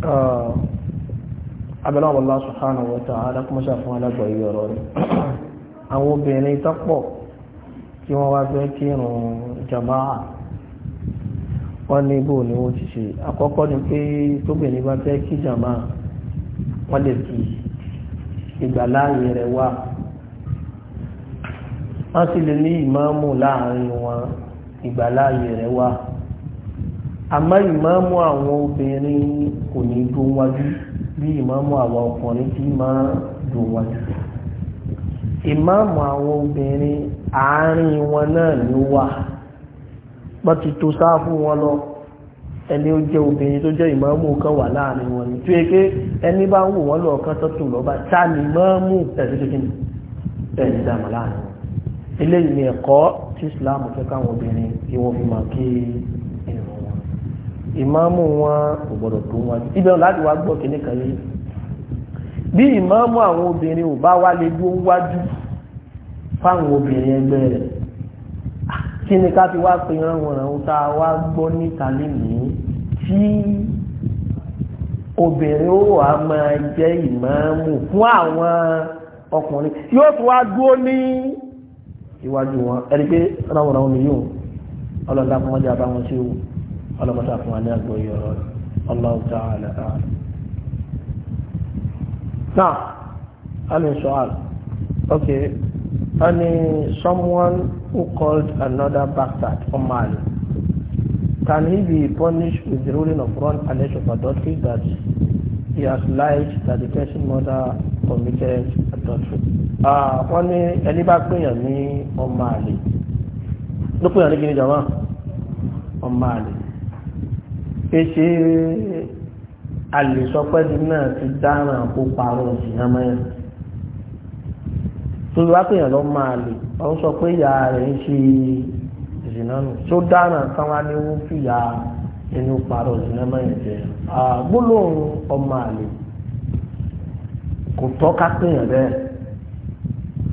Uh, abẹ́lọ́wọ́ Allah subhanahu wa ta'ala kúmọ́ sàfún alágbà yìí ọ̀rọ̀ rẹ̀ àwọn obìnrin tọ́pọ̀ tí wọ́n wá fẹ́ kírun jama'a wọ́n ní bò ní wọ́n ti ṣe àkọ́kọ́ ni pé tóbìnrin bá fẹ́ kí jàmá wọ́n lè fi ìgbàláàyè rẹ̀ wà wọ́n sì lè ní ìmáàmù láàrin wọn ìgbàláàyè rẹ̀ wà àmọ́ ìmáàmù àwọn obìnrin kò ní dún wájú bí ìmáàmù àwọn ọkùnrin ti máa dún wájú ìmáàmù àwọn obìnrin àárín wọn náà ló wà bá ti tó sáà fún wọn lọ ẹni ó jẹ́ obìnrin tó jẹ́ ìmáàmù kan wà láàrin wọn ni tí ó yẹ pé ẹni bá ń wò wọ́n lọ kan tọ́tù lọ́ba tá ni ìmáàmù tẹ̀sí tó kíni tẹ̀sí ni ẹ̀kọ́ tí Islam fẹ́ káwọn obìnrin kí wọ́n fi máa kí ìrìn wọn ìmáàmù wọn kò gbọ́dọ̀ tó wọn ibẹ̀ láti wá gbọ́ kíní bí ìmáàmù àwọn obìnrin ò bá wá lè dúró wájú fáwọn obìnrin ẹgbẹ́ rẹ̀ kí ni ká fi wá pe ìrànwọ̀ràn tá a wá gbọ́ níta lénìí tí obìnrin ó wà máa jẹ́ ìmáàmù fún àwọn ọkùnrin yóò tún wá dúró ní iwájú wọn ẹni pé ráwọ̀ráwọ̀ ni yóò ọlọ́dà fún ọjà bá wọn ṣe wò fún wọn àgbọ̀ yìí ọ̀rọ̀ Allahu who called another bastard man? Can he be punished with the ruling of one alleged of adultery that he has lied that the person mother committed adultery? Ah, wọ́n ní ẹni bá pèèyàn ní ọmọ àlè. Ló pèèyàn ní kíni jọ̀wọ́? Ọmọ àlè. Èsì àlèsọpẹ́dì náà ti dáràn kó parọ́ ìsìn náà mẹ́rin. Tolúwa pèèyàn lọ́ máa lè wọ́n sọ pé ìyá rẹ̀ ń ṣe ìṣìnà nù tó dáná táwọn aníwó fìyà inú parọ́ ìṣìnà máa ń jẹ gbólóhùn ọmọ àlè kò tọ́ ká pèèyàn bẹ́ẹ̀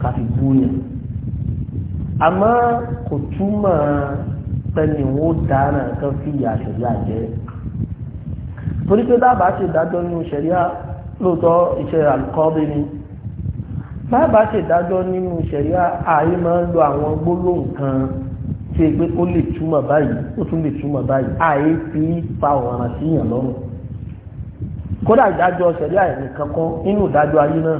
ká fi bú yàn àmọ́ kò túmọ̀ pẹ́ni wo dáná kan fìyà ṣẹ̀yà jẹ́ torí pé dábàá ṣe dájọ́ nínú ṣẹ̀ríà lóòótọ́ iṣẹ́ àlùkọ́ bí ni bàbá ṣèdájọ́ nínú ṣẹ̀ríà ààyè máa ń lo àwọn gbólóhùn kan tí pé ó lè túmọ̀ báyìí ó tún lè túmọ̀ báyìí ààyè fi fa ọ̀ràn síyàn lọ́rùn kódà ìdájọ́ ṣẹ̀ríà nìkan kan nínú ìdájọ́ ayé náà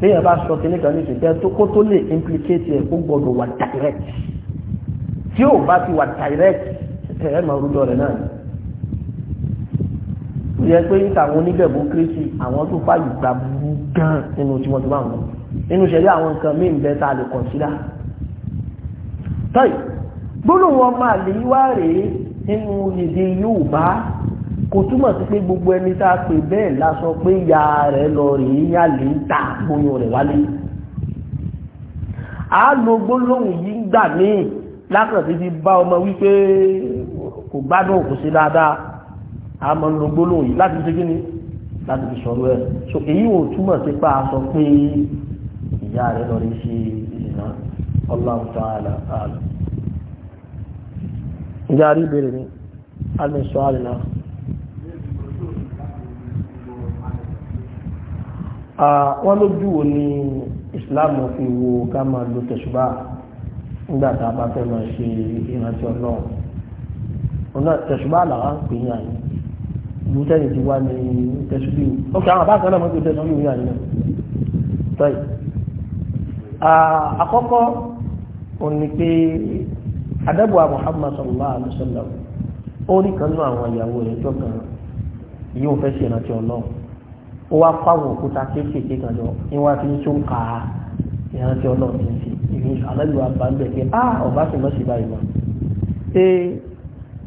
téèyàn bá sọ kíní kan ní ìṣèjẹ́ tó kó tó lè implicate ẹ̀ ó gbọ́dọ̀ wà direct tí ò bá ti wà direct ẹ̀ ẹ̀ máa rújọ rẹ̀ náà yẹ pé táwọn oníbẹ̀bù kérésì àwọn tó fàyè gbà bú gan nínú tí wọ́n ti wà wọn nínú ìṣẹ̀lẹ̀ àwọn nǹkan míì ń bẹ tá a lè kọ̀nsídà tọ́yì gbólóhùn ọmọ àlè wá rèé nínú èdè Yorùbá kò túmọ̀ sí pé gbogbo ẹni tá a pè bẹ́ẹ̀ la pé ìyá rẹ̀ lọ rèé yálè ń ta gbóyún rẹ̀ wálé a lo gbólóhùn yìí ń gbà míì lákàtí ti bá ọmọ wípé kò gbádùn kò sí dáadáa a máa ń lo gbólóhùn yìí láti fi kíni láti fi sọ̀rọ̀ ẹ̀ so èyí ò túmọ̀ sí pa aṣọ pé ìyá rẹ̀ lọ rí ṣe ìdìnnà Allahu ta'ala àlù. ìyá rí ìbéèrè ni alẹ́ sọ wọ́n lójú wo ni Islam fi wo ká máa lo tẹ̀sùbá nígbà tá a bá fẹ́ máa ṣe ìrántí Ọlọ́run. òun náà làwọn pè é yàn ìlú tẹ́lẹ̀ ti wá ní tẹ̀sùbí mi ok àwọn àbá kan náà mọ́tò tẹ̀sùbí mi àná tọ́yì. àkọ́kọ́ òun ni pé adábùwà Muhammad sallallahu alayhi wa sallam ó rí kan náà àwọn ìyàwó rẹ̀ jọ kan yóò fẹ́ ṣe ìrántí ọlọ́run ó wá fáwọn òkúta kéékèèké kan jọ ní wá ń tún ka ìrántí ọlọ́run ti ń fi ìlú aláìlú àgbà pé ah ọba sì mọ̀ sí báyìí mọ́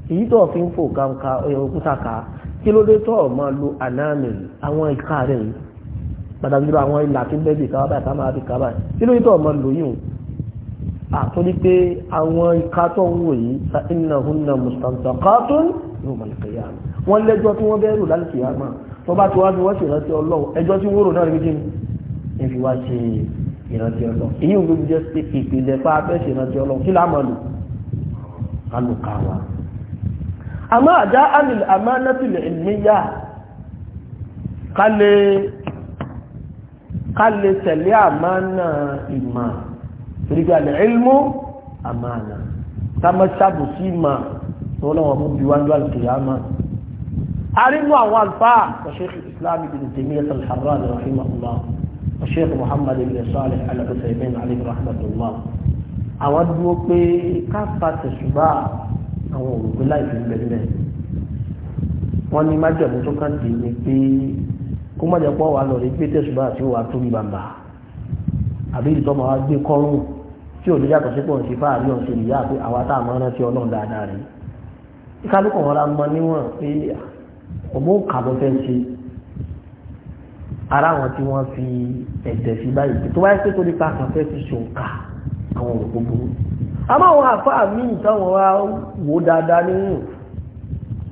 èyí tó fi ń fò kàǹkà òkúta kàá kí ló dé tọ́ máa lo ànáàmì àwọn ìka rẹ̀ yìí pàtàkì jùlọ àwọn ilà tó bẹ́ẹ̀ bì káwá báyìí ká máa fi ká báyìí kí ló dé tọ́ máa lò yìí o àtúndí pé àwọn ìka tó ń wò yìí sa iná hunna mustantaqatun yóò mọ̀ nípa ìyá wọn lẹ́jọ́ tí wọ́n bẹ́ẹ̀ rò lálùkì yá mà wọ́n bá ti wá bí wọ́n sì rántí ọlọ́wọ́ ẹjọ́ tí wọ́n náà rí bí ní fi wá ṣe ìrántí ọlọ́wọ́ èyí ò gbé jẹ́ ìpìlẹ̀ pa ṣèrántí ọlọ́wọ́ kí lá máa wa àmọ́ àjá àmì àmánátìlẹ̀ ìmíyà kálẹ̀ tẹ̀lé àmánà ìmà ìrìgbàlẹ̀ ilmú àmánà támọ́ sábò sí ìmà tó lọ́wọ́ mú bí wájú alkiyama arínú àwọn alfáà ṣeéfì islami bin tèmíyà al-harrani rẹ̀ rahimahullah ṣeéf muhammad ibn salih al-husaymin àwọn dúró pé káfà tẹ̀sùbá àwọn òrògbé láìpẹ́ ńbẹ́ńbẹ́ wọ́n ní májẹ̀mú tó kàn dé ni pé kó má jẹ́ pọ́ wà lọ rí pé tẹ̀sùbá àti wà tó bàbà àbí ìtọ́ máa wá gbé kọ́rùn tí ò ní yàtọ̀ sí pọ̀ sí fáàrí ọ̀sẹ̀ ìyá àti àwa tá a máa rántí ọlọ́run dáadáa rí kálukọ̀ wọn la mọ níwọ̀n pé ọmọ kàbọ̀ fẹ́ ṣe ara àwọn tí wọ́n fi ẹ̀jẹ̀ sí báyìí tó wáyé pé tó nípa kan fẹ́ fi ṣòǹkà àwọn òkú burú àmọ́ àwọn àfáà míì táwọn wá wò dáadáa nínú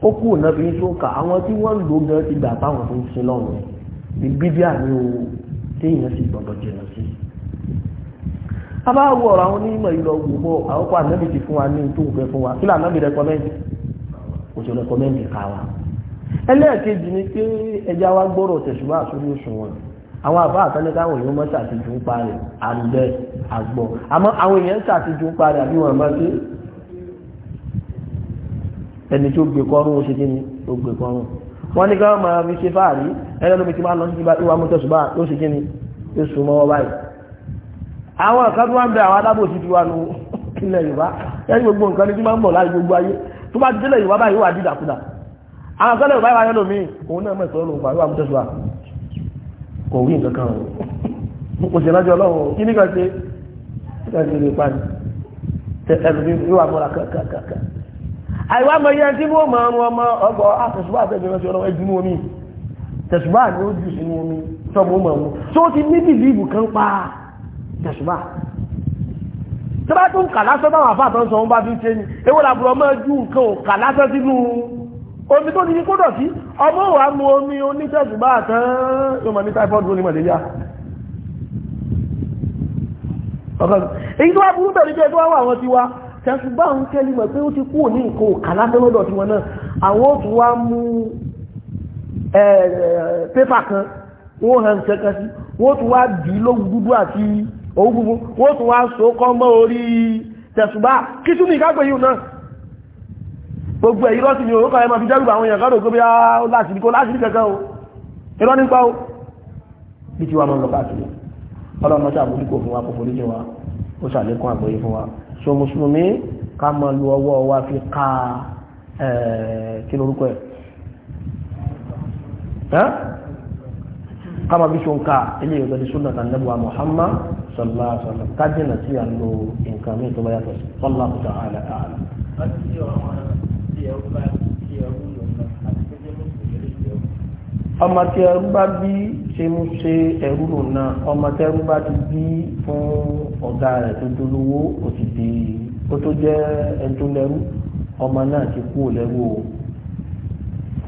ó kú ọ̀nà fi ń ṣókà àwọn tí wọ́n ń lò gan ti gbà táwọn fi ń sin lọ́rùn ní bíbí àmì o téèyàn sì gbọ́dọ̀ jìnà sí abáwọ̀ ọ̀rọ̀ àwọn onímọ̀ ìlọ wò bọ́ àwọn kó ànábì ti fún wa ní tó fẹ́ fún wa kí lànà bí rẹkọmẹ́ǹdì kò sí rẹkọmẹ́ǹdì ká wa ẹlẹ́ẹ̀kejì ni pé ẹja wa gbọ́rọ̀ tẹ̀sùbá àsórí àgbọ̀ àmọ́ àwọn èèyàn ṣàtijọ́ padà bí wọ́n máa ṣe ẹni tó gbé kọ́rùn ó ṣe kí ni ó gbé kọ́rùn wọ́n ní káwọn máa fi ṣe fáàrí ẹni lómi ti máa lọ sí ìwà mọ́tẹ́sùbá ó ṣe kí ni ó sùn mọ́ báyìí àwọn kan tó wá ń bẹ àwọn adábò ti ti wà nù ilẹ̀ Yorùbá ẹni gbogbo nǹkan ní tí máa ń bọ̀ láì gbogbo ayé tó bá ti délẹ̀ Yorùbá báyìí wà dídàkudà àwọn akọ́lẹ̀ ìbáyé wáyé lómi òun náà mẹ́sàn-án lòun pàríwá mú tẹ́sùwà kò rí nǹkan kan o kò sí lájọ́ ọlọ́run kí ní kan ṣe tẹ́lẹ̀ ní ipa ni ẹlòmí yóò wà múra kàkàkà. àìwá mọ iye tí wọ́n máa ń wọ́n mọ ọgbọ́ àtẹ̀sùbá ah, àtẹ̀jọ́ ti ọlọ́wọ́ ẹjú ní omi tẹ̀sùbá ni ó jù sínú omi tọ́mọ mọ̀ wọn tó ti ní bìlíìbù kan pa tẹ̀sùbá. tó bá tún kà lásán táwọn àfa àtọ́sọ wọn bá fi ṣe ni ewé làbúrò máa ju nǹkan ò kà lásán sínú omi tó ti ní kó dọ̀tí ọmọ wa mu omi onítẹ̀sùbá àtàn yóò mọ̀ ní táìpọ́ọ̀dù ó ní mọ̀lẹ́yà èyí tó wá burú bẹ̀rẹ̀ jẹ́ tó wá àwọn ti wá tẹ̀sùgbà ń kẹ́lì mọ̀ pé ó ti kúrò ní nǹkan òkàlá tẹ́lọ́dọ̀ tiwọn náà àwọn ó tún wá mú pépà kan wọ́n hàn kẹ́kẹ́ sí wọ́n tún wá dì í lóògùn dúdú àti òun funfun wọ́n tún wá so kọ́ mọ́ orí tẹ̀sùgbà kí tún ní ìkágbé yìí náà gbogbo ẹ̀yí lọ́sìn ni òun kọ́ ẹ máa fi dẹ́rùbà àwọn èèyàn kọ́dọ̀ o ìrọ́ nípa o ọlọ́run mọ́sá àbúrúkọ fún wa kò forí jẹ wa ó ṣàlékún àgbọ́yé fún wa so mùsùlùmí ká mọ lu ọwọ́ wa fi ka kí lórúkọ ẹ̀ ká mọ bí so ń ka ilé ìgbẹ́ ti súnà kan lẹ́bùwà Muhammad sallallahu alaihi wasallam sí à nǹkan mi tó bá yàtọ̀ sí wallahu ta'ala a'lam. ọmọ tí ẹrú bá bí ṣe mú ṣe ẹrú rò náà ọmọ bá ti bí fún ọ̀gá rẹ̀ tó dolówó ó ti di ó tó jẹ́ ẹni tó lẹ́rú ọmọ náà ti kú lẹ́rú o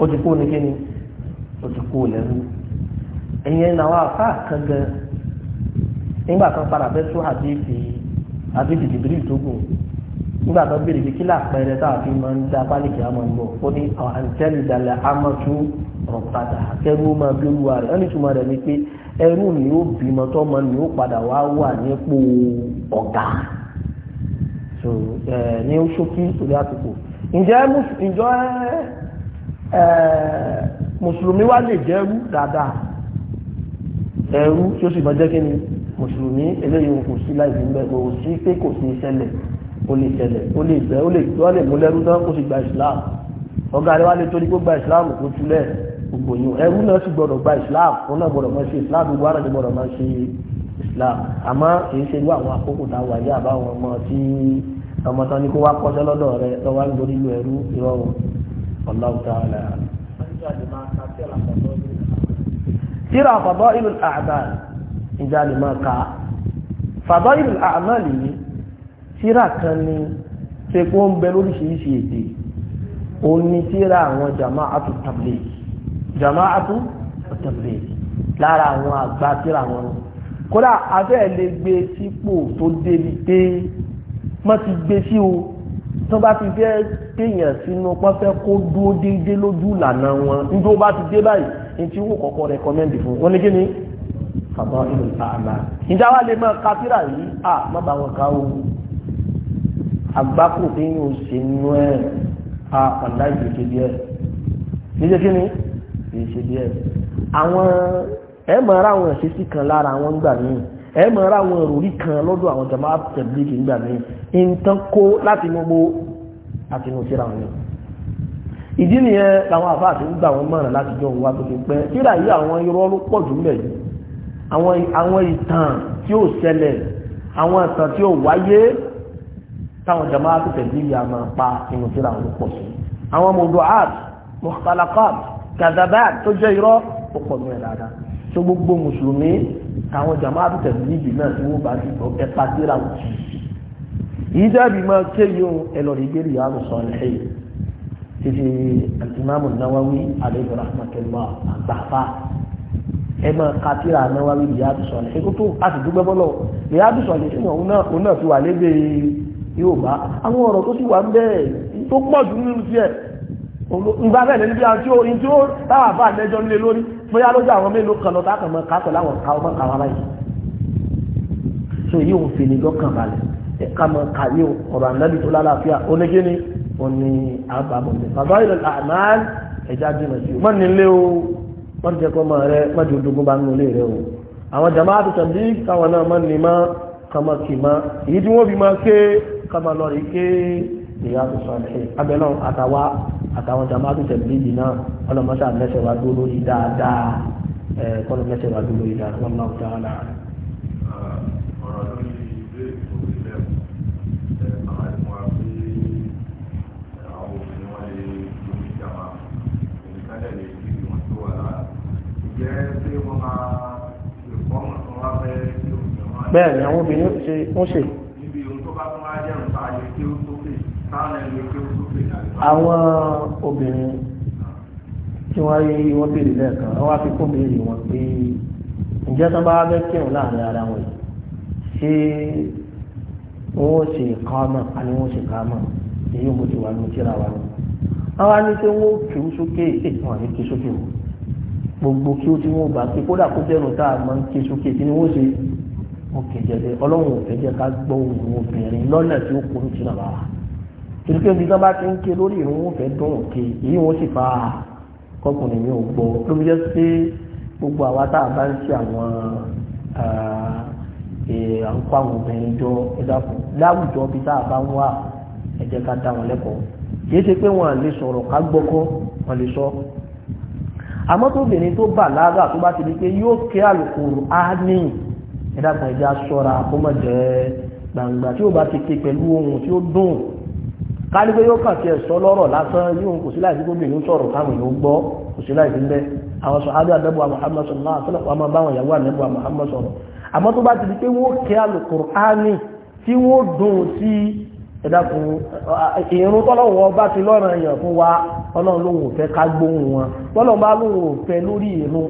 ó ti kú ní kíni ó ti kú lẹ́rú ẹ̀yẹn làwọn afá kan nígbà kan padà bẹ́ tó nígbà tó béèrè kí lápẹẹrẹ tá a fi máa ń da pálíkì àmọ́ ń bọ̀ ó ní àǹtẹ́lì dalẹ̀ amọ̀tún rọ̀padà kẹ́rù máa bí olúwa rẹ̀ ẹni túmọ̀ rẹ̀ ni pé ẹrú ni ó bímọ tọ́mọ ni ó padà wá wà nípò ọ̀gá ní ṣókí torí àtúkò ǹjẹ́ ǹjọ́ mùsùlùmí wá lè jẹ́ dáadáa ẹrú tí ó sì máa jẹ́ kí ni mùsùlùmí eléyìí kò sí láì fi ń bẹ́ẹ̀ kò sí pé kò sí ṣẹlẹ̀ ó lè tẹ̀lẹ̀ ó lè bẹ́ ó lè tó lè mú lẹ́rú náà kó sì gba islam ọ̀gá rẹ̀ wá lè torí kó gba islam kó túlẹ̀ gbogbo yìí ẹrú náà sì gbọ́dọ̀ gba islam òun náà gbọ́dọ̀ máa ṣe islam gbogbo ara ti gbọ́dọ̀ máa ṣe islam àmọ́ èyí ṣe irú àwọn àkókò tá a wà yí àbáwọn ọmọ tí ọmọ tán ní kó wá kọ́ṣẹ́ lọ́dọ̀ rẹ lọ́wọ́ nítorí ìlú ẹrú ìrọ̀rùn Allahu ta'ala. tíra fàbọ́ ìlú àgbà ìjà lè máa ka fàbọ́ ìlú àmọ́ lè yìí tíra kan ni ṣe kó ń bẹ lóríṣiríṣi èdè òun ni tíra àwọn jama'atu tabligh jama'atu tabligh lára àwọn àgbà tíra wọn kódà afẹ́ lè gbé sípò tó débi pé wọ́n ti gbé sí o tó bá ti fẹ́ téèyàn sínú wọ́n fẹ́ kó dúró déédéé lójú ìlànà wọn níbi ó bá ti dé báyìí ní tí wọ́n kọ́kọ́ rẹ̀kọ́mẹ́ndì fún wọn ní kí ni fàbọ̀ ìlú àmà ìjà wa lè máa ka tíra yìí à má bá wọn ká o àgbákò tí yóò ṣe nú ẹ̀ a ọ̀dá ìṣèṣe díẹ̀ níṣẹ́ kí ni ìṣèṣe díẹ̀ àwọn ẹ mọ̀ ara àwọn ìṣesí kan lára àwọn ń gbà míì ẹ mọ̀ ara àwọn ìròrí kan lọ́dọ̀ àwọn jama tẹ̀blíkì ń gbà míì nǹkan kó láti inú gbó àti inú síra wọn ni ìdí nìyẹn làwọn àfáàtì ń gbà wọn mọ̀ràn láti jọ òun wá tó ti pẹ́ síra yìí àwọn irọ́ ló pọ̀ jù mẹ́rin àwọn ìtàn tí ó ṣẹlẹ̀ àwọn ìtàn tí ó wáyé táwọn jamaa tó tẹ̀lé ìyá máa pa inú síra àwọn pọ̀ sí àwọn mọ̀dọ̀áàt mọ̀kàlákàt kàdàbáàt tó jẹ́ irọ́ ó pọ̀ nù ẹ̀ dáadáa tó gbogbo mùsùlùmí táwọn jamaa tó tẹ̀lé ìbí náà tí wọ́n bá ti tọ́ ẹ pa síra wọn sí yìí dábì máa ké yóò ẹ lọ rí gbérí yàrá sọ ẹ̀hẹ́ títí alimami nawawi alayhi rahmatullah àgbàfà yóò bá àwọn ọ̀rọ̀ tó sì wà ń bẹ́ẹ̀ tó pọ̀ jù nínú sí ẹ̀ ìgbà bẹ́ẹ̀ níbi àti orin tí ó táwà bá lẹ́jọ́ nílé lórí bóyá lójú àwọn mélòó kan lọ tákàmọ́ kápẹ́ láwọn ká ọmọ kàwá báyìí so yìí òun fi ni lọ́kàn balẹ̀ ẹ̀ka mọ́ kàwé ọ̀rọ̀ ànábì tó lálàáfíà onígíní òní àbàbọ̀dé bàbá ìlú àmàl ẹ̀já jìnà sí wọ́n ní ilé o wọ́n jẹ́ kọ́ mọ́ rẹ mọ́jú odogun kọ́mọ lọ rí ké ìyá tó sọ ẹ̀ abẹ́lọ́ àtàwa àtàwọn jàmáà tó tẹ̀lé bíbí náà ọlọ́mọṣà mẹ́sẹ̀ wá dúró lórí dáadáa ẹ̀ kọ́lọ́ mẹ́sẹ̀ wá dúró lórí dáadáa wọ́n máa ń dáhà láàárín. àwọn obìnrin ṣe ń ṣe àwọn obìnrin tí wọ́n rí wọ́n béèrè lẹ́ẹ̀kan wọ́n wá fi kó béèrè wọn pé ǹjẹ́ tó bá bẹ́ kírun láàrin ara wọn ṣé wọ́n ó ṣe kámọ̀ àní wọ́n ó ṣe kámọ̀ èyí mo ti wà ní ìjìra wa ni. wọ́n wá ní pé wọ́n ó kí sókè ètò àní kí sókè o gbogbo kí ó ti wọ́n bá kí kódà kó jẹ́rùn tá a máa ń kí sókè kí ni wọ́n ṣe wọn kì í jẹ pé ọlọ́run ò fẹ́ jẹ́ ká gbọ́ òun obìnrin lọ́nà tí ó kó ní tìǹà bá wa torí pé ibi tí wọ́n bá ti ń ké lórí ìrún wọn fẹ́ dùn òkè èyí wọn sì fa kọkùnrin mi ò gbọ́ ló fi pé gbogbo àwa tá a bá ń ṣe àwọn à ń kó àwọn obìnrin jọ ẹ̀dàkùn láwùjọ bí tá a bá ń wà ẹ jẹ́ ká dá wọn lẹ́kọ̀ọ́ kì í ṣe pé wọn lè sọ̀rọ̀ ká gbọ́kọ́ wọn lè sọ àmọ́ tóbìnrin tó bà lára tó bá ti di pé yóò ké àlùkò áánì ẹ̀dàkùn ẹja ṣọ́ra kó mọ̀ jẹ́ gbangba tí ó bá ti ké pẹ̀lú ohun tí ó dùn kárí pé yóò kàn tiẹ̀ sọ lọ́rọ̀ lásán yóò kò sí láì sí gómìnà sọ̀rọ̀ káwọn èèyàn gbọ́ kò sí láì sí ń bẹ́ àwọn sọ adé àdẹ́bùwà Muhammad sallallahu alaihi wasallam máa báwọn ìyàwó àdẹ́bùwà Muhammad sọ̀rọ̀ àmọ́ tó bá ti di pé wọ́n kẹ́ Al-Qur'ani tí wọ́n dùn sí ẹ̀dàkùn ìrún tọ́lọ́wọ́ bá ti lọ́rọ̀ èèyàn fún wa ọlọ́run lóhùn fẹ́ ká gbóhùn wọn tọ́lọ́run bá lóhùn fẹ́ lórí ìrún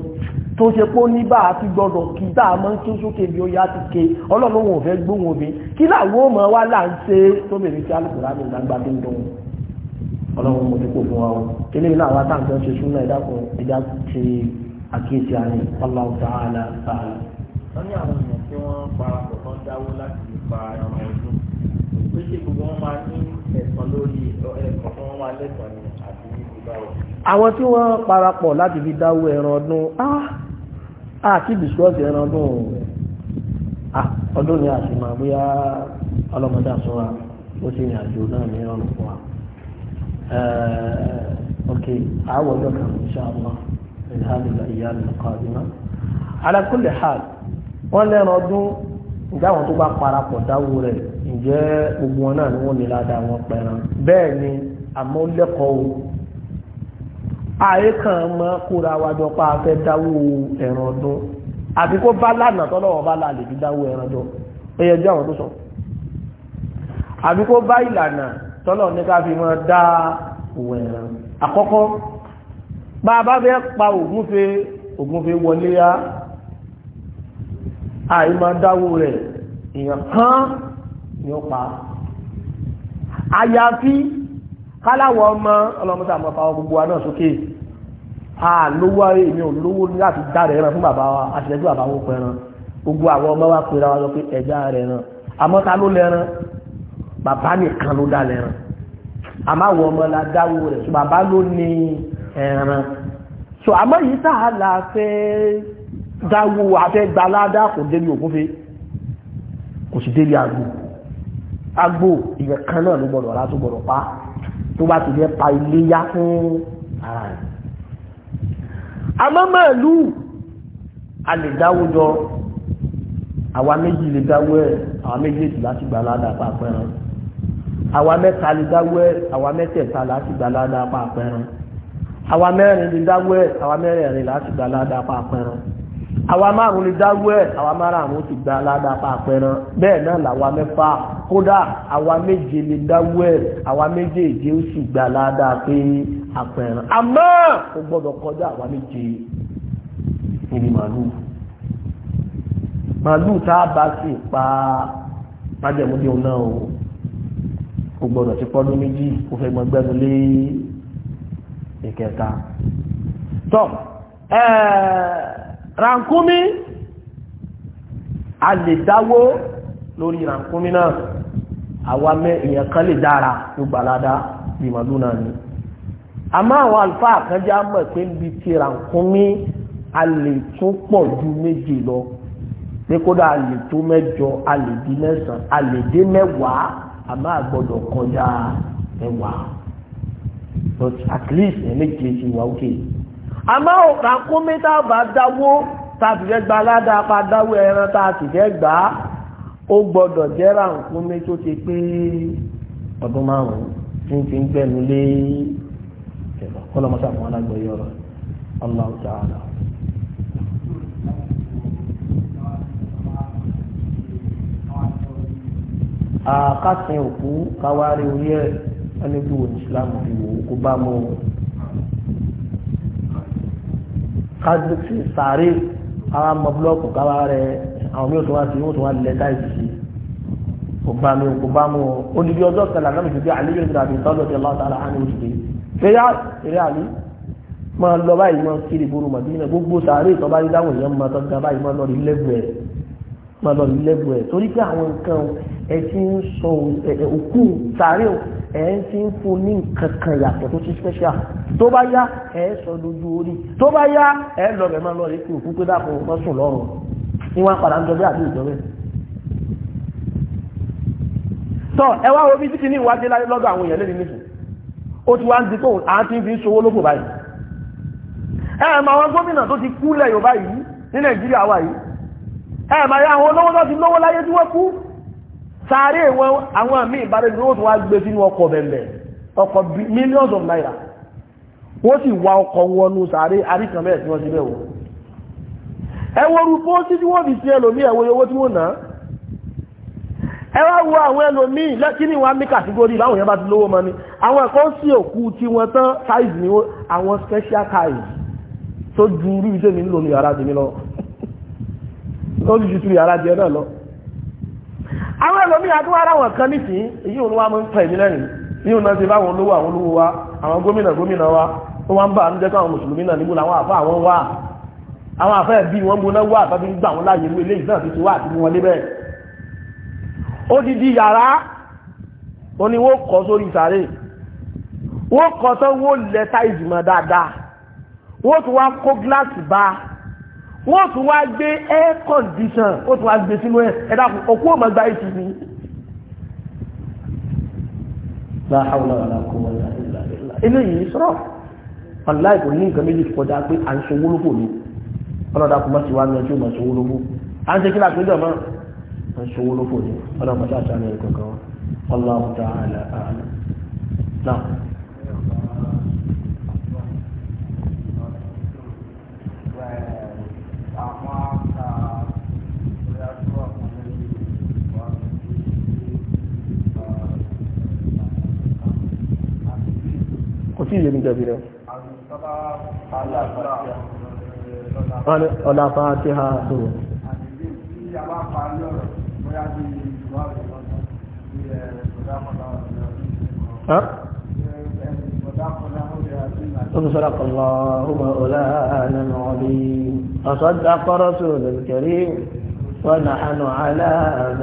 tó ṣe pó ní bá àti gbọdọ̀ kí tá a máa ń tún sókè bí ó yá ti ké ọlọ́run lóhùn fẹ́ gbóhùn obì kí làwọn ò mọ̀ wá là ń ṣe tó bèrè sí alùpùpù àmì ìgbàgbà tó ń dùn ọlọ́run mo ti kó fún wa wọ́n ní àwọn èèyàn tí wọ́n parapọ̀ tán dáwó láti pa ẹran ọdún pé ṣé gbogbo wọn máa ní ẹ̀sán lórí ẹ̀kọ́ fún wọn máa lẹ́sàn ni àti ìbáwọ̀. àwọn tí wọ́n parapọ̀ láti fi dáwọ́ ẹran ọdún àti bìsíkọ́ọ̀sì ẹran ọdún ọdún ni àṣìmọ̀ bóyá ọlọ́mọdé àṣọra ó sì rìn àjò náà ní ìrọ̀rùn fún wa. ok àwọn ọjọ́ kan insha Allah ìlànà ìyá nìkan àdúrà. ala kulli hal wọ́n lẹ́ran ọdún ìdáwọn tó bá parapọ̀ dáwọ́ rẹ̀ ǹjẹ́ gbogbo wọn náà ni wọ́n ní ládàá wọn pẹ̀ràn bẹ́ẹ̀ ni àmọ́ lẹ́kọ̀ọ́ o ààyè kan mọ́ kóra wájọ pa afẹ́ dáwó ẹ̀ràn ọdún àti kó bá lánàá tọ́lọ́wọ́ bá lálẹ́ fi dáwó ẹ̀ràn ọdún ó yẹ jẹ́ àwọn tó sọ àbí kó bá ìlànà tọ́lọ̀ ní ká fi mọ́ dá òwò ẹ̀ràn àkọ́kọ́ bá a bá fẹ́ pa ògúnfe ògúnfe wọlé yá àìmọ̀ dáwó rẹ̀ èèyàn kan ni ó pa àyàfi káláwọ̀ ọmọ ọlọ́mọta àmọ́ fáwọn gbogbo wa náà sókè a lówó èmi ò lówó láti dá rẹ̀ ẹran fún bàbá wa àṣẹjú àbáwọn òpin ẹran gbogbo àwọn ọmọ wa pera wa lọ pé ẹja rẹ̀ ẹran àmọ́ ta ló lẹ́ran bàbá nìkan ló dá lẹ́ran àmọ́ àwọn ọmọ la dáwó rẹ̀ so bàbá ló ní ẹran so àmọ́ yìí tá a là fẹ́ dáwó afẹ́ gbaládá kò débi òkúfe kò sì débi àgbò agbo ìyẹn kan náà ló gbọdọ̀ rà tó gbọdọ̀ pa tó bá ti jẹ́ pa ilé yá fún ara rẹ̀ àmọ́ màálù a lè dáwó jọ àwa méjì lè dáwó ẹ̀ àwa méjèèjì láti gbà ládàá pa àpẹẹrẹ àwa mẹ́ta lè dáwó ẹ̀ àwa mẹ́tẹ̀ẹ̀ta láti gbà ládàá pa àpẹẹrẹ àwa mẹ́rin lè dáwó ẹ̀ àwa mẹ́rẹ̀ẹ̀rin láti gbà ládàá pa àpẹẹrẹ àwa márùn lè dáwó ẹ̀ àwa márùn ti gba aládàpá àpẹran bẹ́ẹ̀ náà làwa mẹ́fà kódà àwa méje lè dáwó ẹ̀ àwa méjèèje ó sì gba aládàá pé àpẹran àmọ́ ó gbọ́dọ̀ kọjá àwa méje ìrìn màlúù màlúù tá a bá sì pa májẹ̀múdé òun náà o ó gbọ́dọ̀ ti pọ́dún méjì ó fẹ́ gbọ́ngbẹ́nu lé ìkẹta tọ́ ẹ̀ẹ́ ràǹkúmí a lè dáwó lórí ràǹkúmí náà àwa mẹ́ èèyàn kan lè dára ló gbàládá bí màlúù náà ni àmọ́ àwọn àlùfáà kan já mọ̀ pé níbi tí ràǹkúmí a lè tún pọ̀ ju méje lọ pé kódà a lè tó mẹ́jọ a lè di mẹ́sàn a lè dé mẹ́wàá àmọ́ a gbọ́dọ̀ kọjá mẹ́wàá but at least ẹ̀ méje ti wà ókè. Okay a máa ò ká kún mítà bá dáwó tàbí fẹ́ gba aládàá pa dáwó ẹran tá a sì fẹ́ gbà á ó gbọ́dọ̀ jẹ́ ràǹkúnmí tó ti pé ọdún márùn-ún tí ń fi ń gbẹ̀nu lé ẹ̀rọ kọ́lọ́mọ́sá fún alágbèyẹ ọ̀rọ̀ Allahu ta'ala. àkásìn òkú káwárí orí ẹ̀ ẹni tí wò ní Islam fi wò ó kó bá mọ́ ọ. kájú sí sàárè àwọn ọmọ búlọ́ọ̀kù káwá rẹ̀ àwọn mí ò tún wá sí wọ́n tún wá lẹ̀ táìsì sí kò bá mi kò bá mu ó ní bí ọjọ́ kẹlẹ́ àgbàmì ìdíje àlejò ìdíje àti ìtọ́jú ti aláwọ̀ sára àánú òṣìṣẹ́ fẹ́yà eré àlè máa lọ báyìí máa kiri ìbúrú màdínà gbogbo sàárè ìtọ́ba yìí dáhùn ìyẹn máa tọ́jú báyìí máa lọ rí lẹ́gbẹ̀ẹ́ máa lọ rí lẹ́gbẹ̀ẹ́ torí pé àwọn nǹkan ẹ ti ń sọ òkú sàárè o ẹ ti ń fún ní nǹkan kan yàtọ̀ tó ti special tó bá yá ẹ sọ lójú orí tó bá yá ẹ lọ bẹ̀ máa lọ rí kí òkú pé dàpọ̀ wọn sùn lọ́rùn ní wọn padà ń jọ bí àbí ìjọba ẹ wá wo bí títí ní ìwádìí láyé lọ́dọ̀ àwọn èèyàn lẹ́nu nísìn ó ti wá ń di kóhùn à ń ti fi ń sowó báyìí ẹ ẹ̀ máa wọn gómìnà tó ti kú lẹ̀ Yorùbá ní Nàìjíríà wà yìí ẹ ẹ̀ máa yá àwọn olówó náà ti lówó láyé tí wọ́n kú sáré wọn àwọn àmì ìbárẹ́lú ó tún wá gbé sínú ọkọ̀ bẹ̀m̀bẹ̀ ọkọ̀ millions of naira wọ́n sì wá ọkọ̀ wọnú sáré àríkànbẹ̀ tí wọ́n ti bẹ̀wọ̀ ẹwọ́rú pósí tí wọ́n fi sí ẹlòmí ẹ̀wọ́ owó tí wọ́n ná ẹwà wo àwọn ẹlòmí lẹ́kí ni wọ́n á mí kàtígórì láwọn yẹn bá ti lówó mọ́ni àwọn ẹ̀kọ́ sí òkú special size tó ju irú iṣẹ́ mi ń lò ní yàrá àwọn ẹlòmí àdúrà àwọn kan nísìnyí èyí òun wa máa ń pa èmi lẹ́yìn ní òun náà ti bá àwọn olówó àwọn olówó wa àwọn gómìnà gómìnà wa ó wá ń bá àánú jẹ́ káwọn mùsùlùmí náà níbo làwọn àfa àwọn wà àwọn àfa ẹ̀bí wọn gbóná wà àtàbí ń gbà wọn láàyè irú eléyìí náà ti ti wà àti wọn débẹ̀ ó di di yàrá ó ní wọ́n kọ́ sórí ìsàrè wọ́n kọ́ tán wọ́n lẹ́ta ìjùmọ̀ dáadáa wọ́n tún wá kó gíláàsì bá wọ́n tún wá gbé air condition ó tún wá gbé sínú ẹ̀ ẹ̀dá òkú ò máa gba èsì ni. eléyìí sọ̀rọ̀ ọ̀láì kò ní nǹkan méjì kọjá pé à ń ṣe owó lóko ni ọlọ́dà kò má ti wá ní ọjọ́ ìmọ̀ ṣòwò lóko à ń ṣe kí láti ọjọ́ máa ń ṣòwò lóko ni ọlọ́mọdé àti àmì ẹ̀kọ́ kan Allahu ta'ala a'lam náà. tí yẹn jẹ́ bí rẹ̀ ọ̀lá صدق الله مولانا العظيم وصدق رسول الكريم ونحن على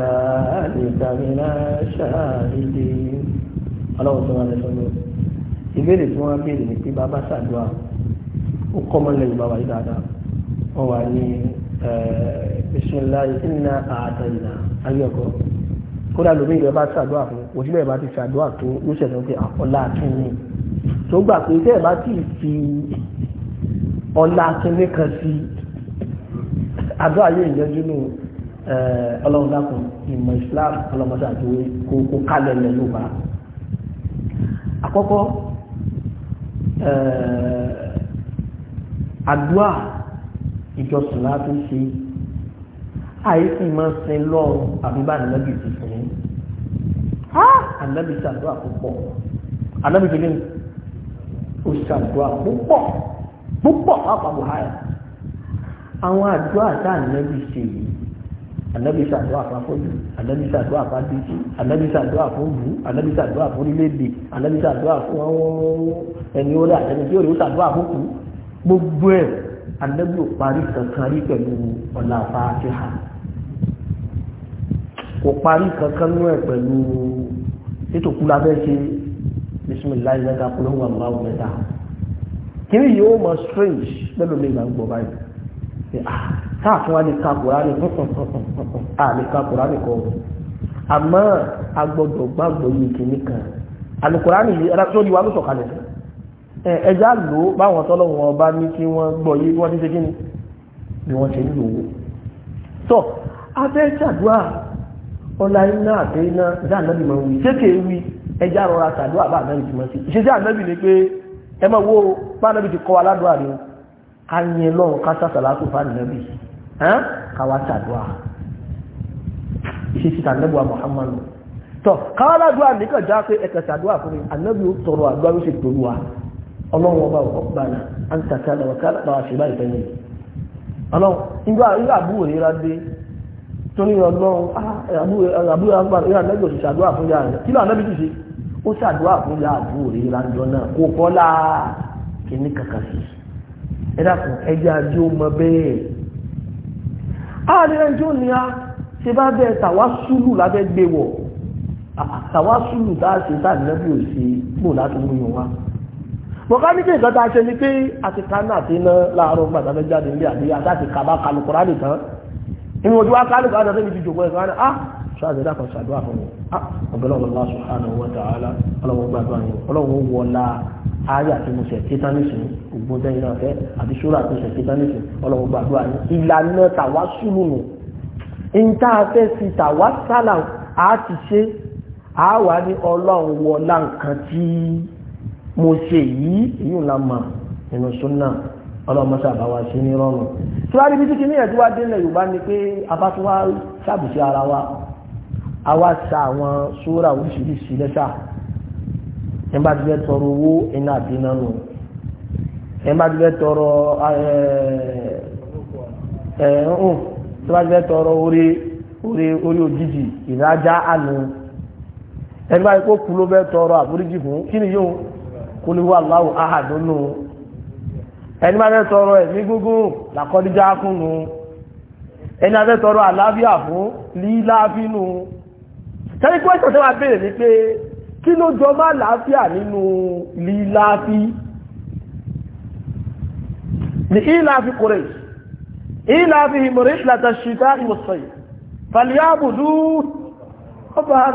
ذلك من الشاهدين اللهم صل على سيدنا ìbéèrè tí wọ́n béèrè ni pé bàbá ṣàdúrà ó kọ́ mọ́lẹ̀ yorùbá wáyé dáadáa wọ́n wà ní bisimilayi iná àádọ́ ìlà ayọ̀kọ́ kódà lómi ìrẹ́ bá ṣàdúrà fún òṣìlẹ̀ ìrẹ́ bá ti ṣàdúrà tó ló ṣẹ̀dọ̀ pé ah, ọ̀la àtúnyẹ tó gbà pé tẹ́ ẹ̀ bá ti fi ọ̀la àtúnyẹ kan sí àdó ayé ìyẹ́jú nù ọlọ́run dákun ìmọ̀ Islam ọlọ́mọdé àti kó kálẹ̀ lẹ́yìn yorùbá àkọ́kọ́ Eh, àdúà ìjọsìn láti ṣe àìsí máa sin lọ́rùn àbíbá ànábì ti sin ànábì ṣàdúà púpọ̀ ànábì ti gbìn ó ṣàdúà púpọ̀ púpọ̀ pàápàá buhari àwọn àdúà tá ànábì ṣe yìí ànábì ṣàdúà fáfọ́jú ànábì ṣàdúà fádìsí ànábì ṣàdúà fún bù ànábì ṣàdúà fún orílẹ̀-èdè ànábì ṣàdúà fún àwọn ẹni ó rí àtẹni tí ó rí ó tàbí àkókò gbogbo ẹ̀ anábì ò parí kankan rí pẹ̀lú ọ̀la fàáfíà kò parí kankan nú ẹ̀ pẹ̀lú títòkú lábẹ́ ṣe bisimilayi lẹ́ka polówó àmọ́ àwọn mẹ́ta kìí yóò mọ strange lẹ́nu mi là ń gbọ́ báyìí káàkiri wa lè ka kùránì a lè ka kùránì kọ́ àmọ́ agbọ́dọ̀ gbàgbọ́ yìí kìíní kan àlùkùránì yìí ẹ̀rọ tó di wa ló sọ̀kalẹ̀ sí ẹjá lò báwọn tọ́lọ́wọ́n ọba ní kí wọ́n gbọ́ yí wọ́n ti ṣe kíni bí wọ́n ṣe ń lò ó tọ́ abẹ́ ṣàdúrà ọlá iná àtẹ iná ìdá ànábì máa ń wí ṣé kèé wí ẹjá rọra ṣàdúrà bá ànábì ti máa ṣe ìṣesí ànábì ni pé ẹ máa wo bá ànábì ti kọ́ wa ládùúrà ni ká yẹn lọ́run ká ṣàṣàlá tó bá ànábì ká wá ṣàdúrà ìṣesí ànábì wa Muhammadu tọ́ káwá ládùúrà nìkan já pé ẹ̀kẹ́ ṣàdúrà fún mi ànábì ó tọrọ àdúrà ló ṣe tòlúwa ọlọ́run ọba ọ̀gbàna àǹtàkà lọ́wọ́kàlà bá ṣe báyìí fẹ́yìn ọlọ́run nígbà ilé àbúrò rírá dé tó ní ọlọ́run ah, àbúrò agbára ìrà lẹ́gbẹ̀ẹ́ òṣìṣẹ́ àdúrà fún yàrá rẹ̀ kí lóò anábì ṣe ó ṣàdúrà fún yàrá àbúrò rírá jọ náà kò kọ́lá sí ẹ dákun ẹjẹ ajé ó ni a ṣe bá bẹ́ẹ̀ tàwa súlù lábẹ́ gbé wọ̀ tàwa súlù tá a ṣe mo ká ní nǹkan tá a ṣe ni pé àti kánà àti iná láàárọ̀ àbí kaba kalukura nìkan ìwọ̀n ojú wa ah dákan ah wa ta'ala ọlọ́wọ́ gbàdúrà yẹn ọlọ́wọ́ wọlá ayé àti mo ṣe kétánìsì náà fẹ́ àti ṣúra àti ọlọ́wọ́ ìlànà tàwa nù fi tàwa sálà á ti ṣe àá wà ní ọlọ́run wọlá nǹkan tí mo ṣe yìí èyí ò la mà nínú sí ní rọrùn síwájú ibi títí ní ẹ̀jú wá yorùbá ni pé abátúwá ṣàbùsí ara wa a wá sa àwọn sóra oríṣiríṣi lẹ́sà nígbà tí wọ́n tọrọ owó iná àbí iná nù nígbà tí wọ́n tọrọ ẹ̀ẹ́hùn tí wọ́n fẹ́ tọrọ orí orí orí òjijì ìrájá àná ẹgbẹ́ àti kó kú ló fẹ́ tọrọ àforíjì fún kí ni yóò kúlúwà láwù áhàdúnú ẹni máa fẹ́ tọrọ ẹ̀mí gúngún làkọ́díjá kúnnú ẹni máa fẹ́ tọrọ àlàáfíà fún líláàfínú tẹ́lí pé ètò tẹ́wà béèrè ní pé kí ló jọ má làáfíà nínú líláàfí ní ìlàáfí kúrẹ́ ìlàáfí ìmọ̀rẹ́ ìlàtà ṣìtá ìmọ̀sọ̀yì fàlíyàbùdú ọba hàn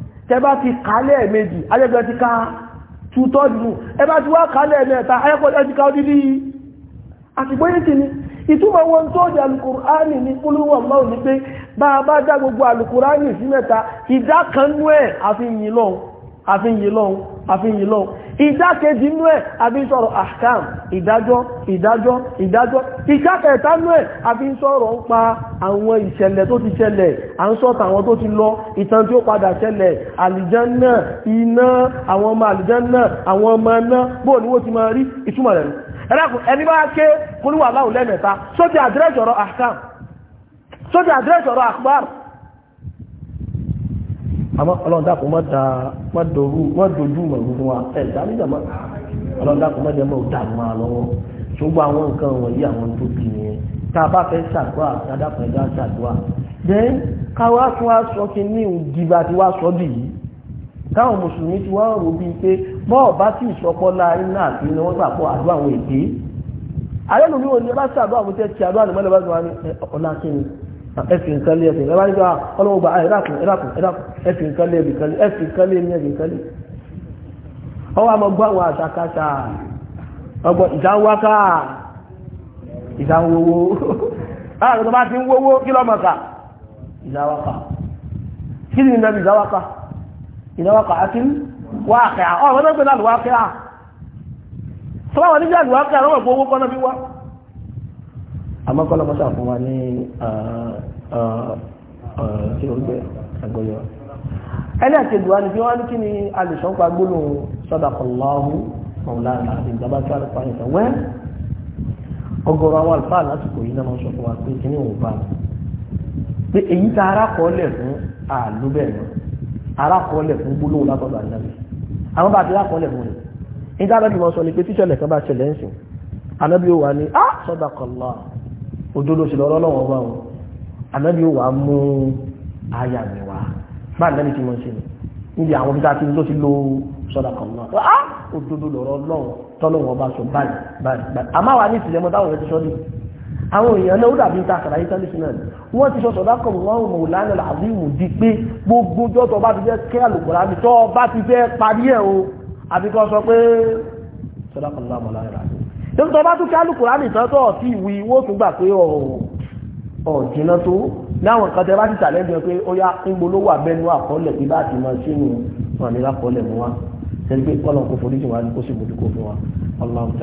tẹ́bá ti kálẹ̀ méjì ayẹ́gbẹ́ ti ká tútọ́ jù ẹbá ti wá kálẹ̀ mẹ́ta ayẹ́gbẹ́ ti ká odidi àtìgbó yìí ni ìtumọ̀ wọn tó jẹ́ alukùránì ní kúlúwọ̀ mọ́ ní pé bá a bá dá gbogbo alukùránì sí mẹ́ta ìdá kan nú ẹ̀ àfihàn yìí ìdákejì inú ẹ̀ àbí ń sọ̀rọ̀ ahkam ìdájọ́ ìdájọ́ ìdájọ́ ìdákẹta inú ẹ̀ àbí ń sọ̀rọ̀ ń pa àwọn ìṣẹ̀lẹ̀ tó ti ṣẹlẹ̀ à ń sọ̀tà àwọn tó ti lọ ìtàn tí ó padà ṣẹlẹ̀ àlìjánná iná àwọn ọmọ àlìjánná àwọn ọmọ iná bóò ni wọ́n ti máa rí ìtumọ̀ rẹ̀ ẹ̀rẹ́kùn ẹni bá ké kúrúwà láwùlẹ́mẹ̀ta sóti àdírẹ́sì ọ̀rọ̀ ahkam sóti àdírẹ́sì ọ̀rọ̀ akhbar àmọ́ ọlọ́run dàpọ̀ mọ́ da mọ́ dojú mọ́ dojú mọ́ gbogbo wa ẹ̀ dání dàmọ́ ọlọ́run dàpọ̀ mọ́ dẹ́mọ́ ò dààmú wa lọ́wọ́ ṣùgbọ́n àwọn nǹkan wọ̀nyí àwọn tó bì yẹn tá a bá fẹ́ ṣàdúrà sádàpọ̀ ẹ̀dá ṣàdúrà dẹ́ káwá tún wá sọ kí ní ìdìbà tí wá sọ bì yìí káwọn mùsùlùmí ti wá rò bíi pé bọ́ọ̀ bá sì sọpọ́ la iná àti iná wọ́n gbàgbọ́ àdúrà àwọn èdè ayélujára ò ní bá ṣàdúrà àwọn tẹ́ ẹfì nǹkan lé ẹfì nǹkan bá nígbà ọlọ́wọ́ gba ẹ̀dàkùn ẹ̀dàkùn ẹ̀dàkùn ẹfì nǹkan lé ẹbì kan lé ẹfì nǹkan lé ní ah, ah, ẹbì kan lé ọwọ́ àmọ́ gbọ́ àwọn àṣàkáṣà ọgbọ́n ìdáwọ́ká ìdáwọ́wọ́ láàrín tó bá ti ń wówó kí lọ́mọ ká ìdáwọ́ká kí ni nàbí ìdáwọ́ká ìdáwọ́ká àti wáàkà ọ̀rọ̀ mẹ́tọ́gbẹ̀dá lùwákà àmọ́ kọ́ lọ́mọ́sà fún wa ní tí ó gbé àgbóyọ ẹni àti ìdùwà ní bí wọ́n ní kí ni alùsọ́pá gbólóhùn sadaqallahu maulana àti ìjọba tí wọ́n pa nìkan wẹ́ ọgọ́rọ̀ àwọn àlùfáà lásìkò yìí náà sọ fún wa pé kí òun bá pé èyí tá ara kọ́ lẹ̀ fún àlú bẹ́ẹ̀ lọ ara kọ́ lẹ̀ fún gbólóhùn látọ̀dọ̀ ànábì àwọn bá ti rá kọ́ lẹ̀ fún rẹ̀ nígbà bẹ́ẹ̀ sọ ni pé tíṣẹ̀lẹ̀ kan bá ṣẹlẹ̀ ń sìn ànábì ó wà ní ah sadaqallahu òdodo sì lọ́rọ́ lọ́wọ́ bá wọn ànábì wà mú àyà mi wá bá ànábì tí mo ṣe ni níbi àwọn bí táti tó ti lo sọ́dà kan náà á òdodo lọ́rọ́ lọ́wọ́ tọ́lọ́wọ́ bá sọ báyìí báyìí báyìí àmọ́ àwa ní ìsìlẹ̀ mọ́ táwọn ti sọ́ ní àwọn èèyàn náà ó dàbí ta àkàràyé sáré sí náà wọ́n ti sọ sọ̀dá kan wọ́n mọ̀ lánàá làbí ìwò di pé gbogbo ọjọ́ tó bá ti fẹ́ kẹ́ àlùkòrá mi tó bá ti fẹ́ parí ẹ̀ o àbíkọ́ sọ pé sọ́dá kan náà mọ̀ lánàá làbí tó tó bá tún kí alùkùránì tán tó ọ̀tí ìwé ìwó tún gbà pé ọ̀jìnà tó láwọn nǹkan tẹ bá ti tàlẹ́ jẹ pé ó yá ńgbó ló wà bẹ́nu àkọọ́lẹ̀ bí bá ti máa ṣe nù wọn ní lákọọ́lẹ̀ mú wa sẹ́ni pé kọ́lọ̀ kó forí jìn wá ní kó sì bójú fún wa Allahu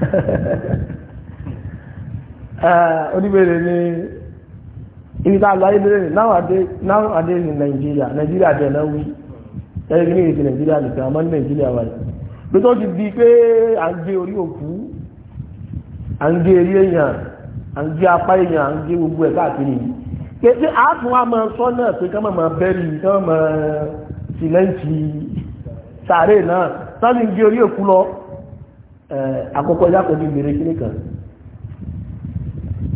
ibi tá a lọ ayédèrè ní nowadays in Nigeria Nigeria dẹ̀ náà wí ẹ̀rẹ́ kí ní èsì Nigeria nìkan àmọ́ ní Nigeria wáyé pé tó ti di pé à ń gé orí òkú à ń gé eré èèyàn à ń gé apá èèyàn à ń gé gbogbo ẹ̀ káàkiri yìí pé pé àátún wa máa sọ náà pé ká máa bẹ́rì ká máa sílẹ́ǹtì sàárè náà sáàbì ń gé orí òkú lọ àkọ́kọ́ ìyá ní ìbèrè kíníkan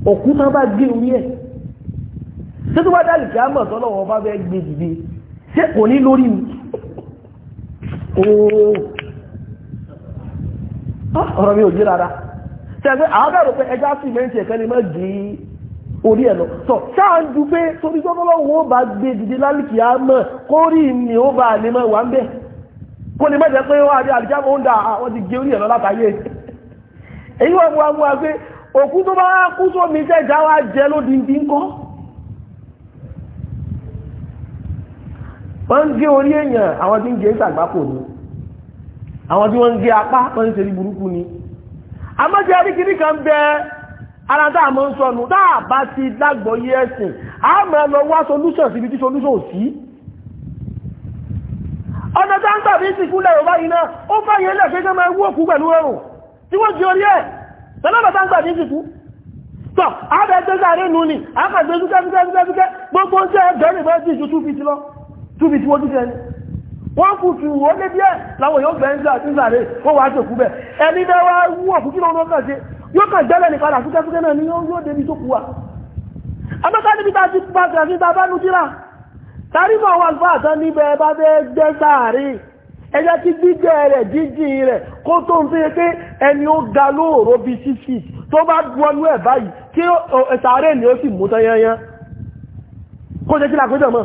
òkú náà bá gé orí ẹ̀ ṣé tó bá lè kí á mọ̀ tọ́lọ́wọ́ bá bẹ́ gbé dìde kò ní lórí mi ah, ọ̀rọ̀ mi ò jí rárá ṣẹ́gbẹ́ àwọn pé ẹja sí mẹ́ntì ẹ̀kẹ́ ni mọ́ jí orí ẹ̀ lọ ni kò lè mọ̀jẹ̀ pé wọ́n àti àlìjáàmù ń dà àwọn ti gé orí ẹ̀ lọ èyí wọ́n mú wa pé òkú tó bá kú sómi jẹ́ jẹ́ wọ́n ń gé orí èèyàn àwọn tí ń jẹ́ ìsàgbákò ní àwọn tí wọ́n ń gé apá wọ́n ń ṣe rí burúkú ní àmọ́jẹ́ aríkiri kan bẹ ara tá àmọ́ ń sọnù táà bá ti lágbọ́yé ẹ̀sìn a máa lọ wá solúṣọ̀ síbi tí solúṣọ̀ ò sí ọ̀nà tá ń tàbí ìsìnkú lẹ́rọ̀ báyìí náà ó fàyè ilẹ̀ pé máa wú òkú pẹ̀lú ọrùn tí wọ́n jí orí ẹ̀ tẹ́lọ́nà tá ń tàbí ìsìnkú tọ́ àbẹ̀ tẹ́sà rẹ̀ nù ni fi ti lọ túbi tí wọ́n tún jẹ́ ni wọ́n kù fi wọ́n lé díẹ̀ láwọn yóò bẹ̀rẹ̀ sí àti ìsàrè wọ́n wá tòkú bẹ̀ ẹni bẹ́ wá wú ọ̀kú kí lóun kàn ṣe yóò kàn jẹ́lẹ̀ ní padà súkẹ́súkẹ́ náà ni yóò débi tó kú wa abẹ́ká níbi tá a ti pa kìràfí ta bá nu jíra tàrí mọ̀ wọn fún àtọ́ níbẹ̀ bá fẹ́ jẹ́ sáàrí ẹjẹ́ tí gbígbẹ́ rẹ̀ jíjìn rẹ̀ kó tó ń fẹ́ pé ẹni ó ga lóòrò bí sísì tó bá wọnú ẹ̀ báyìí kí sàárè ni ó sì mú tán yányán kó jẹ́ kí làkójọ mọ́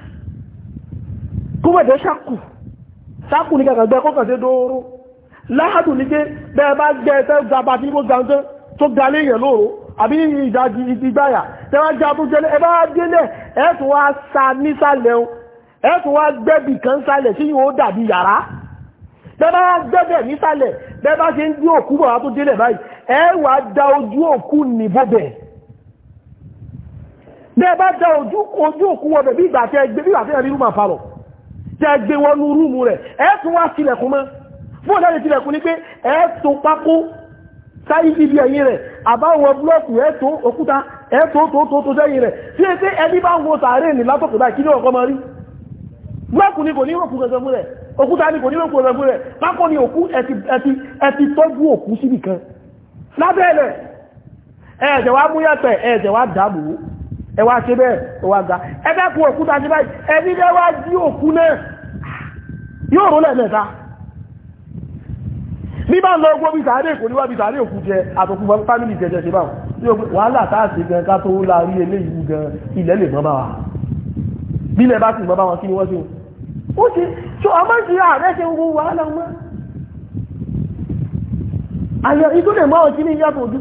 kúmọ̀dé ṣàkù ṣàkù ní kàkàgbẹ́ kọ́kàn sí dóoró láhàdù ní pé bẹ́ẹ̀ bá gbẹ́ ẹ̀tẹ́ gaba tí ó gbàǹtẹ́ tó ga léèyàn lóòró àbí ìdájí ìgbáyà tẹ́wà já tó jẹ́lẹ̀ ẹ bá délẹ̀ ẹ̀tù wá sa nísàlẹ̀ ẹ̀tù wá gbẹ́bì kan sálẹ̀ sí yóò dàbí yàrá bẹ́ẹ̀ bá gbẹ́bẹ̀ nísàlẹ̀ bẹ́ẹ̀ bá ṣe ń dí òkú bọ̀ tó délẹ̀ báyìí ẹ wá da ojú òkú nìbọ̀bẹ̀ bẹ́ẹ̀ bá da ojú òkú wọ̀bẹ̀ bí ìgbà tẹ́ gbé bí ìgbà tẹ́ rí rúmà falọ̀ tẹ́ gbé wọnú rúùmù rẹ̀ ẹ tún wá tilẹ̀kùn mọ́ fún ọ̀dá lè tilẹ̀kùn ní pé ẹ tún pákó sáyé ibi ẹ̀yìn rẹ̀ àbáwọn búlọ́ọ̀kù ẹ tó òkúta ẹ tó tó tó tó sẹ́yìn rẹ̀ tí ẹ pé ẹbí bá ń wo sàárè ní látọ̀kùnbá kí ní ọkọ̀ máa rí búlọ́ọ̀kù ni kò ní rọ̀kù kankan fún rẹ̀ òkúta ni kò ní rọ̀kù kankan fún rẹ̀ pákó ni òkú ẹti tọ́jú òkú síbì kan lábẹ́ rẹ̀ ẹ̀ẹ̀jẹ̀ wá múyàtẹ̀ ẹ̀ẹ̀jẹ̀ wá dàbò ẹ wá ṣe bẹ́ẹ̀ ẹ wá ga ẹgbẹ́ kú òkúta ṣe báyìí ẹbí dẹ́ wá jí òkú náà yóò rò lẹ́ẹ̀mẹ́ta ní bá lọ ogbó bí sàárè kò níwá bí sàárè òkú jẹ àtòkù fámìlì jẹjẹ ṣe báwọn wàhálà táàṣì gan ká tó láàrí eléyìí gan ilẹ̀ lè mọ́ bá wa bí ilẹ̀ bá sì mọ́ wọ́n ṣe ó ṣe mọ́ ọ̀kí ní yàtọ̀ òjú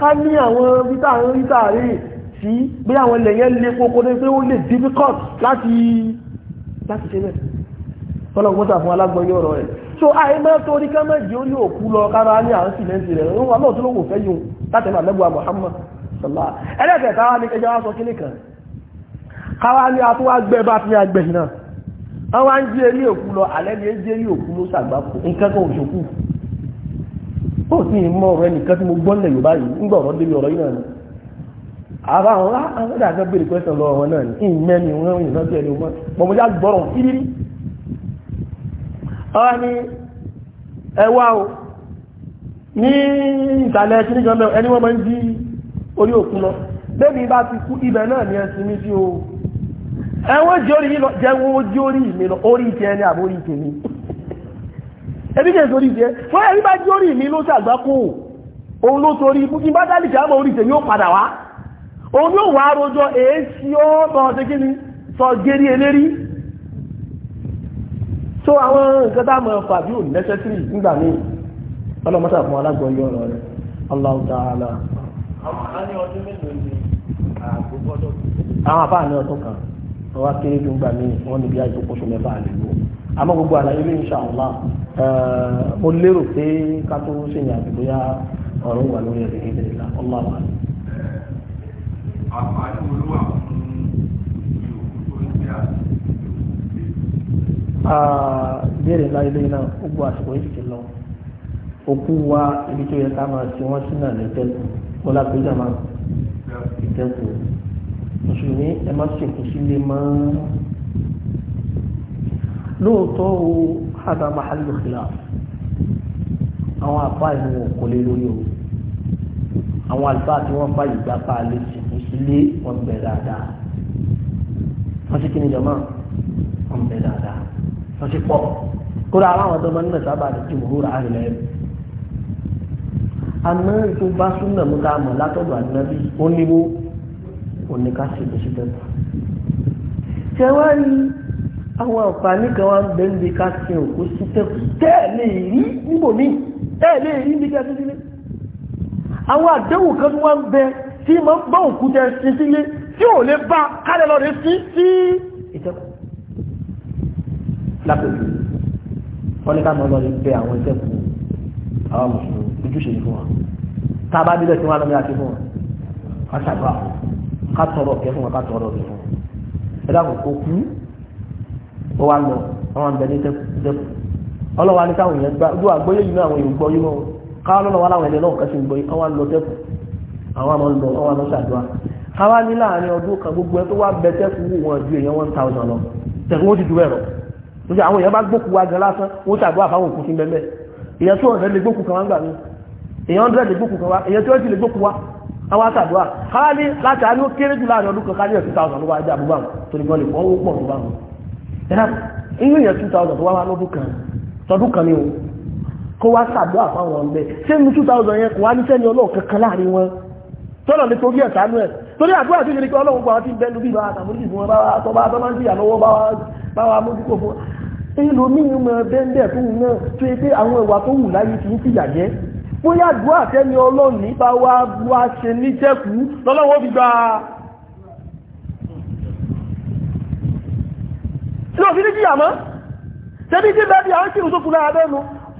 ká ní àwọn rítà ń rítà rèé sí bí àwọn ilẹ̀ yẹn lè kókó ní pé ó lè difficult láti láti ṣe bẹ́ẹ̀ tọ́lọ̀ gbọ́ta fún alágbọ́yọ́ ọ̀rọ̀ rẹ̀ so àìmọ́ torí kẹ́mẹ́jì ó ní òkú lọ kára ní àwọn sílẹ̀ǹsì rẹ̀ ó wà náà na lówó fẹ́ yìí ń ń gbọ́ ọ̀rọ̀ débi ọ̀rọ̀ yìí náà àbáwọn ah, ah, àwọn àgbẹ̀ bèrè pẹ́sàn lọ wọn náà ní mẹ́ni wọn ń rántí ẹni wọn mọ̀mọ́ já gbọ́rọ̀ kírírí ọwá ní ẹwà o ní ìsàlẹ̀ kíní kan bẹ̀rẹ̀ ẹni wọ́n máa ń jí orí òkun lọ bébí bá ti kú ibẹ̀ náà ní ẹsìn mi sí o ẹwọ́n jí orí yìí lọ jẹ́wọ́ ojú orí mi lọ orí ìtẹ́ ẹni àbó orí ìtẹ́ mi ẹbí kẹ́ sórí ìtẹ́ wọ́n ẹbí bá jí orí mi ló ṣàgbákò òun ló sórí ibú kí bá dálì kí á mọ orí ìtẹ́ mi padà wá òun yóò wá rojọ́ èéṣí ó lọ ṣe kí ni sọ eléri so àwọn nǹkan tá mọ̀ fàbí ò nígbà fún alágbọ̀n yọ ọ̀rọ̀ rẹ̀ àwọn àbá ní ọdún kan wọ́n wá kéré dùn gbà wọ́n níbi mẹ́fà àmọ́ gbogbo àlàyé ní àǹfààní wo ah, ló wà fún ìyókù tó ń gbé àti béèrè ńlá ilé náà ó gbọ́ àsìkò yìí ti lọ òkú wa ibi tó yẹ ká máa ti wọ́n sí náà lẹ́tẹ̀kù bọ́lá pé jàmá ìtẹ́kù mùsùlùmí ẹ má ṣèkù sílé mọ́ lóòótọ́ o hada mahalu khilaf àwọn àbá ìlú wọn kò lè lórí o àwọn àlùfáà tí wọ́n bá ìgbà pa á lé sí ilé wọn bẹ̀ dáadáa wọ́n ti kíni jọmọ́ wọn bẹ̀ dáadáa wọ́n ti pọ̀ kódà àwọn tó máa ń mẹ̀sà bá ti wò rà rẹ̀ àmọ́ ètò bá súnmọ̀ mú ká mọ̀ látọ̀dọ̀ àdínábí ó níwó oníká sí ìbòsí bẹ́ẹ̀ ṣe wá rí àwọn àǹfààní kan wá ń bẹ ń bi ká sin òkú sí tẹ́kù tẹ́ẹ̀lé rí níbòmí tẹ́ẹ̀lé rí níbi kẹ́sí sílé àwọn àdéhùn kan wá ń bẹ tí ma bá òkú jẹ sí sílé tí ò lè bá kálẹ̀ lọ rẹ̀ sí sí ìjẹ́kù lápẹ̀lú wọ́n ní ká mọ́ lọ́rin pé àwọn ìjẹ́kù àwọn mùsùlùmí ojúṣe ní fún wọn tá a bá nílẹ̀ tí wọ́n lọ́mí àti fún wọn ká ṣàbá ká tọrọ kẹ fún wọn ká tọrọ kẹ fún wọn ẹ dákun kó kú ó wá lọ àwọn àgbẹ̀ ní ìjẹ́kù ọlọ́wà ní káwọn èèyàn gbá ojú àgbóyè yìí náà àwọn èèyàn gbọ́ yìí mọ́ káwọn lọ́wọ́ láwọn ẹ̀lẹ́ náà kẹ́sì ń gbọ́ yìí káwọn lọ tẹ́kù àwọn àmọ́ ń lọ ọwọ́ àmọ́ ṣàdúrà káwá ní láàrin ọdún kan gbogbo ẹ tó wá bẹtẹ fún wọn ju èèyàn one thousand lọ tẹ̀sán ó ti dúró ẹ̀rọ lójú àwọn èèyàn bá gbókù wa gan lásán wọ́n ṣàdúrà fáwọn òkú sí bẹ́ẹ̀ èèyàn tó ọ̀rẹ́ lè gbókù kan wá ń gbà mí èèyàn hundred lè gbókù kan wá èèyàn twenty lè gbókù wá àwọn àṣàdúrà káwá ní láti àánú kéré jù láàrin ọdún kan ká ní ẹ̀ two thousand ló wá dé àbúgbà torí gan lè wọ́n ó pọ̀ tó bá wọn ẹ̀dá inú èèyàn two thousand tó wá wá lọ́dún kan tọdún kan ni o kó wá ṣàdúrà fáwọn ọ̀gbẹ́ sẹ́nu two thousand yẹn kò wá ní sẹ́ni ọlọ́ọ̀ kankan láàrin wọn tọ́lọ̀ ní torí ẹ̀sánú ẹ̀ torí àdúrà sí ìrìnkẹ́ ọlọ́run gbà tí ń bẹ́nu bí i àtàmójì fún ọba tó máa ń sí ìyàlọ́wọ́ bá wa mójúkò fún ìlú mímu mọ bẹ́ńdẹ̀ tó wù náà tó yẹ pé àwọn ìwà tó wù láyé ti ń fi yà jẹ́ bóyá àdúrà tẹ́ni ọlọ́run ní bá wa wá ṣe ní jẹ́kù lọ́lọ́wọ́ fi gba tí òfin ní jìyà mọ́ ṣe bí tí bẹ́ẹ̀ bí àwọn kìrù tó kù lára bẹ́ẹ̀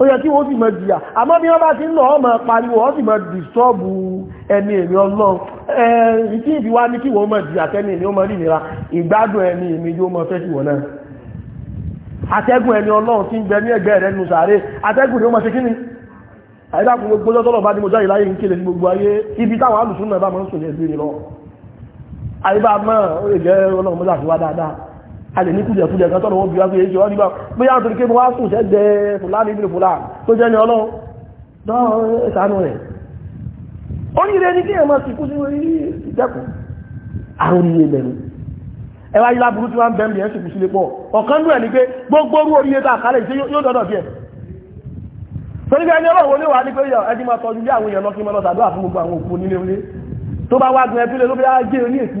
ó yẹ kí wọ́n sì mọ̀ jìyà àmọ́ bí wọ́n bá ti ń lọ ọmọ pariwo wọ́n sì mọ̀ dìstọ́ọ̀bù ẹni èmi ọlọ́run ẹ̀ẹ́n tí ìdí wá ní kí wọ́n mọ̀ jìyà tẹ́ni èmi ó mọ̀ nìyẹra ìgbádùn ẹni èmi yóò mọ̀ fẹ́ sí wọ́n náà atẹ́gùn ẹni ọlọ́run tí ń gbẹ ní ẹgbẹ́ rẹ̀ nù sàárè atẹ́gùn ni ó mọ̀ ṣe kí ni àìdákùn gbogbo lọ́tọ́lọ̀ bá ní mo jáde láyé ń kéde ní gbogbo ayé ibi táwọn alùsùn náà a lè ní kújẹ̀kújẹ̀ kan tọ́lọ̀ wọ́n bí wá pé ṣe wọ́n nígbà bóyá àtúrí kí mo wá sùn sẹ́gbẹ́ fúlàní ìbìrì fúlàní tó jẹ́ ní ọlọ́run náà rẹ̀ oríire ní kí ẹ̀mọ́ torí pé ẹni ọlọ́run oníwà ní pé ẹni máa tọ́jú bí àwọn èèyàn lọ kí máa fún gbogbo àwọn òkú nílé tó bá wá gbin ẹbí lé ló fi á gé ní èkú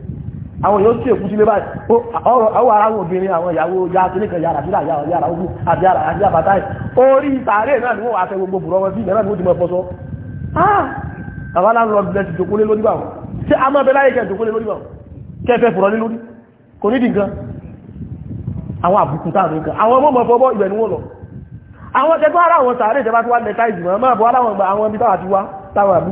àwọn yóò tí èkú sílé báyìí ọwọ́ ara wọn obìnrin àwọn ìyàwó ya kíní kan yàrá sílá yàrá yàrá ogun àti yàrá àti àbátáì orí ìtààrẹ náà ni wọ́n wà fẹ́ gbogbo bùrọ̀ wọn ni wọ́n ti mọ̀ fọ́sọ́ àwọn aláàrùn ah! ọ̀bìnrin ti jòkó lé lórí báwọn ṣé a máa bẹ láyé kẹ jòkó lé lórí báwọn kẹ fẹ́ fùrọ̀ lé lórí kò ní dìgan àwọn àbùkù táàrùn nǹkan àwọn ara àwọn tààrẹ ìjọba tí wọ́n lẹ táìsì mọ́ máa bọ́ aláwọn àwọn ibi táwà ti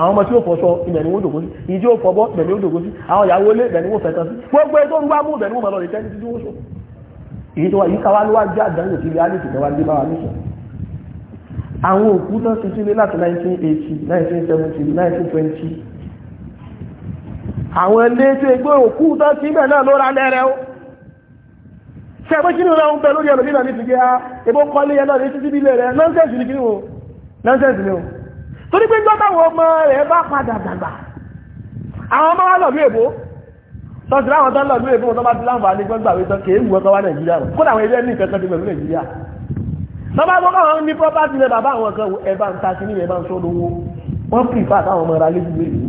àwọn ọmọ tí ó fọṣọ ibẹ̀ ni wọ́n dògó sí ìjì ó fọbọ́ ibẹ̀ ni wọ́n dògó sí àwọn ìyàwó ilé ibẹ̀ ni wọ́n fẹ́ tán sí gbogbo ẹ̀ tó ń gbá mú ibẹ̀ ni wọ́n mọ̀ lọ lè tẹ́lẹ̀ títí wọ́n sọ èyí tó wà yìí káwá ló wá jẹ́ àdánwò tí ilé alẹ́ tìtẹ́wá dé bá wa níṣẹ́ àwọn òkú náà ti sílé láti 1980 1970 1920 àwọn ilé tí ẹgbẹ́ òkú náà ti bẹ̀ náà ló ra lẹ́rẹ́ ó ṣe ẹgbẹ́ kí ni ọ̀rọ̀ ń bẹ lórí ẹlòmínà ní ti gẹ́ ẹgbẹ́ ah, kọ́lé yẹn náà ní títí bí ilé rẹ̀ nọ́ńsẹ̀sì ni kí ni o nọ́ńsẹ̀sì ni o torí pé jọ́ táwọn ọmọ rẹ̀ bá padà dàgbà àwọn ọmọ wa lọ ní èbó tọ́sí láwọn tán lọ ní èbó tó bá ti láǹfà ní gbọ́gbà wí tán kèé wù ọkọ̀ wá nàìjíríà rẹ̀ kó làwọn ẹgbẹ́ ní ìfẹ́ kan ti pẹ̀lú nàìjíríà tọ́ba tó kọ́ àwọn ní property rẹ̀ bàbá àwọn kan ẹ̀bá ń ta sí ní ẹ̀bá ń sọ lówó wọ́n pì fà táwọn ọmọ ara lé gbígbé yìí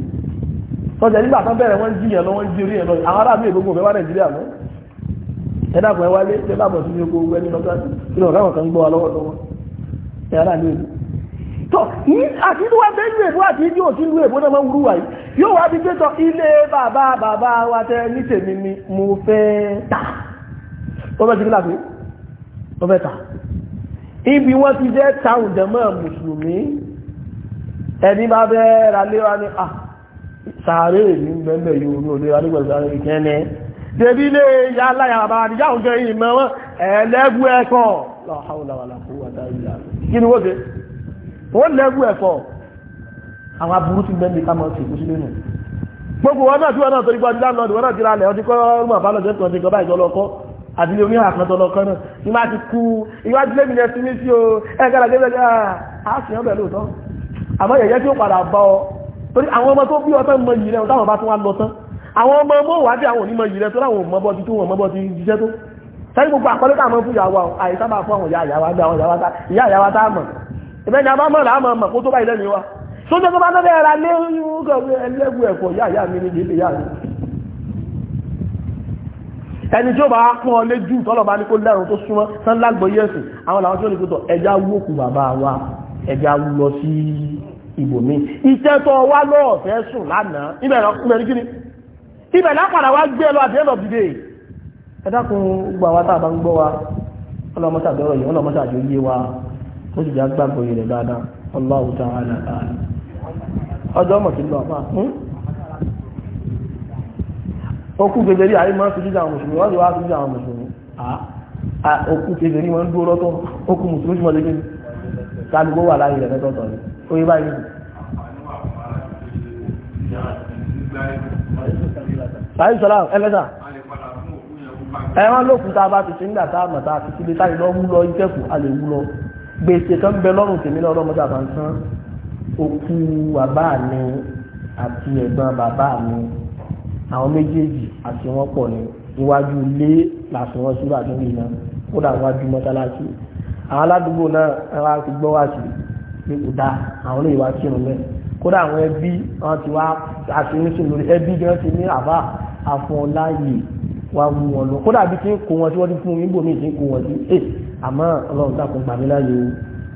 tọ́jà nígbà tán bẹ̀rẹ̀ wọ́n jí yẹn lọ wọ́n jí orí yẹn lọ àwọn aráàlú èbó kò fẹ́ wá nàìjíríà lọ ẹ̀dàkùn ẹ̀ wálé ẹ̀ bá bọ̀ sí ní oko owó ẹni lọ́gbà kí lọ́ọ̀rọ̀ àwọn kan gbọ́ wa lọ́wọ́ lọ́wọ́ ẹ̀ aráàlú èbó tọ́ àti ìlú wa bẹ́ ìlú èbó àti ìdí òsì ìlú èbó náà máa ń wúrú wáyé yóò wá bí pé tọ́ ilé bàbá bàbá wa tẹ ní tèmi ni mo fẹ́ tà wọ́n fẹ́ láti wọ́n fẹ́ ibi wọ́n ti jẹ́ táwọn jẹ̀mọ́ mùsùlùmí ẹni bá bẹ́ ra léwa ní à sàárè ní mẹ́mẹ́ yóò ní olè arígbẹ̀sà ìkẹ́ni ya aláya bàbá àdìjá òjò ìmọ̀ wọn ẹ̀ẹ́lẹ́gbẹ̀ẹ́kọ̀ láhàúláwàlá fún wàtá ìlà kí ni ó lẹ́gbù ẹ̀fọ́ àwọn aburú ti gbẹ́mí ká mọ́ sí ìkú sílé nù gbogbo wọn náà tí wọn náà torí gbọ́dí láńlọ́dì wọn náà ti ralẹ̀ ọdí kọ́ ọmọ àbálọ́jẹ́ tó ti gọba ìjọlọ́kọ́ àdílé oníhà àkàntọ́lọ́kọ́ náà ní máa ti kú iwájú lẹ́mìí lẹ́sí ní sí o ẹgbẹ́ra gẹ́gẹ́ á sì hàn pẹ̀lú òtọ́ àmọ́ yẹ̀yẹ́ tí ó padà bá ọ torí àwọn ọmọ tó bí ọtọ́ mọ yìí rẹ̀ táwọn bá tún wá lọ tán àwọn ọmọ ìbẹ́ni abámọ̀lá àmọ̀ mọ̀ kó tó báyìí lẹ́nu wa tó jẹ́ tó bá tọ́lẹ̀ ara ní ẹlẹ́gbù ẹ̀kọ́ yá ìyá mi ní ìdílé yá mi ẹni tí ó bá pọ́n ọ léjú tọ́lọ̀ bá ní kó lẹ́rùn tó súnmọ́ tán lágbọ́ yẹ́sù àwọn làwọn tí ó ní ẹja wókù bàbá wa ẹja lọ sí ibòmí iṣẹ́ tó wá lọ́ọ̀fẹ́ sùn lánàá ibẹ̀rẹ̀ kíni ibẹ̀ lápàdà wá gbé lọ àti ẹ̀lọ́ dìde ẹ dákun gbà wá tá wa ó sì já gbàgbọ́ yìí rẹ̀ dáadáa Allahu ta'ala àlà ọjọ́ mọ̀ sí lọ àpá okú ayé máa ń fi jíjà mùsùlùmí wọ́n sì wá fi jíjà mùsùlùmí okú ń dúró okú mùsùlùmí láyé rẹ̀ ó báyìí ẹlẹ́sà lókùn tá a bá ti ṣe ń gbà tá a mọ̀ tá a ti ṣe lé a lè wú lọ gbèsè kan bẹ lọ́rùn tèmi náà ọlọ́mọdé àbáńtán òkú bàbá mi àti ẹ̀gbọ́n bàbá mi àwọn méjèèjì àti wọn pọ̀ ní iwájú ilé làsùn wọn síbà tó yìí náà kódà iwájú mọ́tálásí àwọn aládùúgbò náà ẹwà ti gbọ́ wá sí ní kò dáa àwọn olóyè wá kírun mẹ́ kódà àwọn ẹbí wọn ti wá àṣeyọsùn lórí ẹbí gan ti ní àbá àfọ̀ọ́láyè wá mú wọn lọ kódà bí ti ń kó wọn tí wọ́n ti fún un níbòmíì ti ń kó wọn sí àmọ́ ọlọ́run dàkún gbàmí láyé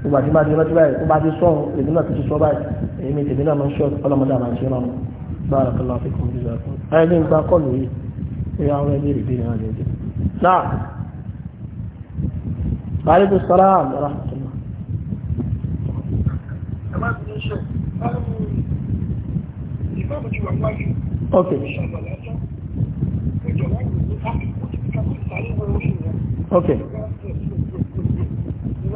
o gbogbo àti máa di rántí báyìí tó bá ti sọ èmi náà ti ti sọ báyìí èmi tèmi náà máa ń sọ ọlọ́mọdé àmà ìṣe náà bára kan láti kún bí wàá fún ẹ ní nǹkan kọlù yìí pé àwọn ẹbí rèé bí náà lè dé. náà aleykum salaam wa rahmatulah. ok. ok.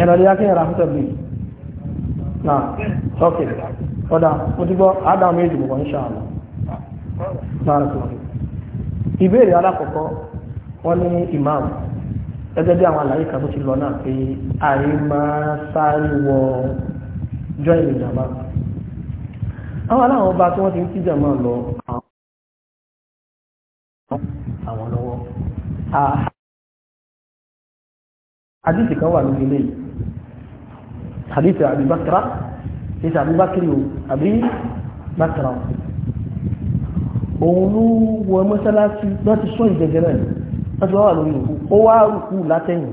ẹ̀rọ ni akéyàn ra fúnṣẹ́ bíi ok ọ̀dà mo adam méjì mọ̀ ní náà rẹ̀ sọ̀rọ̀ ìbéèrè alákọ̀ọ́kọ́ wọ́n ní imam gẹ́gẹ́ bí àwọn àlàyé kan tó ti lọ náà pé àyè máa sáré wọ àwọn tí wọ́n ti ń lọ حديث abi بكر hadith abi بكر o abi bakra o òun ló wọ mọ́sálásí wọ́n ti sún ìjẹgẹrẹ wọ́n ti wá lórí òkú ó wá rùkú látẹ̀yìn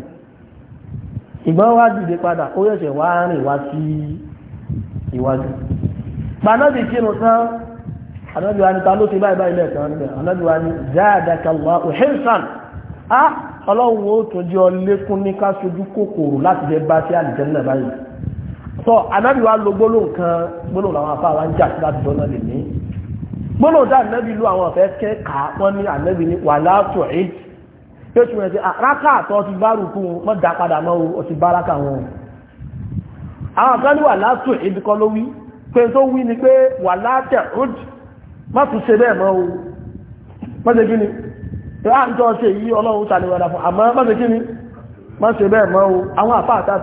ìgbọ́n wá dìde padà ó yẹ̀ṣẹ̀ wá rìn wá sí ìwájú gbanáàbì kírun tán anábì wa ni ta ló ti báyìí báyìí lẹ́ẹ̀kan níbẹ̀ anábì wa ni záàdàkàlá òhìnsàn á ọlọ́run ó tún jẹ́ ọ ní ká sojú kòkòrò láti jẹ́ bá sí àlìjẹ́ náà báyìí sọ anábì wa lo gbólóhùn kan gbólóhùn làwọn afá wa ń jà sí láti dọ́nà lè ní gbólóhùn dá anábì lu àwọn ọ̀fẹ́ kẹ́ka wọ́n ní anábì ní wàhálà tó ẹ̀ pé tí wọ́n ti rákà àtọ́ ti bá rùkú wọ́n dá padà mọ́ o ti bá rákà wọn àwọn kan ní wàhálà tó ẹ̀ bí kọ́ ló wí pé tó wí ni pé wàhálà tẹ̀ ọ́d má tún ṣe bẹ́ẹ̀ mọ́ o má ṣe kí ni láàrín ṣe yí ọlọ́run tàníwàdà fún àmọ́ má ṣe kí ni má ṣe bẹ́ẹ̀ mọ́ o àwọn àfáà tá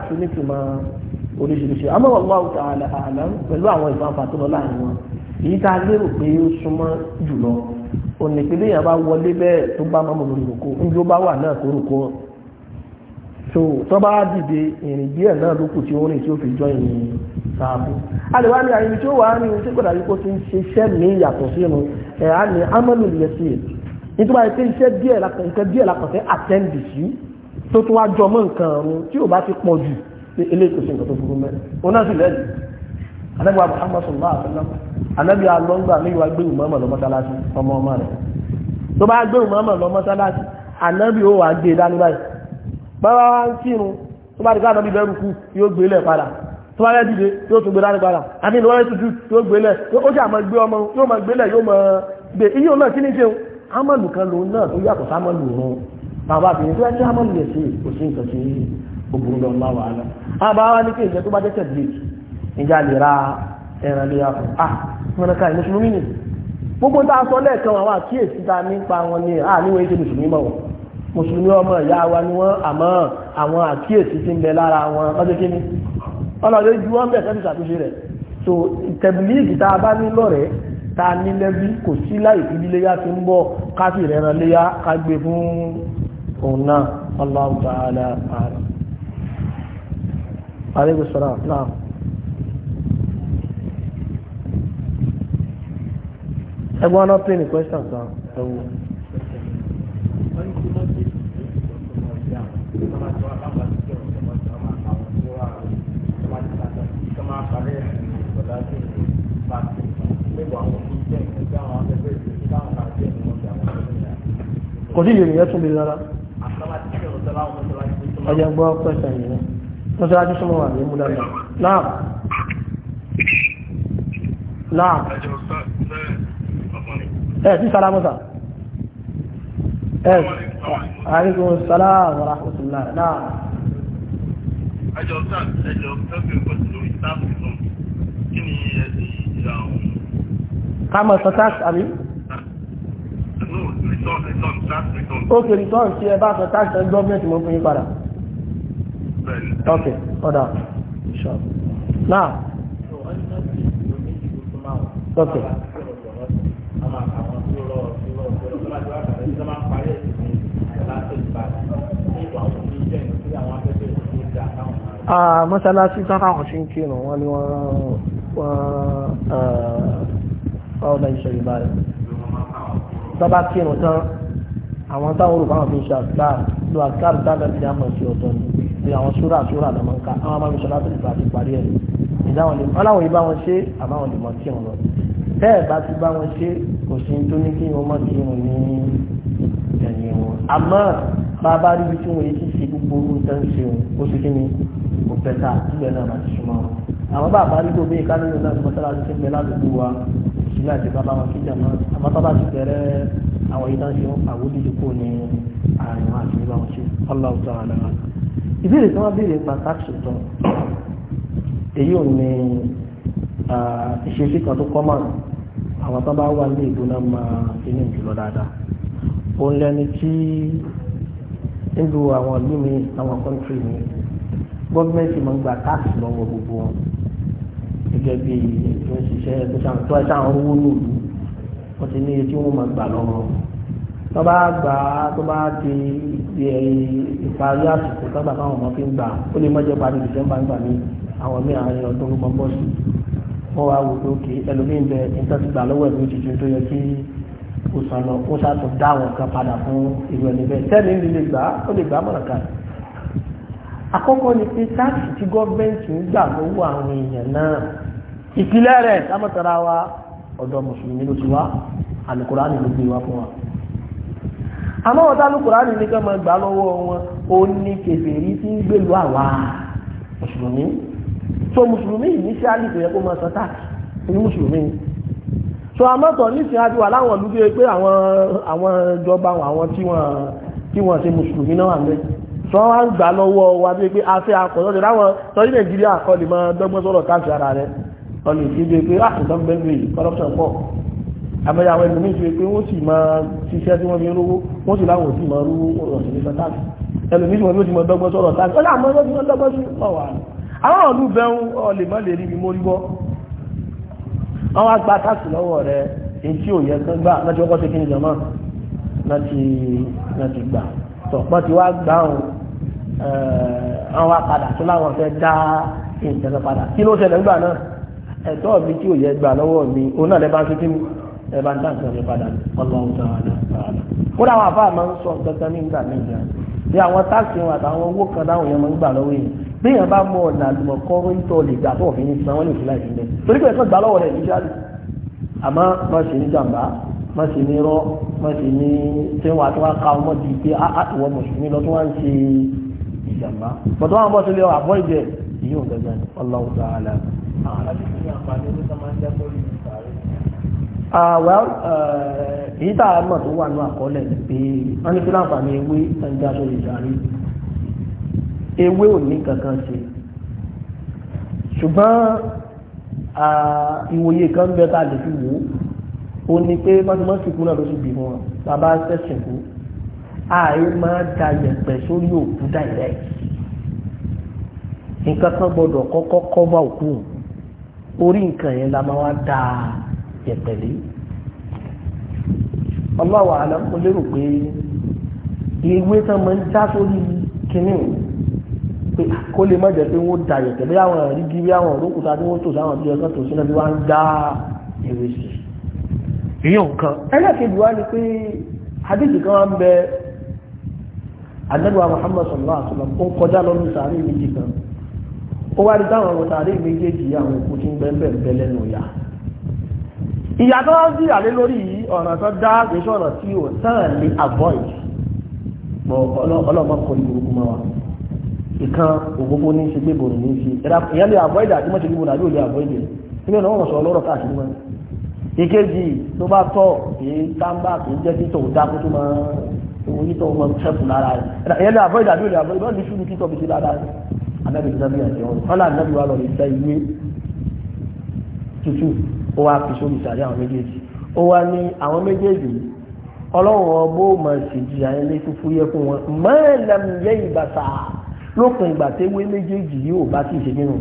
oríṣiríṣi àmọ́ wallahu ta'ala a'lam pẹ̀lú àwọn ìfàǹfà tó lọ láàrin wọn èyí tá a lérò pé ó súnmọ́ jùlọ òní pé léèyàn bá wọlé bẹ́ẹ̀ tó bá máa mọ̀ lórúkọ níbi ó bá wà náà kó rúkọ so tó bá dìde ìrìn díẹ̀ náà ló kù tí ó rìn tí ó fi jọ ìrìn sáàbù àlèwà ni àyè tí ó wà á ní oṣù kọ̀dà yìí kó ti ń ṣiṣẹ́ mi yàtọ̀ sínú ẹ̀ á ní amọ́nù yẹn nítorí àyè pé iṣẹ́ díẹ̀ lápẹ̀ iṣẹ́ díẹ̀ lápẹ̀ fẹ́ àtẹ́ǹdì sí tó tún wá jọmọ́ nǹkan ọ̀run tí ò bá ti pọ̀ jù Ele eléyìí kò sí nǹkan tó burú mẹ́ òun náà sì lẹ́yìn anábì wa Muhammad sallallahu alaihi wasallam anábì alọ́ngbà ní ìwà lọ mọ́sálásí ọmọ ọmọ rẹ̀ tó bá lọ mọ́sálásí ó wà gbé e dání báyìí wá ń kírun tó bá ká bẹ́rù kú yóò gbé e lẹ̀ padà tó bá dìde yóò tún gbé e dání padà ìlú wáyé tuntun yóò gbé lẹ̀ gbogbo lọ bá wà lọ. àbá wa ní kí ìjẹ tó bá dẹ́tẹ̀ bíi ìjà lè ra ẹran lè yàtọ̀ à mọ̀nà ká mùsùlùmí ni. gbogbo tá a sọ lẹ́ẹ̀kan àwọn àkíyèsí ta nípa wọn ni à níwọ̀n èdè mùsùlùmí mọ̀ wọ́n. mùsùlùmí ọmọ ìyá wa ni wọ́n àmọ́ àwọn àkíyèsí ti ń bẹ lára wọn lọ́jọ́ kí ni. ọlọ́dẹ ta'ala ààrẹ عليكم السلام نعم ẹgbọ́n náà pè ní question kan ẹ̀wù. kò sí ìròyìn yẹn tún bí rárá. ọjà ń gbọ́ question yìí náà mọ́sálásí súnmọ́ wà ní múlẹ́lá náà náà ẹ̀ tí sálámọ́sá ẹ̀ àríkún sálámọ́ rahmatullah náà ẹjọ́ sáà ẹjọ́ tẹ́bí ìpọ̀sí lórí sáàmù náà kí ni ẹ̀sì ìjìyà ọ̀hún kámọ̀ sọ tax àbí ok return sí ẹ bá sọ tax ẹ gọ́ọ̀mẹ́ntì mọ́ fún yí padà Okay, ọ̀dà. Náà. Okay. mọ́sálásí tán káwọn ṣe ń kírun wọ́n ni wọ́n ọ̀nà ìṣẹ̀lẹ̀ báyìí tọ́bá kírun tán àwọn táwọn olùkọ́ àwọn fi ń ṣe àtúntà lọ àtúntà dáadáa ti dámọ̀ sí ọ̀tọ̀ ni bí àwọn súrà súrà ló máa ń ka àwọn máa ń sọlá tó lè parí parí ẹ̀ ìdáwọn lè ọláwọn yìí bá wọn ṣe àbáwọn lè mọ kírun lọ bẹ́ẹ̀ bá ti bá wọn ṣe kò sí tó ní kí wọn mọ kírun ní ẹ̀yìn wọn àmọ́ bàbá ríbi tí wọn yìí ti ṣe gbogbo owó tó ń ṣe ó sì kí ni kò pẹ́ta ìgbẹ́ náà máa ti súnmọ́ wọn àwọn bàbá rígbó bí ká nínú náà mọ́sálásí ti ń ládùúgbò wa ìṣúná àti bàbá wọn kíjà máa àmọ́ bàbá ti bẹ̀rẹ̀ àwọn yìí náà ṣe ìbéèrè tí wọ́n béèrè pa tax return èyí ò ní ìṣesí kan tó kọ́ márùn àwọn tó bá wà ní ìbò náà máa fi ní ìjùlọ dáadáa ó ń lẹ́ni tí nílùú àwọn ìlú mi àwọn kọ́ńtírì mi gọ́ọ̀mẹ̀ntì máa ń gba tax lọ́wọ́ gbogbo wọn gẹ́gẹ́ bí ìṣiṣẹ́ tó ṣàǹtọ́ ẹ̀ṣà àwọn owó wọ́n ti ní iye tí wọ́n máa gbà lọ́wọ́ wọn tó bá gbà á tó bá di eh, ìparí àsìkò tọ́gbà fáwọn ọmọ fi ń gbà ó lè mọ́jọ́ parí dìsẹ́mbà ń gbà ní àwọn míì àárín ọdún ló mọ́ bọ́ sí wọ́n wá wò tó ké ẹlòmíín bẹ nítorí gbà lọ́wọ́ ẹ̀mí tuntun tó yẹ kí kò sàn lọ kó sàtò dá àwọn kan padà fún irú ẹni bẹ́ẹ̀ sẹ́ni ní lè gbà ó lè gbà á mọ̀nà kan. àkọ́kọ́ ni pé táàkì tí gọ́ọ̀mẹ̀ntì ń gbà lọ́wọ́ àwọn èèyàn náà ìpìlẹ̀ rẹ̀ sámọ́tara wa ọ̀dọ̀ mùsùlùmí ló ti wá àlùkùránì ló gbé wá fún wa àmọ́ wọn tálù kùránì ní kán máa gbà lọ́wọ́ wọn ó ní kèfèrí tí ń gbèlú àwa mùsùlùmí so mùsùlùmí ní sí àlìkò yẹ kó máa sọ táàkì ní mùsùlùmí so àmọ́tọ̀ nísìnyí àti wà láwọn ìlú bíi pé àwọn àwọn ìjọba àwọn tí wọ́n tí wọ́n ṣe mùsùlùmí náà wà ń bẹ́ sọ wá ń gbà lọ́wọ́ wa bíi pé afẹ́ akọ̀tọ́ ti láwọn tọ́jú nàìjíríà kọ́ lè máa dọ́gbọ́n sọ̀rọ̀ káàkiri ara rẹ̀ ọ àmọ́jà àwọn ẹlòmíì ṣe pé wọ́n sì máa ṣiṣẹ́ tí wọ́n fi ń rówó wọ́n sì láwọn òsì máa rówó ọ̀rọ̀ sí nípa táàkì ẹlòmíì sì wọ́n bí ó ti mọ dọ́gbọ́n sọ̀rọ̀ táàkì ó láwọn ọmọ ẹgbẹ́ dọ́gbọ́n sí ọ̀wà àwọn ọ̀lú bẹ́hùn ọ̀lẹ̀ mọ́ lè rí ibi mórí bọ́ àwọn àgbà táàkì lọ́wọ́ rẹ̀ èyí tí ò yẹ kán gbà mọ́ láti gbà ẹ̀bá ń tà nǹkan mi padà ọlọ́run tán àná tààlà. kódà àwọn àbá máa ń sọ gangan ní ìgbà nígbà bí àwọn táàkì wọn àtàwọn owó kan dáhùn yẹn máa ń gbà lọ́wọ́ yìí bí èèyàn bá mọ ọ̀nà àlùmọ̀kọ́rọ́ ń tọ́ lè gbà tó òfin ní san wọ́n lè fi láì fi lẹ̀ torí pé ẹ̀sán gbà lọ́wọ́ rẹ̀ ní jáde àmọ́ má ṣe ní jàǹbá má ṣe ní rọ́ má ṣe ní tí wọ́n àti wọ́n ká ọmọ di pé àtìwọ́ ah, ah, Ah, well eh, èyí tá a mọ̀ tó wà ní àkọọ́lẹ̀ ni pé wọ́n ní kí láǹfààní ewé ẹ̀ńdá sórí ìdarí ewé ò ní kankan ṣe ṣùgbọ́n ah, ìwòye kan ń bẹ tá a lè fi wò ó ní pé mọ́tìmọ́sìkú náà ló sì bímọ bàbá sẹ́sìn kú máa da yẹ̀pẹ̀ sórí òkú dàìrẹ́ nǹkan kan gbọ́dọ̀ kọ́kọ́ kọ́ bá òkú orí nǹkan yẹn la máa wá dáa yẹ pẹ̀lú ọlọ́wọ́ àná mo lérò pé ìwé tán máa ń já sórí kínní pé kó lè má jẹ́ pé wọ́n da yẹ̀tẹ̀ bí àwọn ẹ̀rí gí bí àwọn òrókùtà tí wọ́n tò sáwọn bí ọkàn tò sínú bí wọ́n ń dá ìwé sí ìyẹn nǹkan ẹlẹ́kejì wá ni pé hadith kan wá ń bẹ àdẹ́gbà Muhammad sallallahu alaihi ó kọjá lọ́nu sàárè méjì kan ó wá rí táwọn ọmọ sàárè méjèèjì àwọn òkú tí ń bẹ́ẹ̀ bẹ́ẹ̀ lẹ́nu ìyá ìyàtọ̀ sí àlé lórí yìí ọ̀nà tó dá gbèsè ọ̀nà tí ò tán lè avoid mọ ọlọ́mọ kọ ní gbogbo máa wà ìkan ògbógbó ní ṣe gbé bòrò ní ṣe ìyá lè avoid àti mọ́ṣe gbogbo àbí ò lè avoid rẹ̀ nínú ọ̀nà ọ̀rọ̀ sọ ọlọ́rọ̀ káàkiri mọ́ ìkejì tó bá tọ̀ kì í tábà kì í jẹ́ kí tòun dá kó tó máa owó yìí tó máa ṣẹ́kù lára rẹ̀ ìyá lè avoid àbí ò lè avoid wọ́n ní ṣúlù kí tọ́bi sí lára rẹ̀ anábì nàbì àti ọ̀rọ̀ ọ̀là nàbì wà lọ ó wá fi sórí ìsàlẹ̀ àwọn méjèèjì ó wá ní àwọn méjèèjì ọlọ́run ọbọ̀ mọ̀ sí jìyà ilé fúfú yẹ fún wọn mẹ́rẹ̀lẹ́mú yẹ ìbàṣà lópin ìgbà téwé méjèèjì yóò bá ti ṣe nínú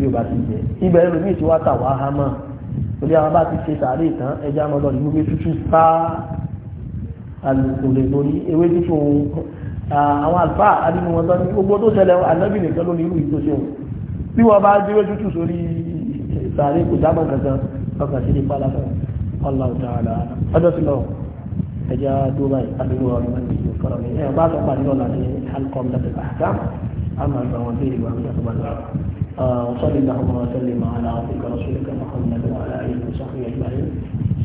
yóò bá ti jẹ ibẹ̀ ẹlòmíì ti wá tà wá hámà torí àwọn bá ti ṣe sàárè tán ẹja mọ́tò ní gbogbo tútù sá àlùkò lè lórí ewé tútù àwọn àlùfáà adínú wọn tán gbogbo tó ṣẹlẹ̀ ànábì nìkan ló ní irú wọn bí wọn bá dé ewé tútù sórí sàárè kò dábà gangan ọkà sí ní pálábà Allah ta'ala ọjọ́ tí lọ ẹja dúró àdúgbò ọ̀rọ̀ ìlú kọ̀rọ̀ mi ẹ̀ bá tó pa nílò láti alkọ́m láti àṣà àmà àgbà wọn bí ìwà ìjọba bá اللهم وسلم على عبدك ورسولك محمد وعلى اله وصحبه اجمعين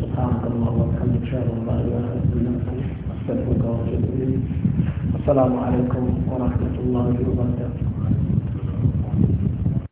سبحانك اللهم وبحمدك اشهد ان لا اله الا انت استغفرك واتوب السلام عليكم ورحمه الله وبركاته